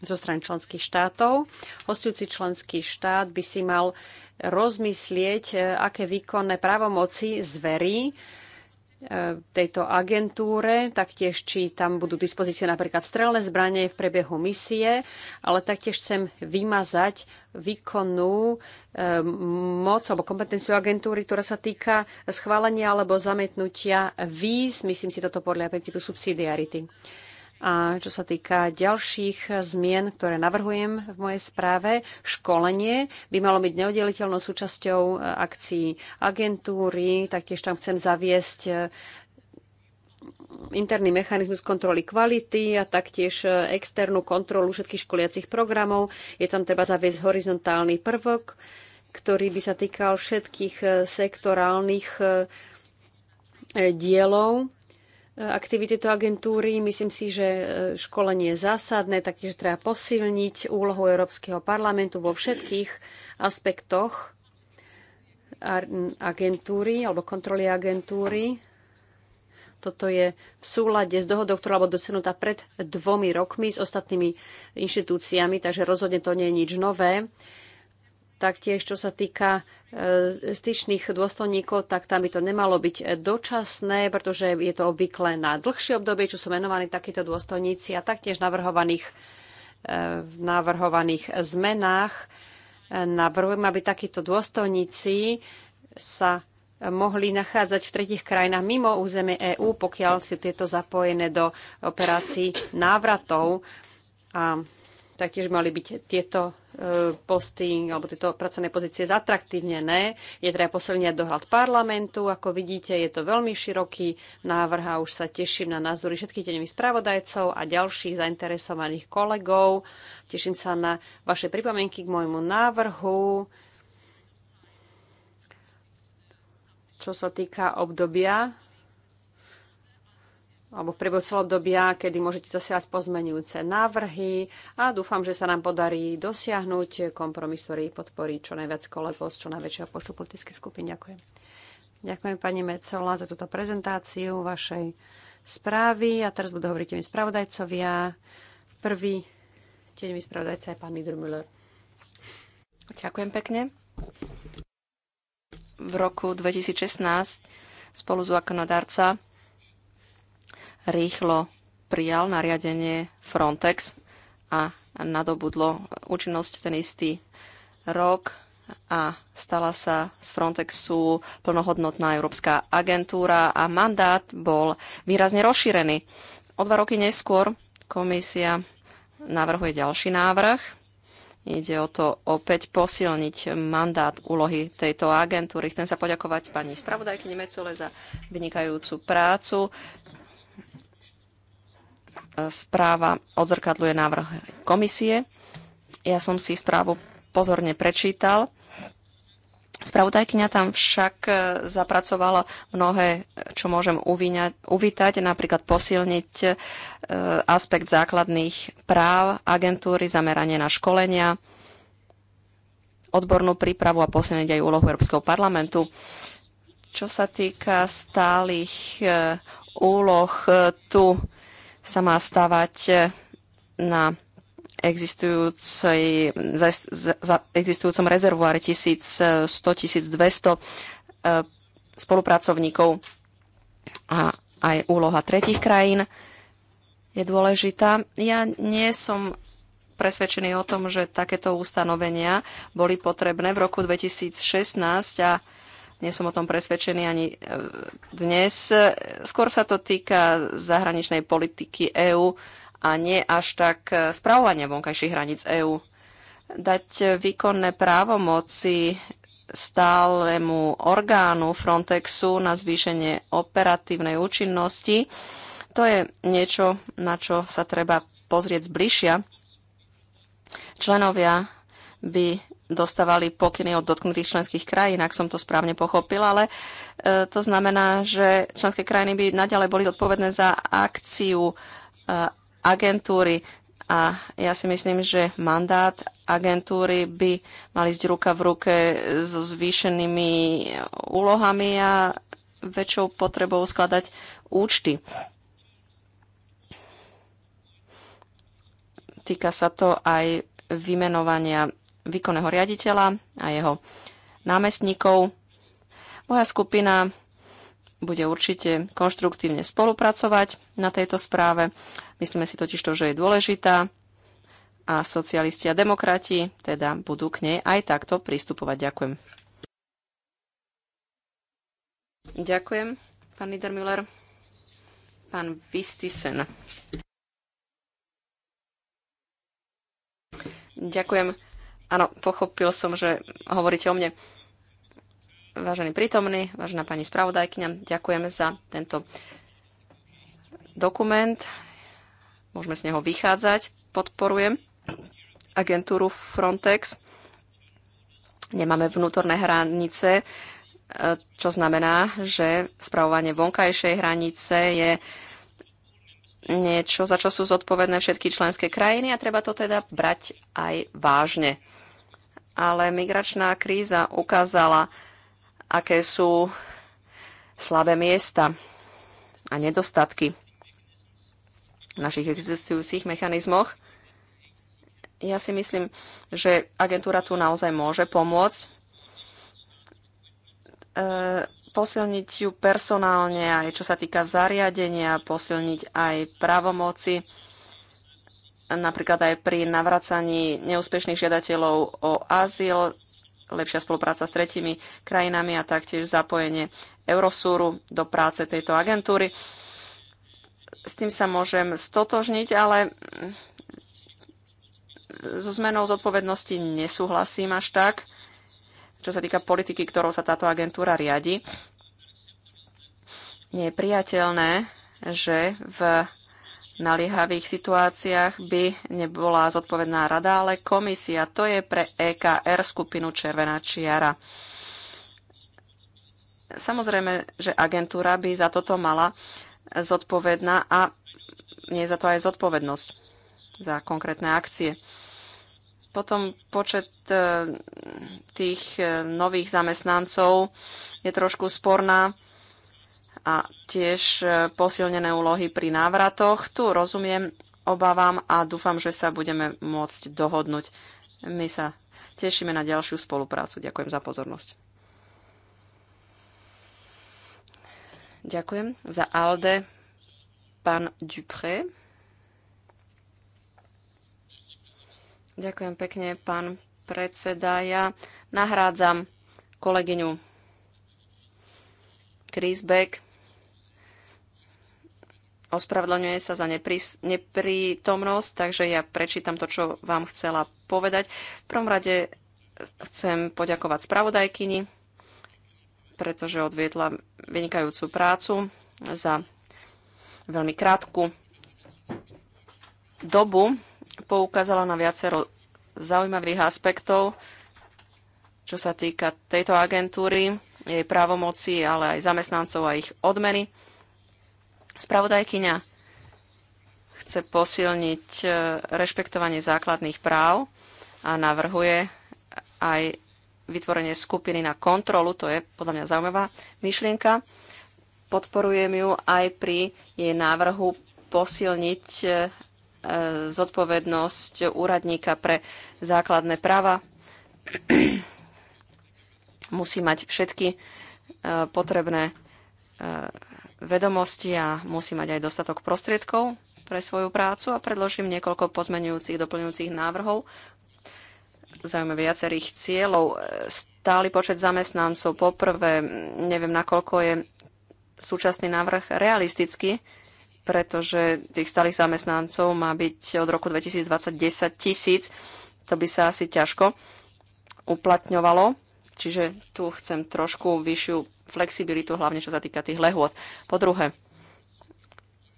[SPEAKER 2] zo strany členských štátov. Hostujúci členský štát by si mal rozmyslieť, e, aké výkonné právomoci zverí e, tejto agentúre, taktiež či tam budú dispozície napríklad strelné zbranie v priebehu misie, ale taktiež chcem vymazať výkonnú e, moc alebo kompetenciu agentúry, ktorá sa týka schválenia alebo zametnutia víz. Myslím si toto podľa princípu subsidiarity. A čo sa týka ďalších zmien, ktoré navrhujem v mojej správe, školenie by malo byť neoddeliteľnou súčasťou e, akcií agentúry. Taktiež tam chcem zaviesť e, interný mechanizmus kontroly kvality a taktiež e, externú kontrolu všetkých školiacich programov. Je tam treba zaviesť horizontálny prvok, ktorý by sa týkal všetkých sektorálnych dielov aktivity tejto agentúry. Myslím si, že e, školenie je zásadné, taktiež treba posilniť úlohu Európskeho parlamentu vo všetkých aspektoch agentúry alebo kontroly agentúry. Toto je v súlade s dohodou, ktorá bola dosiahnutá pred dvomi rokmi s ostatnými inštitúciami, takže rozhodne to nie je nič nové. Taktiež, čo sa týka e, styčných dôstojníkov, tak tam by to nemalo byť dočasné, pretože je to obvykle na dlhšie obdobie, čo sú menovaní takíto dôstojníci a taktiež navrhovaných, e, v navrhovaných zmenách. E, navrhujem, aby takíto dôstojníci sa mohli nachádzať v tretich krajinách mimo územie EÚ, pokiaľ sú tieto zapojené do operácií návratov. A taktiež mali byť tieto posting alebo tieto pracovné pozície zatraktívnené. Je treba posilniť dohľad parlamentu. Ako vidíte, je to veľmi široký návrh a už sa teším na názory všetkých tenových spravodajcov a ďalších zainteresovaných kolegov. Teším sa na vaše pripomienky k môjmu návrhu. Čo sa týka obdobia alebo v priebehu celého obdobia, kedy môžete zasielať pozmenujúce návrhy a dúfam, že sa nám podarí dosiahnuť kompromis, ktorý podporí čo najviac kolegov z čo najväčšieho počtu politických skupín. Ďakujem. Ďakujem pani Mecola za túto prezentáciu vašej správy a teraz budú hovoriť mi spravodajcovia. Prvý
[SPEAKER 4] mi spravodajca je pán Müller. Ďakujem pekne. V roku 2016 spolu s zákonodárca rýchlo prijal nariadenie Frontex a nadobudlo účinnosť v ten istý rok a stala sa z Frontexu plnohodnotná európska agentúra a mandát bol výrazne rozšírený. O dva roky neskôr komisia navrhuje ďalší návrh. Ide o to opäť posilniť mandát úlohy tejto agentúry. Chcem sa poďakovať pani spravodajky Nemecule za vynikajúcu prácu správa odzrkadluje návrh komisie. Ja som si správu pozorne prečítal. Spravodajkyňa tam však e, zapracovala mnohé, e, čo môžem uvíňať, uvítať, napríklad posilniť e, aspekt základných práv agentúry, zameranie na školenia, odbornú prípravu a posilniť aj úlohu Európskeho parlamentu. Čo sa týka stálych úloh, tu sa má stavať e, na za, za existujúcom rezervuáre 1100-1200 e, spolupracovníkov a aj úloha tretich krajín je dôležitá. Ja nie som presvedčený o tom, že takéto ustanovenia boli potrebné v roku 2016 a nie som o tom presvedčený ani e, dnes. Skôr sa to týka zahraničnej politiky EÚ a nie až tak e, spravovania vonkajších hraníc EÚ. Dať výkonné právomoci stálemu orgánu Frontexu na zvýšenie operatívnej účinnosti, to je niečo, na čo sa treba pozrieť zbližšia. Členovia by dostávali pokyny od dotknutých členských krajín, ak som to správne pochopil, ale e, to znamená, že členské krajiny by naďalej boli zodpovedné za akciu e, agentúry. A ja si myslím, že mandát agentúry by mali ísť ruka v ruke so zvýšenými úlohami a väčšou potrebou skladať účty. Týka sa to aj vymenovania výkonného riaditeľa a jeho námestníkov. Moja skupina bude určite konštruktívne spolupracovať na tejto správe. Myslíme si totiž to, že je dôležitá a socialisti a demokrati teda budú k nej aj takto pristupovať. Ďakujem. Ďakujem, pán Niedermüller. Pán Vistisen. Ďakujem. Áno, pochopil som, že hovoríte o mne. Vážený prítomný, vážená pani spravodajkyňa, ďakujeme za tento dokument. Môžeme z neho vychádzať. Podporujem agentúru Frontex. Nemáme vnútorné hranice, e, čo znamená, že spravovanie vonkajšej hranice je niečo, za čo sú zodpovedné všetky členské krajiny a treba to teda brať aj vážne ale migračná kríza ukázala, aké sú slabé miesta a nedostatky v našich existujúcich mechanizmoch. Ja si myslím, že agentúra tu naozaj môže pomôcť e, posilniť ju personálne, aj čo sa týka zariadenia, posilniť aj pravomoci napríklad aj pri navracaní neúspešných žiadateľov o azyl, lepšia spolupráca s tretimi krajinami a taktiež zapojenie Eurosúru do práce tejto agentúry. S tým sa môžem stotožniť, ale so zmenou zodpovednosti nesúhlasím až tak, čo sa týka politiky, ktorou sa táto agentúra riadi. Nie je priateľné, že v naliehavých situáciách by nebola zodpovedná rada, ale komisia. To je pre EKR skupinu Červená čiara. Samozrejme, že agentúra by za toto mala zodpovedná a nie je za to aj zodpovednosť za konkrétne akcie. Potom počet e, tých e, nových zamestnancov je trošku sporná a tiež e, posilnené úlohy pri návratoch. Tu rozumiem obávam a dúfam, že sa budeme môcť dohodnúť. My sa tešíme na ďalšiu spoluprácu. Ďakujem za pozornosť. Ďakujem za Alde, pán Dupré. Ďakujem pekne, pán predseda. Ja nahrádzam kolegyňu Chris Beck ospravedlňuje sa za neprís- neprítomnosť, takže ja prečítam to, čo vám chcela povedať. V prvom rade chcem poďakovať spravodajkyni, pretože odviedla vynikajúcu prácu za veľmi krátku dobu. Poukázala na viacero zaujímavých aspektov, čo sa týka tejto agentúry, jej právomoci, ale aj zamestnancov a ich odmeny Spravodajkyňa chce posilniť e, rešpektovanie základných práv a navrhuje aj vytvorenie skupiny na kontrolu, to je podľa mňa zaujímavá myšlienka. Podporujem ju aj pri jej návrhu posilniť e, zodpovednosť úradníka pre základné práva. Musí mať všetky e, potrebné vedomosti a musí mať aj dostatok prostriedkov pre svoju prácu a predložím niekoľko pozmenujúcich, doplňujúcich návrhov, zaujímavé viacerých cieľov. Stály počet zamestnancov. Poprvé, neviem, nakoľko je súčasný návrh realistický, pretože tých stálych zamestnancov má byť od roku 2020 10 tisíc. To by sa asi ťažko uplatňovalo. Čiže tu chcem trošku vyššiu flexibilitu, hlavne čo sa týka tých lehôd. Po druhé,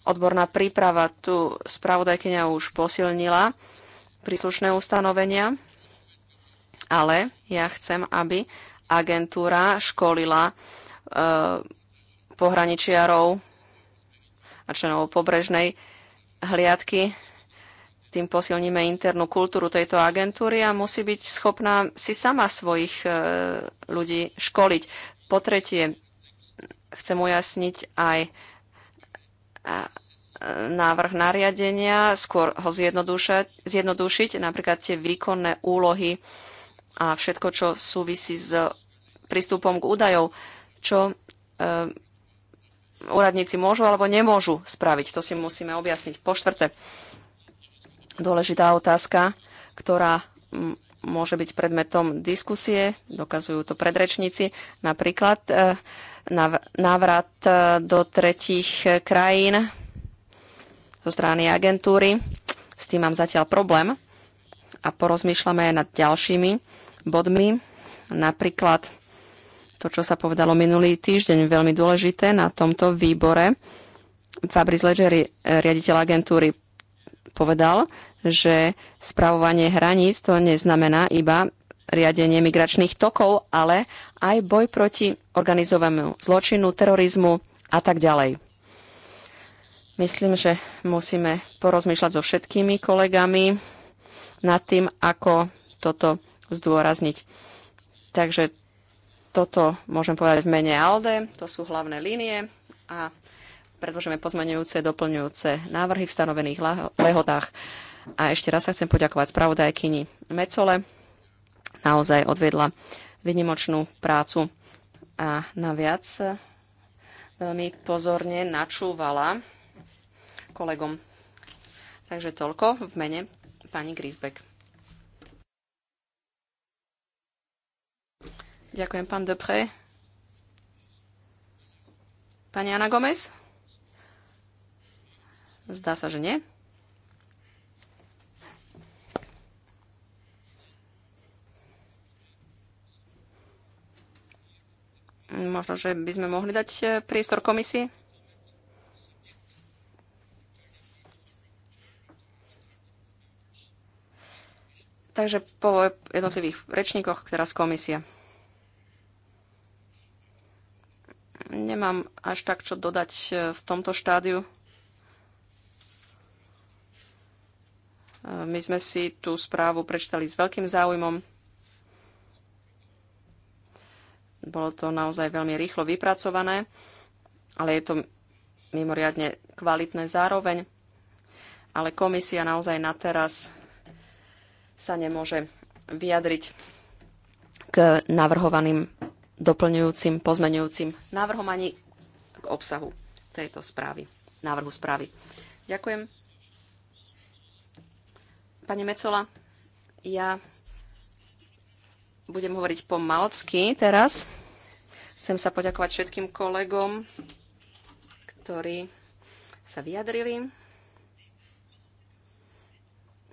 [SPEAKER 4] odborná príprava tu spravodajkenia už posilnila príslušné ustanovenia, ale ja chcem, aby agentúra školila e, pohraničiarov a členov pobrežnej hliadky. Tým posilníme internú kultúru tejto agentúry a musí byť schopná si sama svojich e, ľudí školiť. Po tretie, chcem ujasniť aj e, návrh nariadenia, skôr ho zjednodušiť, napríklad tie výkonné úlohy a všetko, čo súvisí s prístupom k údajov, čo e, úradníci môžu alebo nemôžu spraviť. To si musíme objasniť. Po štvrté, dôležitá otázka, ktorá môže byť predmetom diskusie, dokazujú to predrečníci, napríklad eh, návrat eh, do tretich eh, krajín zo strany agentúry. S tým mám zatiaľ problém a porozmýšľame aj nad ďalšími bodmi. Napríklad to, čo sa povedalo minulý týždeň, veľmi dôležité na tomto výbore. Fabrice Leggeri, riaditeľ agentúry, povedal, že spravovanie hraníc to neznamená iba riadenie migračných tokov, ale aj boj proti organizovanému zločinu, terorizmu a tak ďalej. Myslím, že musíme porozmýšľať so všetkými kolegami nad tým, ako toto zdôrazniť. Takže toto môžem povedať v mene ALDE, to sú hlavné línie a predložíme pozmenujúce, doplňujúce návrhy v stanovených lehotách. A ešte raz sa chcem poďakovať spravodajkyni Mecole. Naozaj odvedla vynimočnú prácu a naviac eh, veľmi pozorne načúvala kolegom. Takže toľko v mene pani Grisbeck. Ďakujem, pán Depré. Pani Ana Gomez? Zdá sa, že nie. Možno, že by sme mohli dať eh, priestor komisii. Takže po jednotlivých rečníkoch teraz komisia. Nemám až tak čo dodať eh, v tomto štádiu. Eh, my sme si tú správu prečítali s veľkým záujmom. Bolo to naozaj veľmi rýchlo vypracované, ale je to mimoriadne kvalitné zároveň. Ale komisia naozaj na teraz sa nemôže vyjadriť k navrhovaným doplňujúcim, pozmenujúcim návrhom ani k obsahu tejto správy, návrhu správy. Ďakujem. Pani Mecola, ja budem hovoriť po malcky teraz. Chcem sa poďakovať všetkým kolegom, ktorí sa vyjadrili.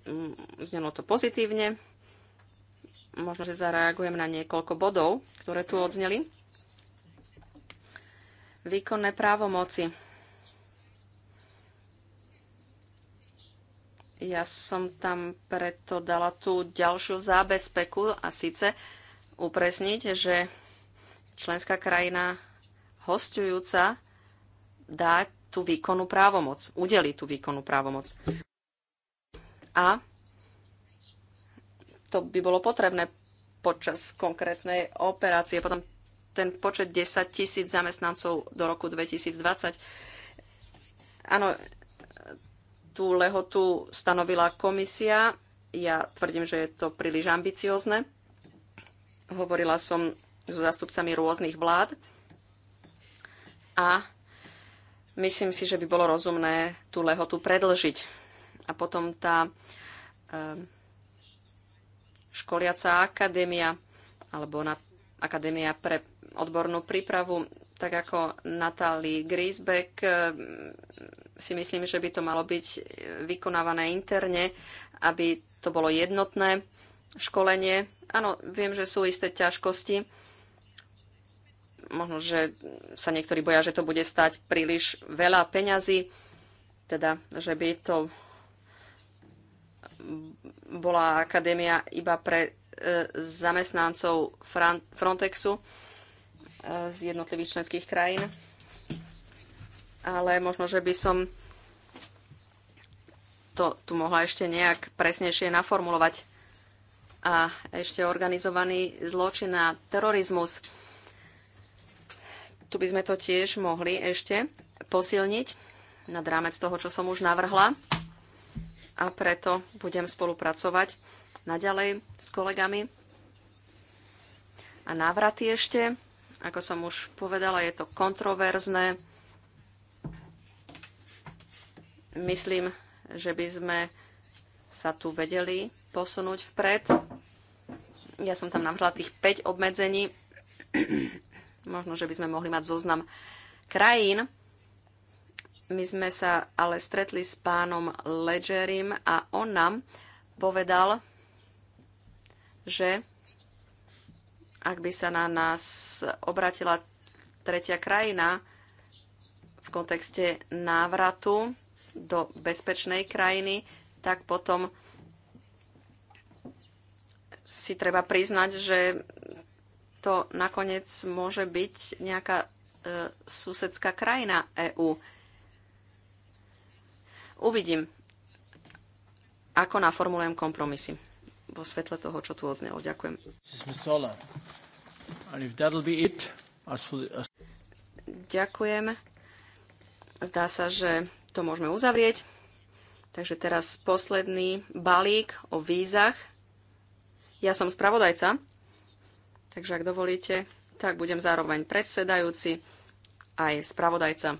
[SPEAKER 4] Mm, znelo to pozitívne. Možno, že zareagujem na niekoľko bodov, ktoré tu odzneli. Výkonné právomoci. Ja som tam preto dala tú ďalšiu zábezpeku a síce upresniť, že členská krajina hostujúca dá tú výkonu právomoc, udeli tú výkonu právomoc. A to by bolo potrebné počas konkrétnej operácie. Potom ten počet 10 tisíc zamestnancov do roku 2020. Áno, tú lehotu stanovila komisia. Ja tvrdím, že je to príliš ambiciozne. Hovorila som so zastupcami rôznych vlád a myslím si, že by bolo rozumné tú lehotu predlžiť. A potom tá ehm, školiaca akadémia alebo na akadémia pre odbornú prípravu, tak ako Natálii Griesbeck ehm, si myslím, že by to malo byť e, vykonávané interne, aby to bolo jednotné školenie. Áno, viem, že sú isté ťažkosti. Možno, že sa niektorí boja, že to bude stať príliš veľa peňazí, teda, že by to bola akadémia iba pre e, zamestnancov Frontexu e, z jednotlivých členských krajín ale možno, že by som to tu mohla ešte nejak presnejšie naformulovať. A ešte organizovaný zločin a terorizmus. Tu by sme to tiež mohli ešte posilniť nad rámec toho, čo som už navrhla. A preto budem spolupracovať naďalej s kolegami. A návraty ešte, ako som už povedala, je to kontroverzné Myslím, že by sme sa tu vedeli posunúť vpred. Ja som tam navrhla tých 5 obmedzení. Možno, že by sme mohli mať zoznam krajín. My sme sa ale stretli s pánom Ledgerim a on nám povedal, že ak by sa na nás obratila tretia krajina v kontexte návratu, do bezpečnej krajiny, tak potom si treba priznať, že to nakoniec môže byť nejaká e, susedská krajina EÚ. Uvidím, ako naformulujem kompromisy vo svetle toho, čo tu odznelo. Ďakujem. Ďakujem. Zdá sa, že to môžeme uzavrieť. Takže teraz posledný balík o vízach. Ja som spravodajca, takže ak dovolíte, tak budem zároveň predsedajúci aj spravodajca.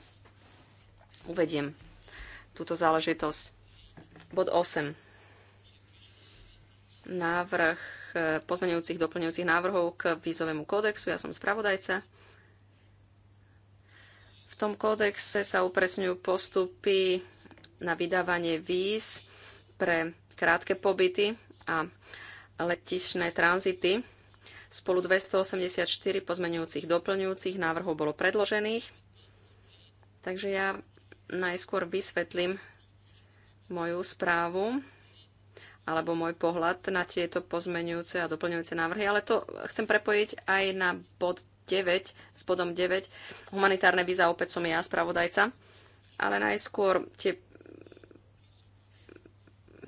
[SPEAKER 4] Uvediem túto záležitosť. Bod 8. Návrh eh, pozmeňujúcich, doplňujúcich návrhov k vízovému kódexu. Ja som spravodajca. V tom kódexe sa upresňujú postupy na vydávanie víz pre krátke pobyty a letišné tranzity. Spolu 284 pozmenujúcich doplňujúcich návrhov bolo predložených. Takže ja najskôr vysvetlím moju správu alebo môj pohľad na tieto pozmenujúce a doplňujúce návrhy, ale to chcem prepojiť aj na bod 9, s bodom 9. Humanitárne víza, opäť som ja spravodajca. Ale najskôr tie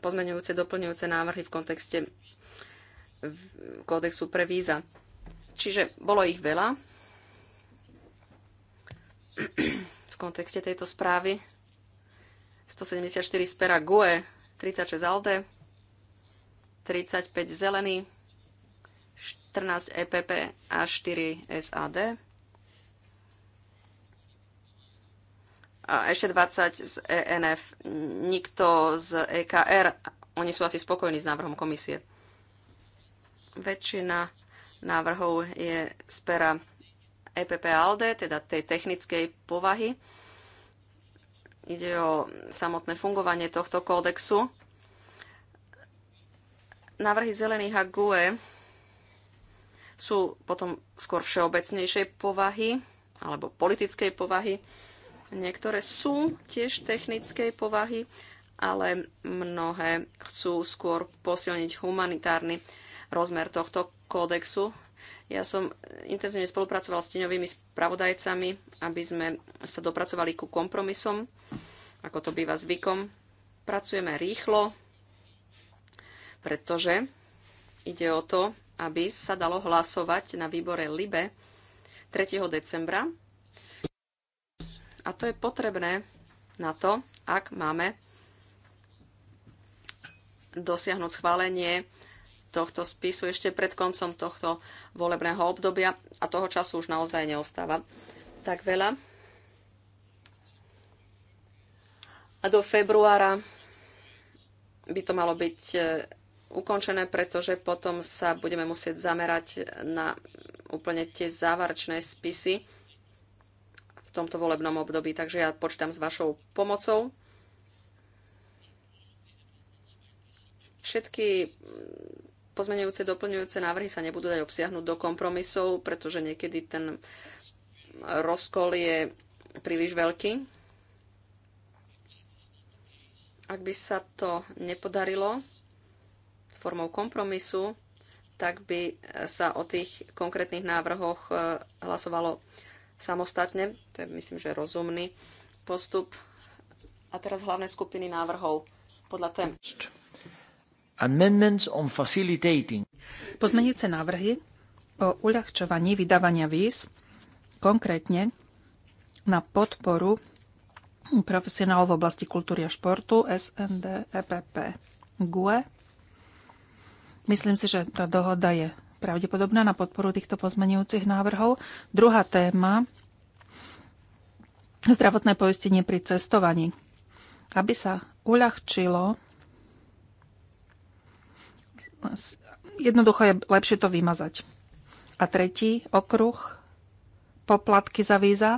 [SPEAKER 4] pozmeňujúce, doplňujúce návrhy v kontexte kódexu pre víza. Čiže bolo ich veľa v kontexte tejto správy. 174 z pera GUE, 36 ALDE, 35 zelený, 13 EPP a 4 SAD. A ešte 20 z ENF. Nikto z EKR. Oni sú asi spokojní s návrhom komisie. Väčšina návrhov je z pera EPP ALDE, teda tej technickej povahy. Ide o samotné fungovanie tohto kódexu. Návrhy zelených a GUE sú potom skôr všeobecnejšej povahy alebo politickej povahy. Niektoré sú tiež technickej povahy, ale mnohé chcú skôr posilniť humanitárny rozmer tohto kódexu. Ja som intenzívne spolupracovala s tieňovými spravodajcami, aby sme sa dopracovali ku kompromisom, ako to býva zvykom. Pracujeme rýchlo, pretože ide o to, aby sa dalo hlasovať na výbore LIBE 3. decembra. A to je potrebné na to, ak máme dosiahnuť schválenie tohto spisu ešte pred koncom tohto volebného obdobia a toho času už naozaj neostáva tak veľa. A do februára by to malo byť ukončené, pretože potom sa budeme musieť zamerať na úplne tie záverečné spisy v tomto volebnom období. Takže ja počítam s vašou pomocou. Všetky pozmeňujúce, doplňujúce návrhy sa nebudú dať obsiahnuť do kompromisov, pretože niekedy ten rozkol je príliš veľký. Ak by sa to nepodarilo, formou kompromisu, tak by e, sa o tých konkrétnych návrhoch e, hlasovalo samostatne. To je, myslím, že rozumný postup. A teraz hlavné skupiny návrhov podľa tém.
[SPEAKER 3] Amendments
[SPEAKER 1] on facilitating. Pozmenujúce návrhy o uľahčovaní vydávania víz, konkrétne na podporu profesionálov v oblasti kultúry a športu SND EPP GUE Myslím si, že tá dohoda je pravdepodobná na podporu týchto pozmenujúcich návrhov. Druhá téma zdravotné poistenie pri cestovaní. Aby sa uľahčilo, jednoducho je lepšie to vymazať. A tretí okruh, poplatky za víza.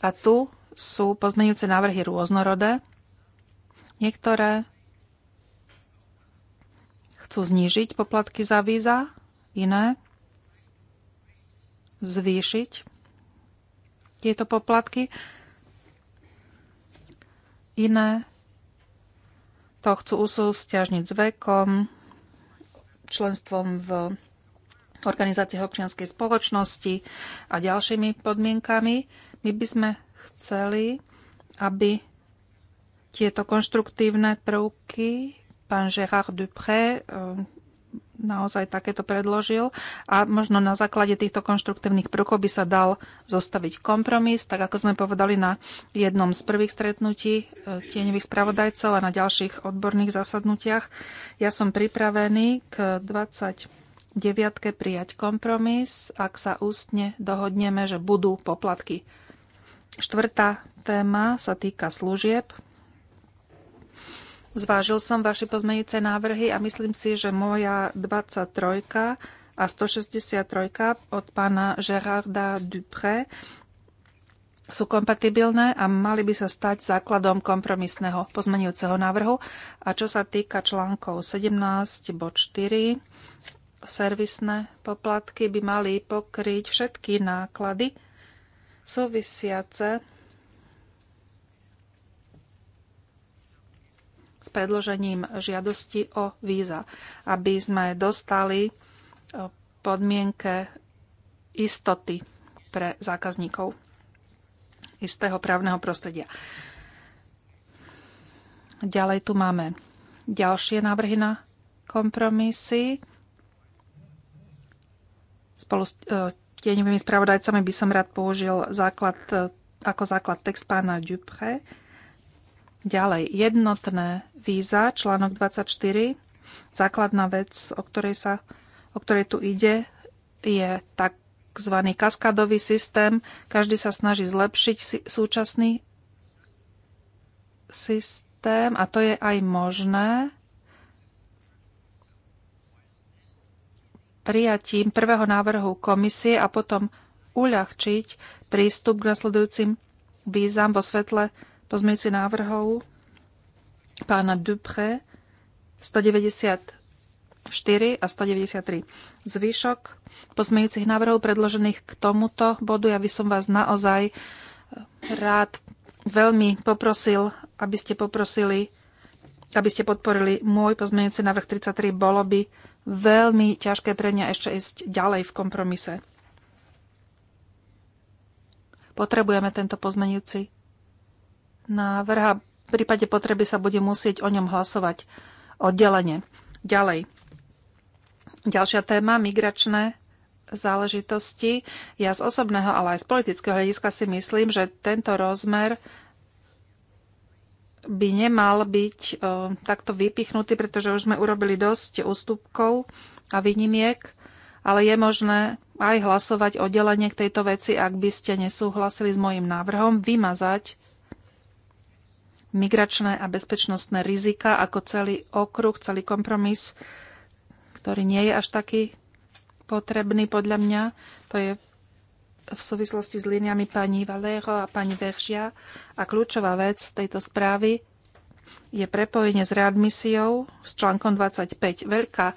[SPEAKER 1] A tu sú pozmenujúce návrhy rôznorodé. Niektoré chcú znížiť poplatky za víza, iné zvýšiť tieto poplatky, iné to chcú usústiažniť s vekom, členstvom v organizácii občianskej spoločnosti a ďalšími podmienkami. My by sme chceli, aby tieto konštruktívne prvky pán Gérard Dupré e, naozaj takéto predložil a možno na základe týchto konštruktívnych prvkov by sa dal zostaviť kompromis, tak ako sme povedali na jednom z prvých stretnutí e, tieňových spravodajcov a na ďalších odborných zasadnutiach. Ja som pripravený k 29. prijať kompromis, ak sa ústne dohodneme, že budú poplatky. Štvrtá téma sa týka služieb. Zvážil som vaše pozmeňujúce návrhy a myslím si, že moja 23 a 163 od pána Gerarda Dupré sú kompatibilné a mali by sa stať základom kompromisného pozmenujúceho návrhu. A čo sa týka článkov 17 bod 4, servisné poplatky by mali pokryť všetky náklady súvisiace s predložením žiadosti o víza, aby sme dostali e, podmienke istoty pre zákazníkov istého právneho prostredia. Ďalej tu máme ďalšie návrhy na kompromisy. Spolu s e, tieňovými spravodajcami by som rád použil základ, e, ako základ text pána Dupré. Ďalej, jednotné víza, článok 24. Základná vec, o ktorej, sa, o ktorej tu ide, je tzv. kaskadový systém. Každý sa snaží zlepšiť súčasný systém a to je aj možné prijatím prvého návrhu komisie a potom uľahčiť prístup k nasledujúcim vízam vo svetle pozmejúci návrhov pána Dupré 194 a 193. Zvyšok pozmejúcich návrhov predložených k tomuto bodu, ja by som vás naozaj rád veľmi poprosil, aby ste poprosili, aby ste podporili môj pozmejúci návrh 33. Bolo by veľmi ťažké pre mňa ešte ísť ďalej v kompromise. Potrebujeme tento pozmeňujúci návrh a v prípade potreby sa bude musieť o ňom hlasovať oddelenie. Ďalej. Ďalšia téma, migračné záležitosti. Ja z osobného, ale aj z politického hľadiska si myslím, že tento rozmer by nemal byť e, takto vypichnutý, pretože už sme urobili dosť ústupkov a výnimiek, ale je možné aj hlasovať oddelenie k tejto veci, ak by ste nesúhlasili s môjim návrhom vymazať migračné a bezpečnostné rizika ako celý okruh, celý kompromis, ktorý nie je až taký potrebný podľa mňa. To je v súvislosti s líniami pani Valero a pani Veržia. A kľúčová vec tejto správy je prepojenie s readmisiou s článkom 25. Veľká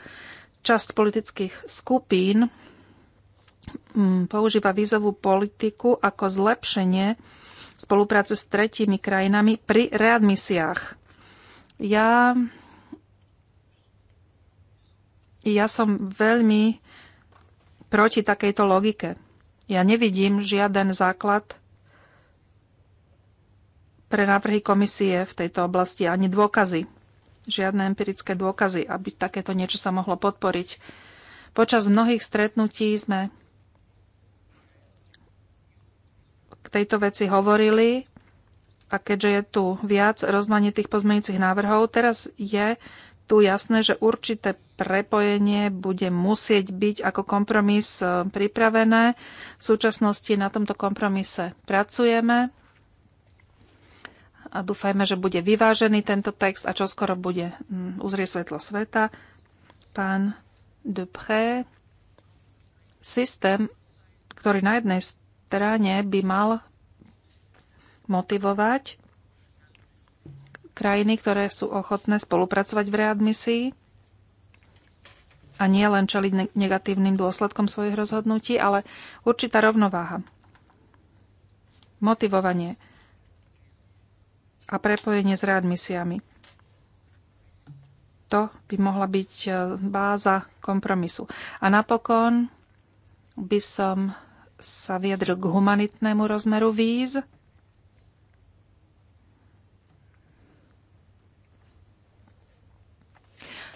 [SPEAKER 1] časť politických skupín mm, používa vízovú politiku ako zlepšenie spolupráce s tretími krajinami pri readmisiách. Ja, ja som veľmi proti takejto logike. Ja nevidím žiaden základ pre návrhy komisie v tejto oblasti, ani dôkazy. Žiadne empirické dôkazy, aby takéto niečo sa mohlo podporiť. Počas mnohých stretnutí sme tejto veci hovorili a keďže je tu viac rozmanitých pozmeňujúcich návrhov, teraz je tu jasné, že určité prepojenie bude musieť byť ako kompromis e, pripravené. V súčasnosti na tomto kompromise pracujeme a dúfajme, že bude vyvážený tento text a čo skoro bude uzrieť svetlo sveta. Pán Dupré, systém, ktorý na jednej strane strane by mal motivovať krajiny, ktoré sú ochotné spolupracovať v readmisii a nie len čeliť negatívnym dôsledkom svojich rozhodnutí, ale určitá rovnováha. Motivovanie a prepojenie s readmisiami. To by mohla byť eh, báza kompromisu. A napokon by som sa vyjadril k humanitnému rozmeru víz.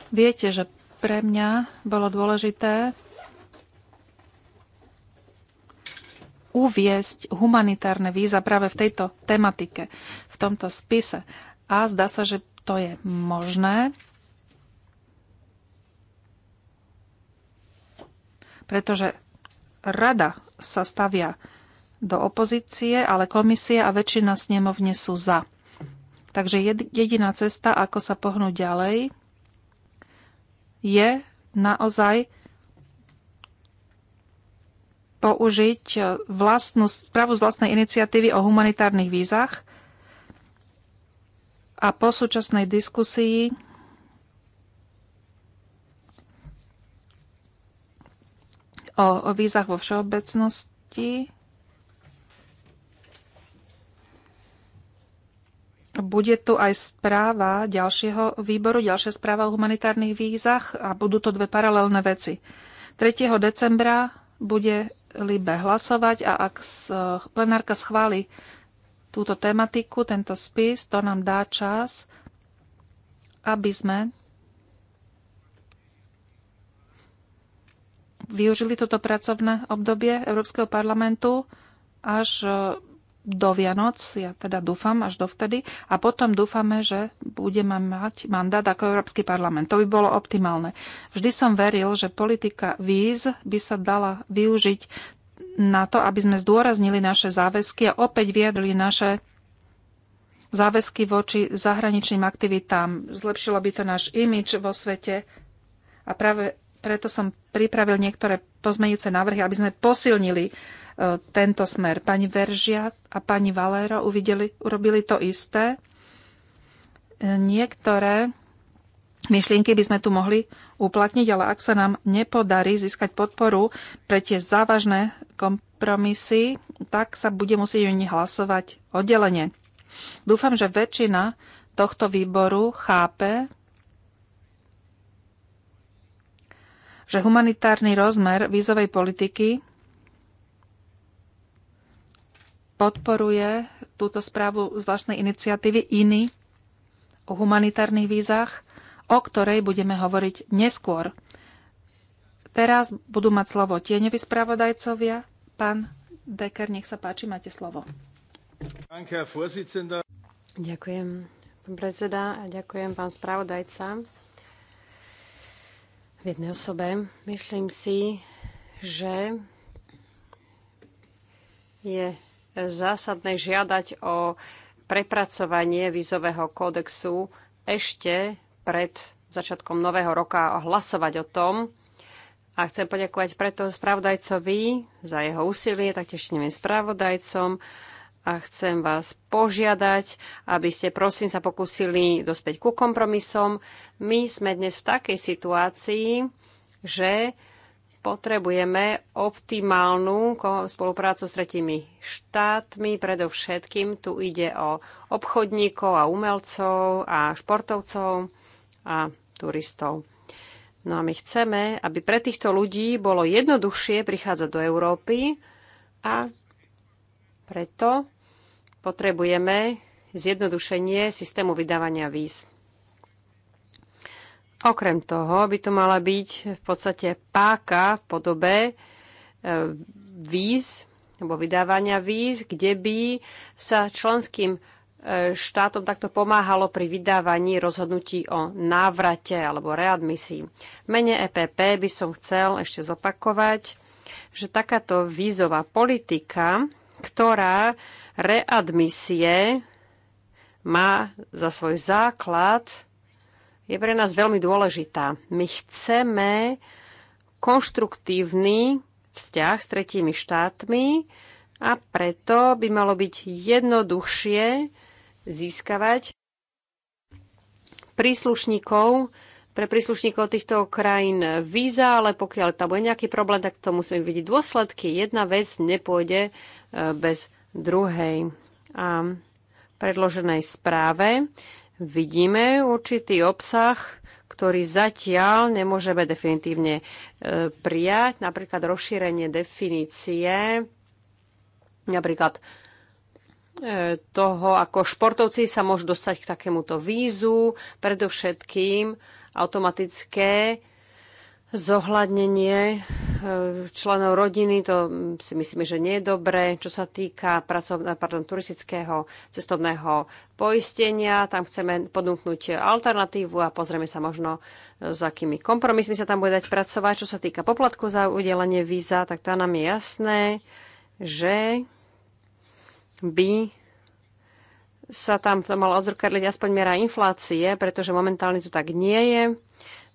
[SPEAKER 1] Viete, že pre mňa bolo dôležité uviesť humanitárne víza práve v tejto tematike, v tomto spise. A zdá sa, že to je možné, pretože rada sa stavia do opozície, ale komisie a väčšina snemovne sú za. Takže jediná cesta, ako sa pohnúť ďalej, je naozaj použiť e, vlastnú správu z vlastnej iniciatívy o humanitárnych vízach a po súčasnej diskusii o, o vízach vo všeobecnosti. Bude tu aj správa ďalšieho výboru, ďalšia správa o humanitárnych vízach a budú to dve paralelné veci. 3. decembra bude Libe hlasovať a ak e, plenárka schváli túto tematiku, tento spis, to nám dá čas, aby sme využili toto pracovné obdobie Európskeho parlamentu až e, do Vianoc, ja teda dúfam až dovtedy, a potom dúfame, že budeme mať mandát ako Európsky parlament. To by bolo optimálne. Vždy som veril, že politika víz by sa dala využiť na to, aby sme zdôraznili naše záväzky a opäť viedli naše záväzky voči zahraničným aktivitám. Zlepšilo by to náš imič vo svete a práve preto som pripravil niektoré pozmeňujúce návrhy, aby sme posilnili e, tento smer. Pani Veržia a pani Valero uvideli, urobili to isté. E, niektoré myšlienky by sme tu mohli uplatniť, ale ak sa nám nepodarí získať podporu pre tie závažné kompromisy, tak sa bude musieť o nich hlasovať oddelenie. Dúfam, že väčšina tohto výboru chápe, že humanitárny rozmer vízovej politiky podporuje túto správu zvláštnej iniciatívy INI o humanitárnych vízach, o ktorej budeme hovoriť neskôr. Teraz budú mať slovo tieňoví spravodajcovia. Pán Deker, nech sa páči, máte slovo. Ďakujem,
[SPEAKER 2] pán predseda, a ďakujem, pán spravodajca v jednej osobe. Myslím si, že je zásadné žiadať o prepracovanie vízového kódexu ešte pred začiatkom nového roka a hlasovať o tom. A chcem poďakovať preto spravodajcovi za jeho úsilie, taktiež neviem spravodajcom a chcem vás požiadať, aby ste prosím sa pokúsili dospäť ku kompromisom. My sme dnes v takej situácii, že potrebujeme optimálnu spoluprácu s tretími štátmi. Predovšetkým tu ide o obchodníkov a umelcov a športovcov a turistov. No a my chceme, aby pre týchto ľudí bolo jednoduchšie prichádzať do Európy a preto potrebujeme zjednodušenie systému vydávania víz. Okrem toho by to mala byť v podstate páka v podobe e, víz alebo vydávania víz, kde by sa členským e, štátom takto pomáhalo pri vydávaní rozhodnutí o návrate alebo readmisii. V mene EPP by som chcel ešte zopakovať, že takáto vízová politika, ktorá readmisie má za svoj základ, je pre nás veľmi dôležitá. My chceme konštruktívny vzťah s tretími štátmi a preto by malo byť jednoduchšie získavať príslušníkov pre príslušníkov týchto krajín víza, ale pokiaľ tam bude nejaký problém, tak to musíme vidieť dôsledky. Jedna vec nepôjde e, bez druhej a predloženej správe vidíme určitý obsah, ktorý zatiaľ nemôžeme definitívne e, prijať, napríklad rozšírenie definície, napríklad e, toho, ako športovci sa môžu dostať k takémuto vízu, predovšetkým automatické zohľadnenie Eh, členov rodiny, to mm, si myslíme, že nie je dobré. Čo sa týka pracovná, eh, pardon, turistického cestovného poistenia, tam chceme podnúknuť alternatívu a pozrieme sa možno, s eh, akými kompromismi sa tam bude dať pracovať. Čo sa týka poplatku za udelenie víza, tak tá nám je jasné, že by sa tam to malo odzrkadliť aspoň miera inflácie, pretože momentálne to tak nie je.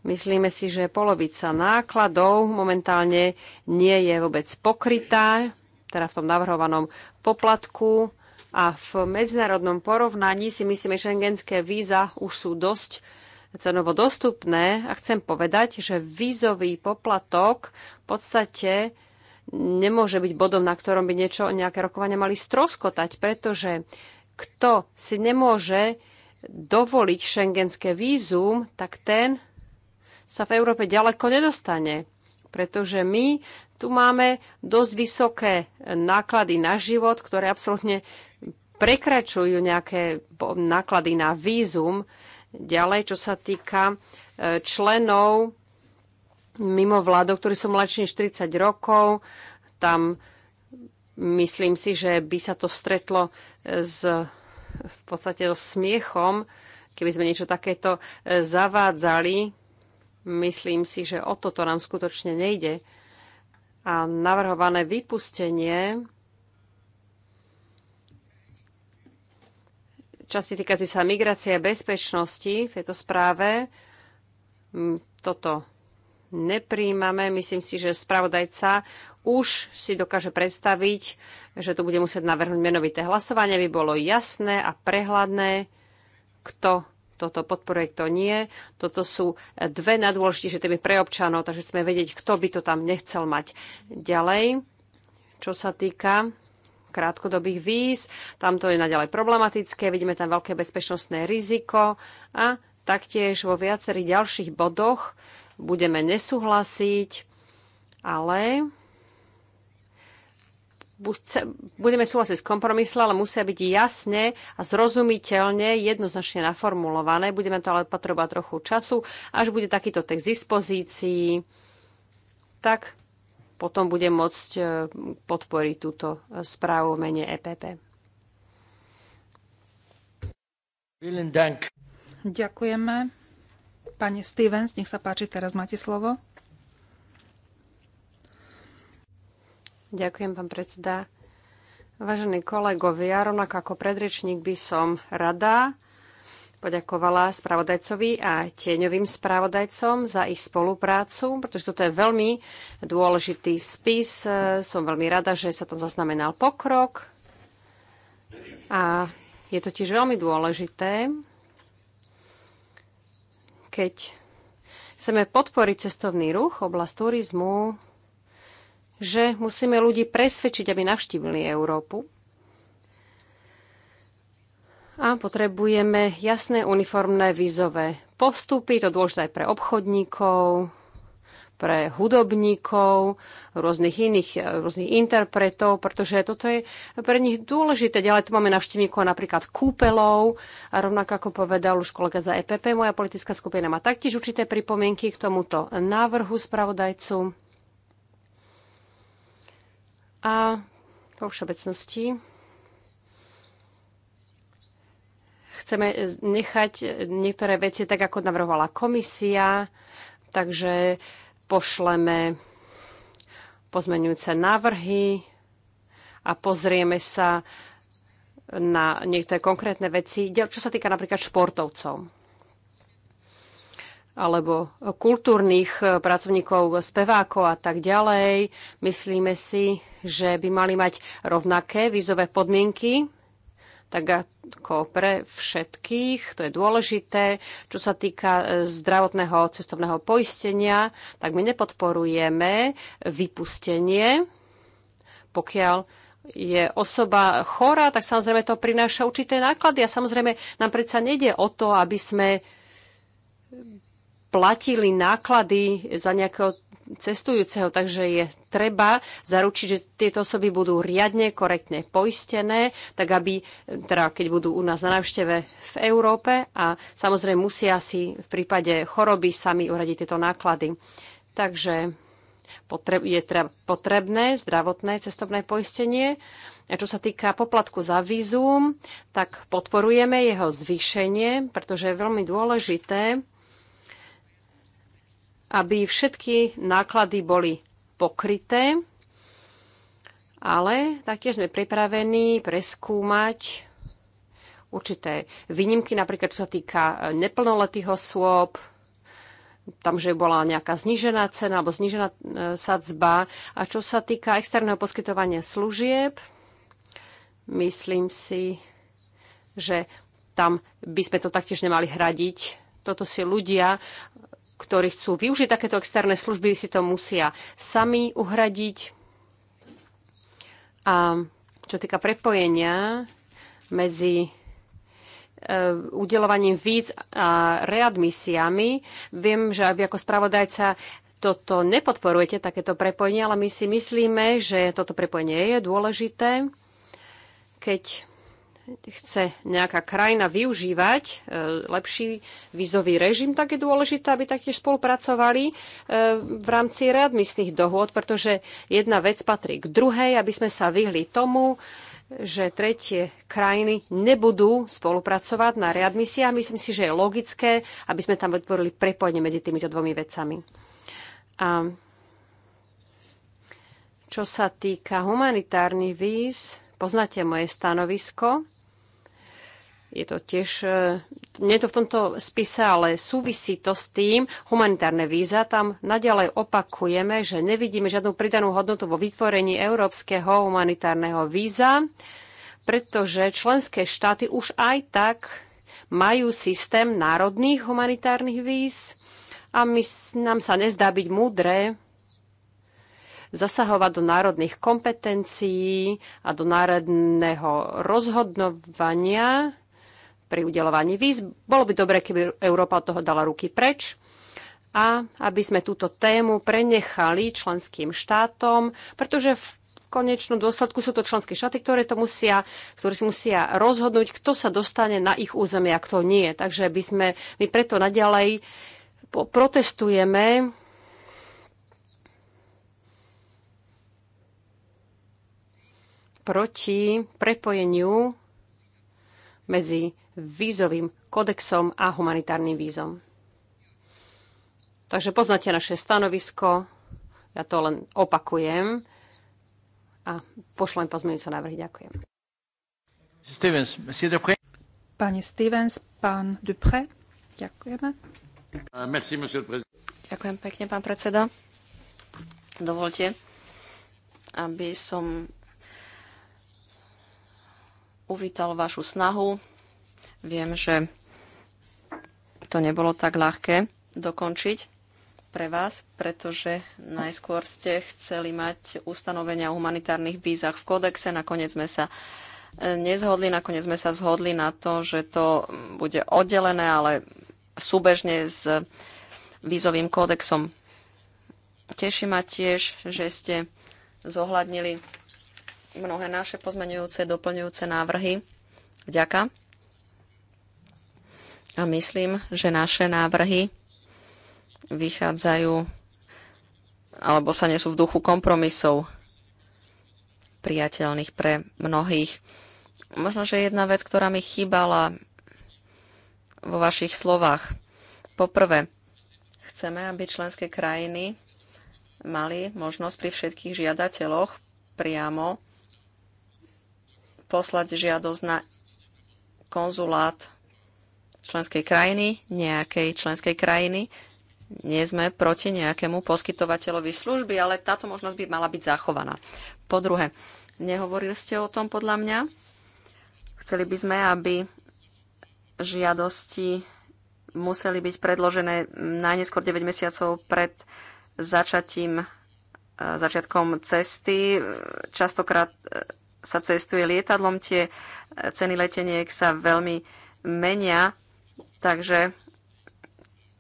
[SPEAKER 2] Myslíme si, že polovica nákladov momentálne nie je vôbec pokrytá, teda v tom navrhovanom poplatku. A v medzinárodnom porovnaní si myslíme, že šengenské víza už sú dosť cenovo dostupné a chcem povedať, že vízový poplatok v podstate nemôže byť bodom, na ktorom by niečo, nejaké rokovania mali stroskotať, pretože kto si nemôže dovoliť šengenské vízum, tak ten sa v Európe ďaleko nedostane, pretože my tu máme dosť vysoké náklady na život, ktoré absolútne prekračujú nejaké náklady na vízum. Ďalej, čo sa týka e, členov mimo vládov, ktorí sú mladší než 40 rokov, tam myslím si, že by sa to stretlo e, s, v podstate so smiechom, keby sme niečo takéto e, zavádzali, Myslím si, že o toto nám skutočne nejde. A navrhované vypustenie časti týkajúci sa migrácie a bezpečnosti v tejto správe. Mm, toto nepríjmame. Myslím si, že spravodajca už si dokáže predstaviť, že tu bude musieť navrhnúť menovité hlasovanie, aby bolo jasné a prehľadné, kto toto podporuje, kto nie. Toto sú dve najdôležitejšie témy pre občanov, takže sme vedieť, kto by to tam nechcel mať. Ďalej, čo sa týka krátkodobých víz, tam to je naďalej problematické, vidíme tam veľké bezpečnostné riziko a taktiež vo viacerých ďalších bodoch budeme nesúhlasiť, ale budeme súhlasiť s kompromisom, ale musia byť jasne a zrozumiteľne, jednoznačne naformulované. Budeme to ale potrebovať trochu času, až bude takýto text k dispozícii, tak potom budem môcť e, podporiť túto
[SPEAKER 1] správu v mene EPP. Ďakujeme. Pani Stevens, nech sa páči, teraz máte slovo. Ďakujem, pán predseda.
[SPEAKER 2] Vážení kolegovia, rovnako ako predrečník by som rada poďakovala spravodajcovi a tieňovým spravodajcom za ich spoluprácu, pretože toto je veľmi dôležitý spis. Som veľmi rada, že sa tam zaznamenal pokrok a je to tiež veľmi dôležité, keď chceme podporiť cestovný ruch, oblasť turizmu, že musíme ľudí presvedčiť, aby navštívili Európu. A potrebujeme jasné uniformné vízové postupy, to dôležité aj pre obchodníkov, pre hudobníkov, rôznych iných, eh, rôznych interpretov, pretože toto je pre nich dôležité. Ďalej tu máme navštívnikov napríklad kúpelov a rovnako ako povedal už kolega za EPP, moja politická skupina má taktiež určité pripomienky k tomuto návrhu spravodajcu. A vo všeobecnosti chceme nechať niektoré veci tak, ako navrhovala komisia, takže pošleme pozmenujúce návrhy a pozrieme sa na niektoré konkrétne veci, čo sa týka napríklad športovcov alebo kultúrnych eh, pracovníkov, spevákov a tak ďalej. Myslíme si, že by mali mať rovnaké vízové podmienky, tak ako pre všetkých, to je dôležité. Čo sa týka eh, zdravotného cestovného poistenia, tak my nepodporujeme vypustenie, pokiaľ je osoba chorá, tak samozrejme to prináša určité náklady a samozrejme nám predsa nejde o to, aby sme platili náklady za nejakého cestujúceho, takže je treba zaručiť, že tieto osoby budú riadne, korektne poistené, tak aby, teda keď budú u nás na návšteve v Európe a samozrejme musia si v prípade choroby sami uradiť tieto náklady. Takže je potrebné zdravotné cestovné poistenie. A čo sa týka poplatku za vízum, tak podporujeme jeho zvýšenie, pretože je veľmi dôležité, aby všetky náklady boli pokryté, ale taktiež sme pripravení preskúmať určité výnimky, napríklad čo sa týka e, neplnoletých osôb, tam, že bola nejaká znížená cena alebo znížená e, sadzba. A čo sa týka externého poskytovania služieb, myslím si, že tam by sme to taktiež nemali hradiť. Toto si ľudia ktorí chcú využiť takéto externé služby, si to musia sami uhradiť. A čo týka prepojenia medzi e, udelovaním víc a readmisiami. Viem, že vy ako spravodajca toto nepodporujete, takéto prepojenie, ale my si myslíme, že toto prepojenie je dôležité, keď chce nejaká krajina využívať e, lepší vízový režim, tak je dôležité, aby taktiež spolupracovali e, v rámci readmisných dohôd, pretože jedna vec patrí k druhej, aby sme sa vyhli tomu, že tretie krajiny nebudú spolupracovať na readmisiách. Myslím si, že je logické, aby sme tam vytvorili prepojenie medzi týmito dvomi vecami. A čo sa týka humanitárnych víz, Poznáte moje stanovisko. Je to tiež, e, nie je to v tomto spise, ale súvisí to s tým, humanitárne víza, tam naďalej opakujeme, že nevidíme žiadnu pridanú hodnotu vo vytvorení európskeho humanitárneho víza, pretože členské štáty už aj tak majú systém národných humanitárnych víz a my, nám sa nezdá byť múdre zasahovať do národných kompetencií a do národného rozhodnovania pri udelovaní víz. Bolo by dobre, keby Európa od toho dala ruky preč a aby sme túto tému prenechali členským štátom, pretože v konečnom dôsledku sú to členské štáty, ktoré, to musia, ktoré si musia rozhodnúť, kto sa dostane na ich územie a kto nie. Takže by sme, my preto naďalej protestujeme proti prepojeniu medzi vízovým kodexom a humanitárnym vízom. Takže poznáte naše stanovisko, ja to len opakujem a pošlem pozmeňujúce návrhy.
[SPEAKER 1] Ďakujem.
[SPEAKER 3] Stevens, Dupré.
[SPEAKER 1] Pani Stevens, pán Dupré, ďakujeme. Uh, merci, Ďakujem pekne, pán predseda.
[SPEAKER 4] Dovolte, aby som uvítal vašu snahu. Viem, že to nebolo tak ľahké dokončiť pre vás, pretože najskôr ste chceli mať ustanovenia o humanitárnych vízach v kódexe, nakoniec sme sa e, nezhodli, nakoniec sme sa zhodli na to, že to bude oddelené, ale súbežne s vízovým kódexom. Teší ma tiež, že ste zohľadnili mnohé naše pozmeňujúce, doplňujúce návrhy. Vďaka. A myslím, že naše návrhy vychádzajú alebo sa nesú v duchu kompromisov priateľných pre mnohých. Možno, že jedna vec, ktorá mi chýbala vo vašich slovách. Poprvé, chceme, aby členské krajiny mali možnosť pri všetkých žiadateľoch priamo poslať žiadosť na konzulát členskej krajiny, nejakej členskej krajiny. Nie sme proti nejakému poskytovateľovi služby, ale táto možnosť by mala byť zachovaná. Po druhé, nehovorili ste o tom podľa mňa. Chceli by sme, aby žiadosti museli byť predložené najneskôr 9 mesiacov pred začatím, e, začiatkom cesty. E, častokrát e, sa cestuje lietadlom, tie e, ceny leteniek sa veľmi menia, takže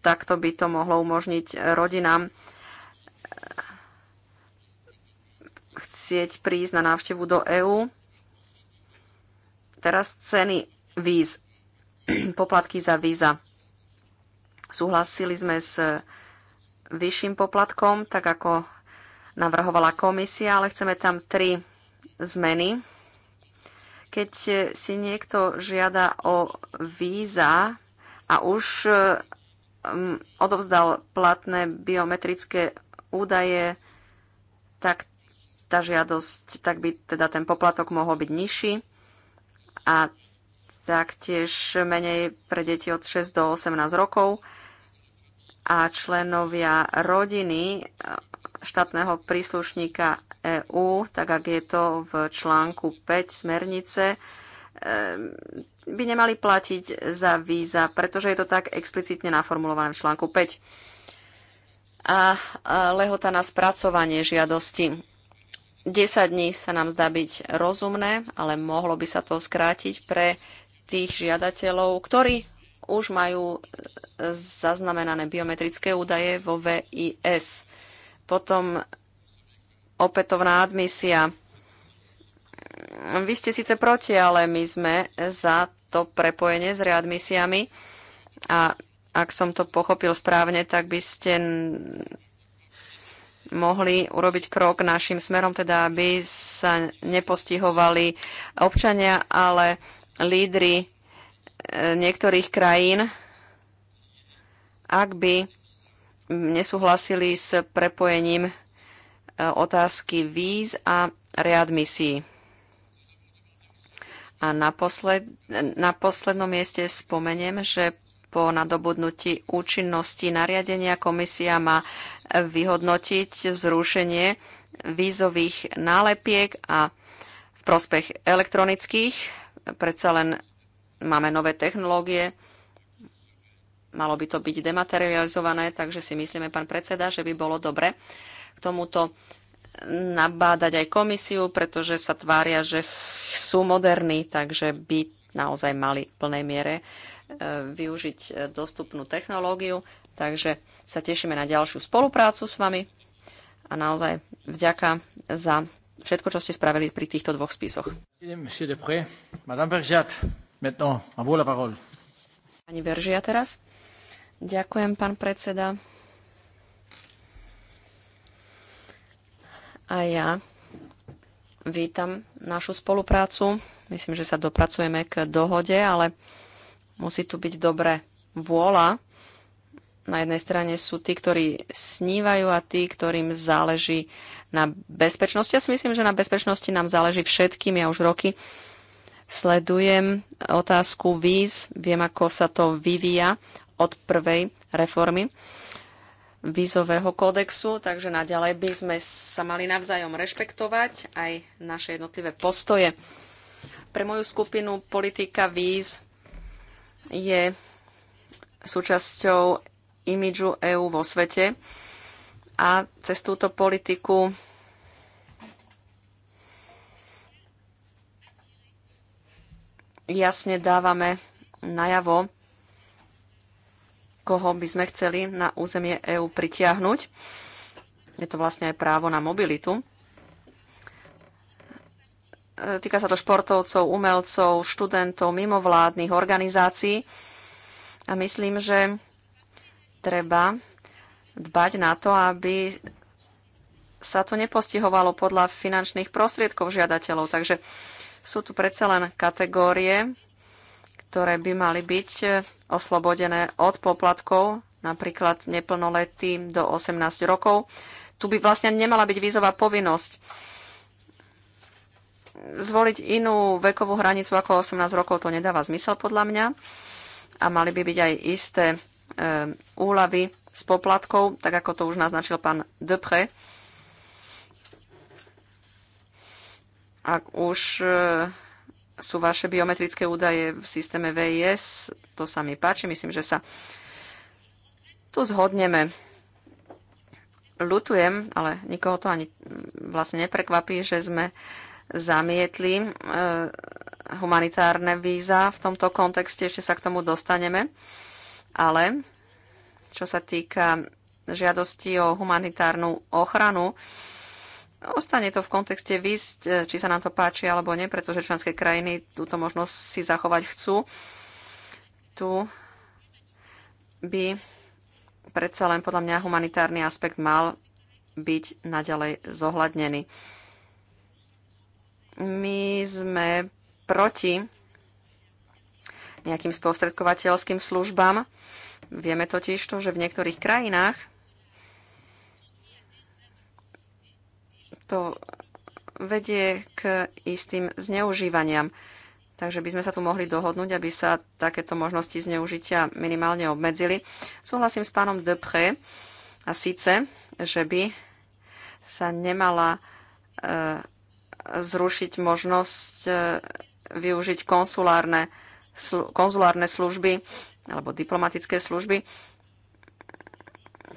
[SPEAKER 4] takto by to mohlo umožniť rodinám e, chcieť prísť na návštevu do EÚ. Teraz ceny víz, poplatky za víza. Súhlasili sme s vyšším poplatkom, tak ako navrhovala komisia, ale chceme tam tri zmeny. Keď si niekto žiada o víza a už um, odovzdal platné biometrické údaje, tak tá žiadosť, tak by teda ten poplatok mohol byť nižší a taktiež menej pre deti od 6 do 18 rokov a členovia rodiny štátneho príslušníka EÚ, tak ak je to v článku 5 smernice, ehm, by nemali platiť za víza, pretože je to tak explicitne naformulované v článku 5. A lehota na spracovanie žiadosti. 10 dní sa nám zdá byť rozumné, ale mohlo by sa to skrátiť pre tých žiadateľov, ktorí už majú e, zaznamenané biometrické údaje vo VIS. Potom opätovná admisia. Vy ste síce proti, ale my sme za to prepojenie s readmisiami a ak som to pochopil správne, tak by ste mohli urobiť krok našim smerom, teda aby sa nepostihovali občania, ale lídry e, niektorých krajín, ak by nesúhlasili s prepojením e, otázky víz a readmisií. A posled, na poslednom mieste spomeniem, že po nadobudnutí účinnosti nariadenia komisia má vyhodnotiť zrušenie vízových nálepiek a v prospech elektronických. Predsa len máme nové technológie, malo by to byť dematerializované, takže si myslíme, pán predseda, že by bolo dobre k tomuto nabádať aj komisiu, pretože sa tvária, že sú moderní, takže by naozaj mali v plnej miere e, využiť e, dostupnú technológiu. Takže sa tešíme na ďalšiu spoluprácu s vami a naozaj vďaka za všetko, čo ste spravili pri týchto dvoch spisoch. Pani Veržia teraz. Ďakujem, pán predseda. A ja vítam našu spoluprácu. Myslím, že sa dopracujeme k dohode, ale musí tu byť dobré vôľa. Na jednej strane sú tí, ktorí snívajú a tí, ktorým záleží na bezpečnosti. Ja si myslím, že na bezpečnosti nám záleží všetkým. Ja už roky sledujem otázku víz, viem, ako sa to vyvíja od prvej reformy vízového kódexu, takže naďalej by sme sa mali navzájom rešpektovať aj naše jednotlivé postoje. Pre moju skupinu politika víz je súčasťou imidžu EÚ vo svete a cez túto politiku jasne dávame najavo, koho by sme chceli na územie EÚ pritiahnuť. Je to vlastne aj právo na mobilitu. E, týka sa to športovcov, umelcov, študentov, mimovládnych organizácií. A myslím, že treba dbať na to, aby sa to nepostihovalo podľa finančných prostriedkov žiadateľov. Takže sú tu predsa len kategórie, ktoré by mali byť e, oslobodené od poplatkov, napríklad neplnoletí do 18 rokov. Tu by vlastne nemala byť vízová povinnosť. Zvoliť inú vekovú hranicu ako 18 rokov to nedáva zmysel podľa mňa a mali by byť aj isté e, úlavy s poplatkou, tak ako to už naznačil pán Depre. Ak už e, sú vaše biometrické údaje v systéme VIS. To sa mi páči, myslím, že sa tu zhodneme. Lutujem, ale nikoho to ani vlastne neprekvapí, že sme zamietli e, humanitárne víza v tomto kontexte, ešte sa k tomu dostaneme. Ale čo sa týka žiadosti o humanitárnu ochranu, Ostane to v kontexte výsť, e, či sa nám to páči alebo nie, pretože členské krajiny túto možnosť si zachovať chcú. Tu by predsa len podľa mňa humanitárny aspekt mal byť naďalej zohľadnený. My sme proti nejakým spostredkovateľským službám. Vieme totiž to, že v niektorých krajinách to vedie k istým zneužívaniam. Takže by sme sa tu mohli dohodnúť, aby sa takéto možnosti zneužitia minimálne obmedzili. Súhlasím s pánom Depré a síce, že by sa nemala e, zrušiť možnosť e, využiť slu, konzulárne služby alebo diplomatické služby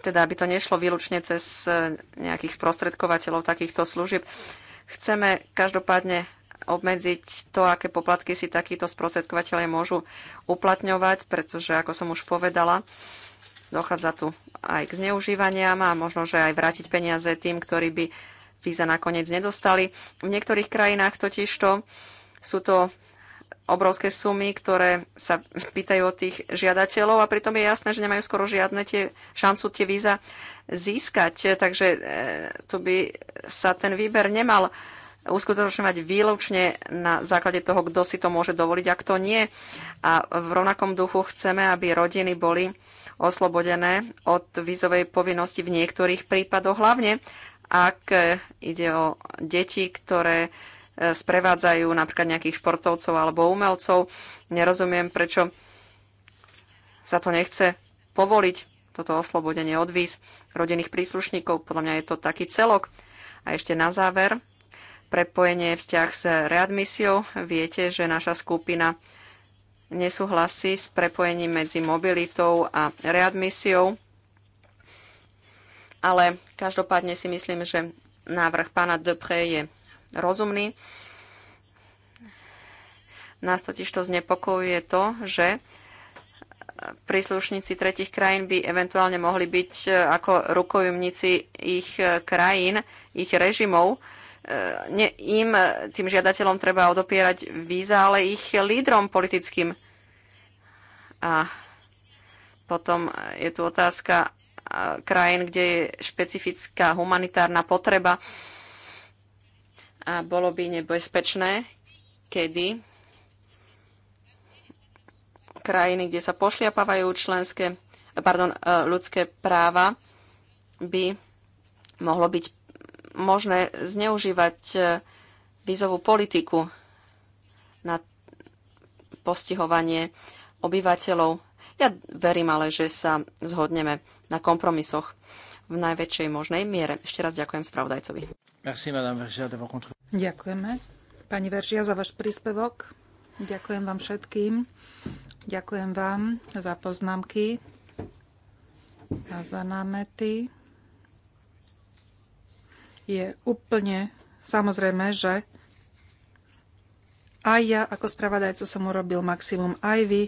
[SPEAKER 4] teda aby to nešlo výlučne cez e, nejakých sprostredkovateľov takýchto služieb. Chceme každopádne obmedziť to, aké poplatky si takíto sprostredkovateľe môžu uplatňovať, pretože, ako som už povedala, dochádza tu aj k zneužívaniam a možno, že aj vrátiť peniaze tým, ktorí by víza nakoniec nedostali. V niektorých krajinách totižto sú to obrovské sumy, ktoré sa pýtajú od tých žiadateľov a pritom je jasné, že nemajú skoro žiadne tie, šancu tie víza získať. Takže e, tu by sa ten výber nemal uskutočňovať výlučne na základe toho, kto si to môže dovoliť a kto nie. A v rovnakom duchu chceme, aby rodiny boli oslobodené od vízovej povinnosti v niektorých prípadoch, hlavne ak ide o deti, ktoré E, sprevádzajú napríklad nejakých športovcov alebo umelcov. Nerozumiem, prečo sa to nechce povoliť, toto oslobodenie od víz rodinných príslušníkov. Podľa mňa je to taký celok. A ešte na záver, prepojenie vzťah s readmisiou. Viete, že naša skupina nesúhlasí s prepojením medzi mobilitou a readmisiou. Ale každopádne si myslím, že návrh pána Dupré je rozumný. Nás totiž to znepokojuje to, že príslušníci tretich krajín by eventuálne mohli byť e, ako rukojumníci ich e, krajín, ich režimov. E, ne, im, tým žiadateľom treba odopierať víza, ale ich lídrom politickým. A potom je tu otázka krajín, kde je špecifická humanitárna potreba a bolo by nebezpečné, kedy krajiny, kde sa pošliapávajú členské, pardon, e, ľudské práva, by mohlo byť možné zneužívať e, vízovú politiku na postihovanie obyvateľov. Ja verím ale, že sa zhodneme na kompromisoch v najväčšej možnej miere.
[SPEAKER 1] Ešte raz ďakujem
[SPEAKER 3] spravodajcovi. Ďakujeme.
[SPEAKER 1] Pani Veržia, za váš príspevok. Ďakujem vám všetkým. Ďakujem vám za poznámky a za námety. Je úplne samozrejme, že aj ja ako spravodajca som urobil maximum, aj vy,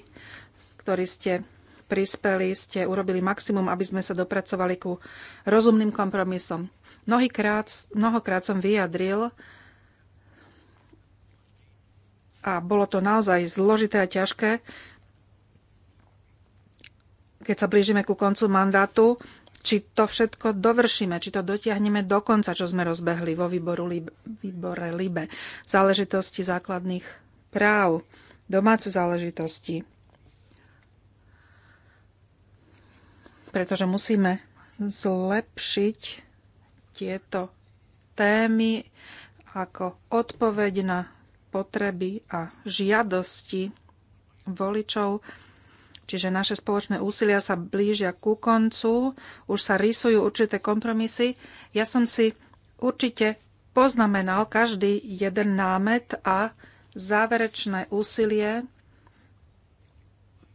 [SPEAKER 1] ktorí ste prispeli, ste urobili maximum, aby sme sa dopracovali ku rozumným kompromisom. Mnohýkrát, mnohokrát som vyjadril, a bolo to naozaj zložité a ťažké, keď sa blížime ku koncu mandátu, či to všetko dovršíme, či to dotiahneme do konca, čo sme rozbehli vo výboru Libe, výbore LIBE. Záležitosti základných práv, domáce záležitosti. Pretože musíme zlepšiť tieto témy ako odpoveď na potreby a žiadosti voličov. Čiže naše spoločné úsilia sa blížia ku koncu, už sa rysujú určité kompromisy. Ja som si určite poznamenal každý jeden námet a záverečné úsilie.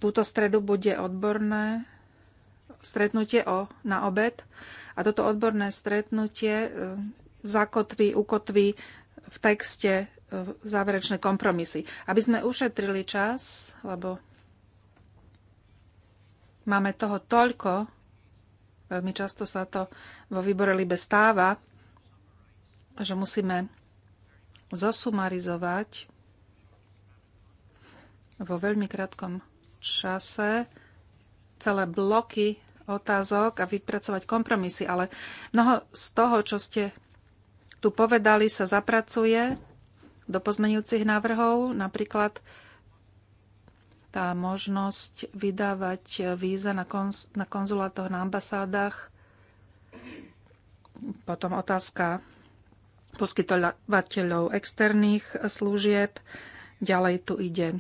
[SPEAKER 1] Túto stredu bude odborné stretnutie o, na obed a toto odborné stretnutie e, zakotví, ukotví v texte e, záverečné kompromisy. Aby sme ušetrili čas, lebo máme toho toľko, veľmi často sa to vo výbore Libe stáva, že musíme zosumarizovať vo veľmi krátkom čase celé bloky otázok a vypracovať kompromisy, ale mnoho z toho, čo ste tu povedali, sa zapracuje do pozmenujúcich návrhov, napríklad tá možnosť vydávať víza na, konz- na konzulátoch, na ambasádach, potom otázka poskytovateľov externých služieb, ďalej tu ide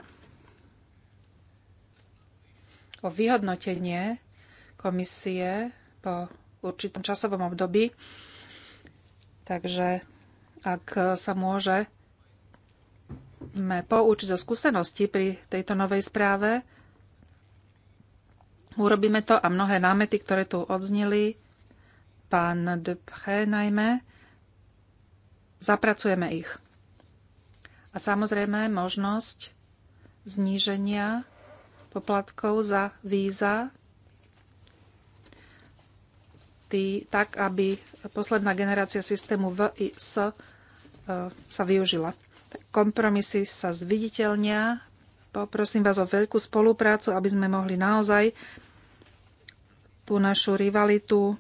[SPEAKER 1] o vyhodnotenie komisie po určitom časovom období. Takže ak sa môže poučiť zo skúsenosti pri tejto novej správe, urobíme to a mnohé námety, ktoré tu odznili, pán Dupré najmä, zapracujeme ich. A samozrejme možnosť zníženia poplatkov za víza tý, tak, aby posledná generácia systému VIS e, sa využila. Kompromisy sa zviditeľnia. Poprosím vás o veľkú spoluprácu, aby sme mohli naozaj tú našu rivalitu,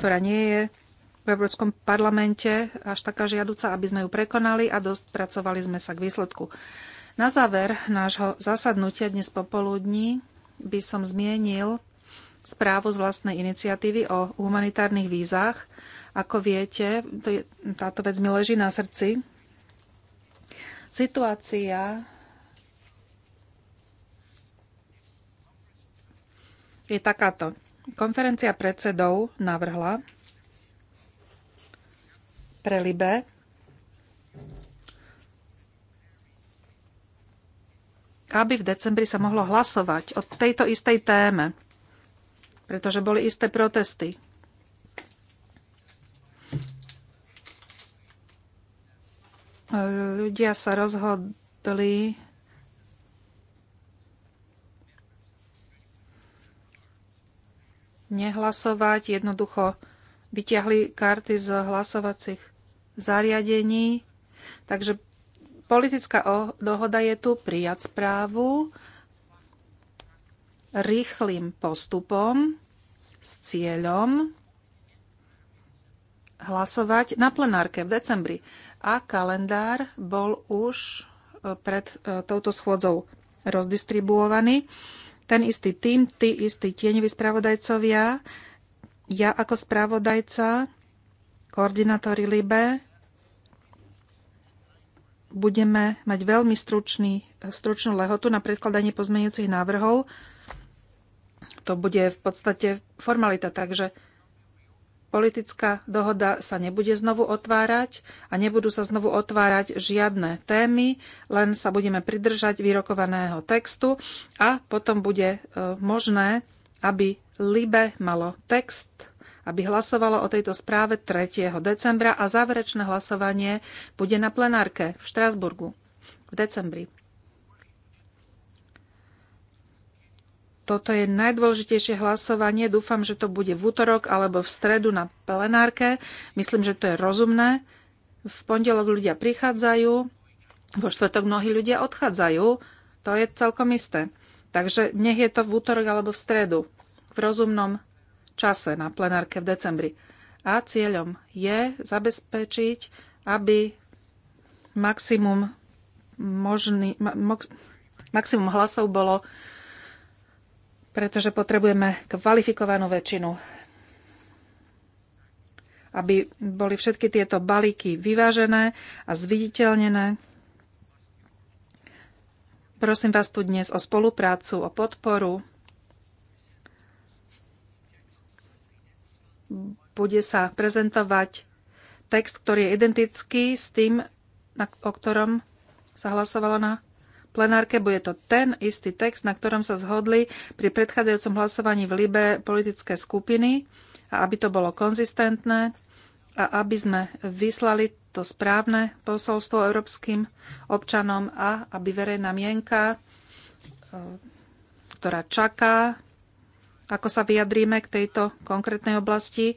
[SPEAKER 1] ktorá nie je v Európskom parlamente až taká žiaduca, aby sme ju prekonali a dopracovali sme sa k výsledku. Na záver nášho zasadnutia dnes popoludní by som zmienil správu z vlastnej iniciatívy o humanitárnych vízach. Ako viete, to je, táto vec mi leží na srdci. Situácia je takáto. Konferencia predsedov navrhla pre Libe aby v decembri sa mohlo hlasovať o tejto istej téme pretože boli isté protesty. Ľudia sa rozhodli nehlasovať, jednoducho vyťahli karty z hlasovacích zariadení. Takže politická dohoda je tu prijať správu rýchlým postupom s cieľom hlasovať na plenárke v decembri. A kalendár bol už e, pred e, touto schôdzou rozdistribuovaný. Ten istý tým, tí istí tieňoví spravodajcovia, ja ako spravodajca, koordinátori LIBE, budeme mať veľmi stručný, e, stručnú lehotu na predkladanie pozmeňujúcich návrhov to bude v podstate formalita. Takže politická dohoda sa nebude znovu otvárať a nebudú sa znovu otvárať žiadne témy, len sa budeme pridržať vyrokovaného textu a potom bude e, možné, aby Libe malo text, aby hlasovalo o tejto správe 3. decembra a záverečné hlasovanie bude na plenárke v Štrásburgu v decembri. toto je najdôležitejšie hlasovanie. Dúfam, že to bude v útorok alebo v stredu na plenárke. Myslím, že to je rozumné. V pondelok ľudia prichádzajú, vo štvrtok mnohí ľudia odchádzajú. To je celkom isté. Takže nech je to v útorok alebo v stredu, v rozumnom čase na plenárke v decembri. A cieľom je zabezpečiť, aby maximum, možný, ma, maximum hlasov bolo pretože potrebujeme kvalifikovanú väčšinu, aby boli všetky tieto balíky vyvážené a zviditeľnené. Prosím vás tu dnes o spoluprácu, o podporu. Bude sa prezentovať text, ktorý je identický s tým, o ktorom sa hlasovalo na plenárke bude to ten istý text, na ktorom sa zhodli pri predchádzajúcom hlasovaní v Libe politické skupiny a aby to bolo konzistentné a aby sme vyslali to správne posolstvo európskym občanom a aby verejná mienka, e, ktorá čaká, ako sa vyjadríme k tejto konkrétnej oblasti, e,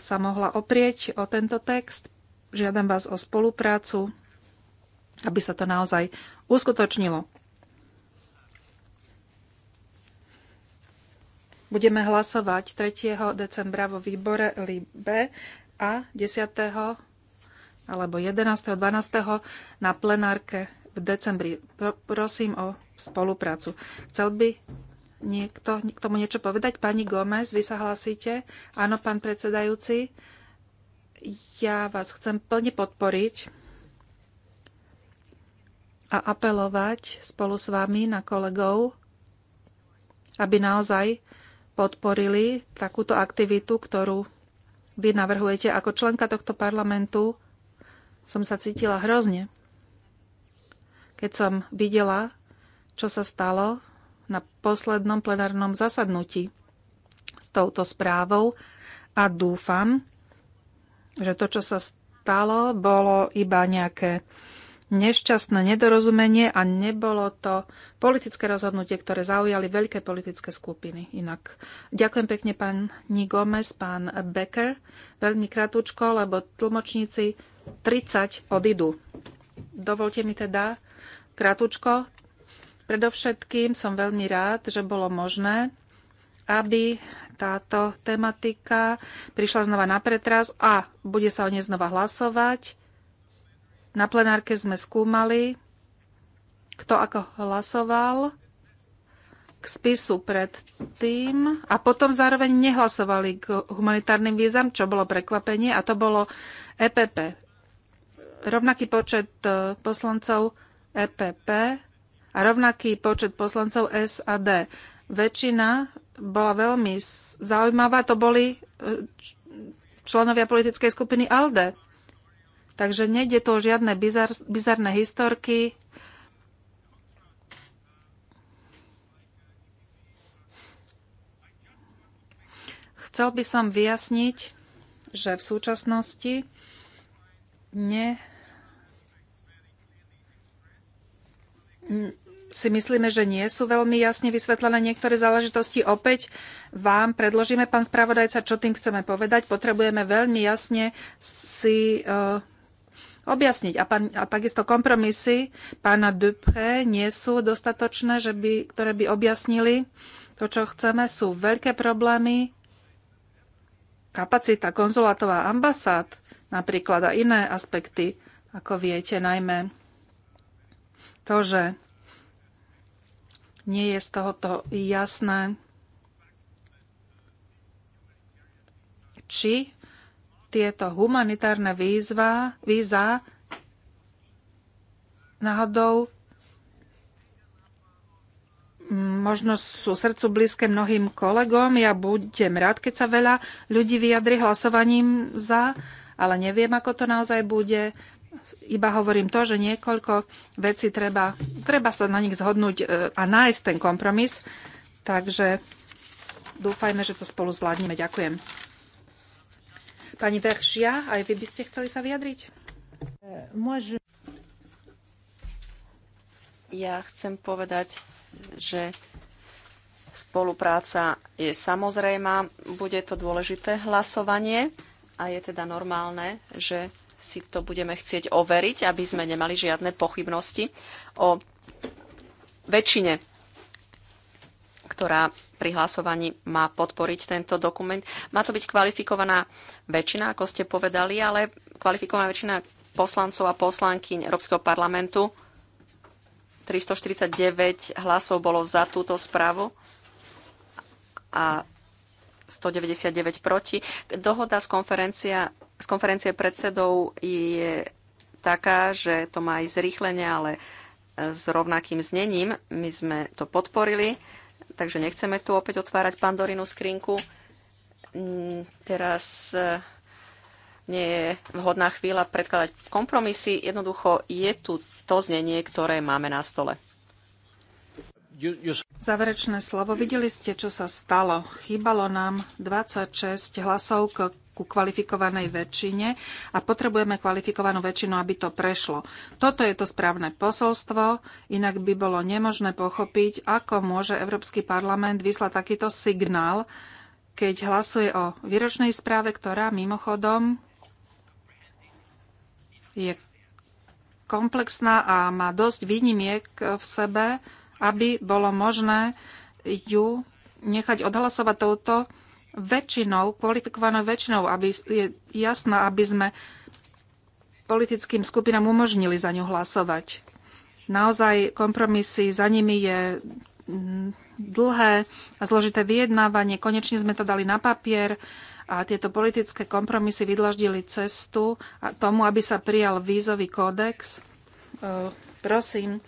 [SPEAKER 1] sa mohla oprieť o tento text. Žiadam vás o spoluprácu, aby sa to naozaj uskutočnilo. Budeme hlasovať 3. decembra vo výbore LIBE a 10. alebo 11. 12. na plenárke v decembri. Prosím o spoluprácu. Chcel by niekto k tomu niečo povedať? Pani Gomez, vy sa hlasíte? Áno, pán predsedajúci. Ja vás chcem plne podporiť a apelovať spolu s vami na kolegov, aby naozaj podporili takúto aktivitu, ktorú vy navrhujete. Ako členka tohto parlamentu som sa cítila hrozne, keď som videla, čo sa stalo na poslednom plenárnom zasadnutí s touto správou a dúfam, že to, čo sa stalo, bolo iba nejaké nešťastné nedorozumenie a nebolo to politické rozhodnutie, ktoré zaujali veľké politické skupiny. Inak ďakujem pekne pani Gomez, pán Becker. Veľmi krátko, lebo tlmočníci 30 odídu. Dovolte mi teda krátko. Predovšetkým som veľmi rád, že bolo možné, aby táto tematika prišla znova na pretras a bude sa o nej znova hlasovať na plenárke sme skúmali, kto ako hlasoval k spisu predtým a potom zároveň nehlasovali k humanitárnym vízam, čo bolo prekvapenie a to bolo EPP. Rovnaký počet e, poslancov EPP a rovnaký počet poslancov SAD. Väčšina bola veľmi zaujímavá, to boli e, členovia politickej skupiny ALDE. Takže nejde tu o žiadne bizar, bizarné historky. Chcel by som vyjasniť, že v súčasnosti ne, si myslíme, že nie sú veľmi jasne vysvetlené niektoré záležitosti. Opäť vám predložíme, pán spravodajca, čo tým chceme povedať. Potrebujeme veľmi jasne si uh, objasniť. A, pán, a takisto kompromisy pána Dupré nie sú dostatočné, že by, ktoré by objasnili to, čo chceme. Sú veľké problémy. Kapacita konzulátov a ambasád napríklad a iné aspekty, ako viete, najmä to, že nie je z tohoto jasné, či tieto humanitárne výzva, víza náhodou mm, možno sú srdcu blízke mnohým kolegom. Ja budem rád, keď sa veľa ľudí vyjadri hlasovaním za, ale neviem, ako to naozaj bude. Iba hovorím to, že niekoľko vecí treba, treba sa na nich zhodnúť e, a nájsť ten kompromis. Takže dúfajme, že to spolu zvládneme. Ďakujem. Pani Veržia, aj vy by ste chceli sa vyjadriť? Ja chcem povedať, že
[SPEAKER 4] spolupráca je samozrejma, bude to dôležité hlasovanie a je teda normálne, že si to budeme chcieť overiť, aby sme nemali žiadne pochybnosti o väčšine, ktorá pri hlasovaní má podporiť tento dokument. Má to byť kvalifikovaná väčšina, ako ste povedali, ale kvalifikovaná väčšina poslancov a poslankyň Európskeho parlamentu. 349 hlasov bolo za túto správu a 199 proti. Dohoda z, konferencia, z konferencie predsedov je taká, že to má aj zrýchlenie, ale s rovnakým znením. My sme to podporili. Takže nechceme tu opäť otvárať pandorinu skrinku. Mm, teraz e, nie je vhodná chvíľa predkladať kompromisy. Jednoducho je tu to znenie,
[SPEAKER 1] ktoré máme na stole. Záverečné slovo. Videli ste, čo sa stalo. Chýbalo nám 26 hlasov k ku kvalifikovanej väčšine a potrebujeme kvalifikovanú väčšinu, aby to prešlo. Toto je to správne posolstvo, inak by bolo nemožné pochopiť, ako môže Európsky parlament vyslať takýto signál, keď hlasuje o výročnej správe, ktorá mimochodom je komplexná a má dosť výnimiek v sebe, aby bolo možné ju nechať odhlasovať touto väčšinou, kvalifikovanou väčšinou, aby je jasná, aby sme politickým skupinám umožnili za ňu hlasovať. Naozaj kompromisy za nimi je mm, dlhé a zložité vyjednávanie. Konečne sme to dali na papier a tieto politické kompromisy vydlaždili cestu a tomu, aby sa prijal vízový kódex. E, prosím,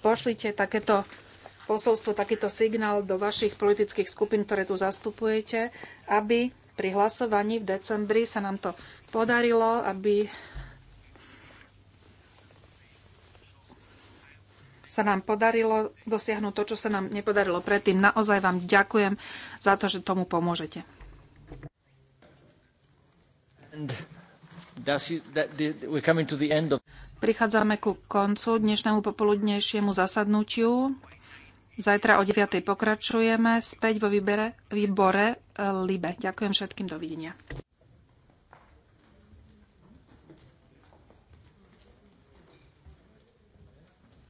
[SPEAKER 1] pošlite takéto posolstvo, takýto signál do vašich politických skupín, ktoré tu zastupujete, aby pri hlasovaní v decembri sa nám to podarilo, aby sa nám podarilo dosiahnuť to, čo sa nám nepodarilo predtým. Naozaj vám ďakujem za to, že tomu pomôžete. Prichádzame ku koncu dnešnému popoludnejšiemu zasadnutiu. Zajtra o 9. pokračujeme späť vo výbere, výbore eh, Libe. Ďakujem všetkým, dovidenia.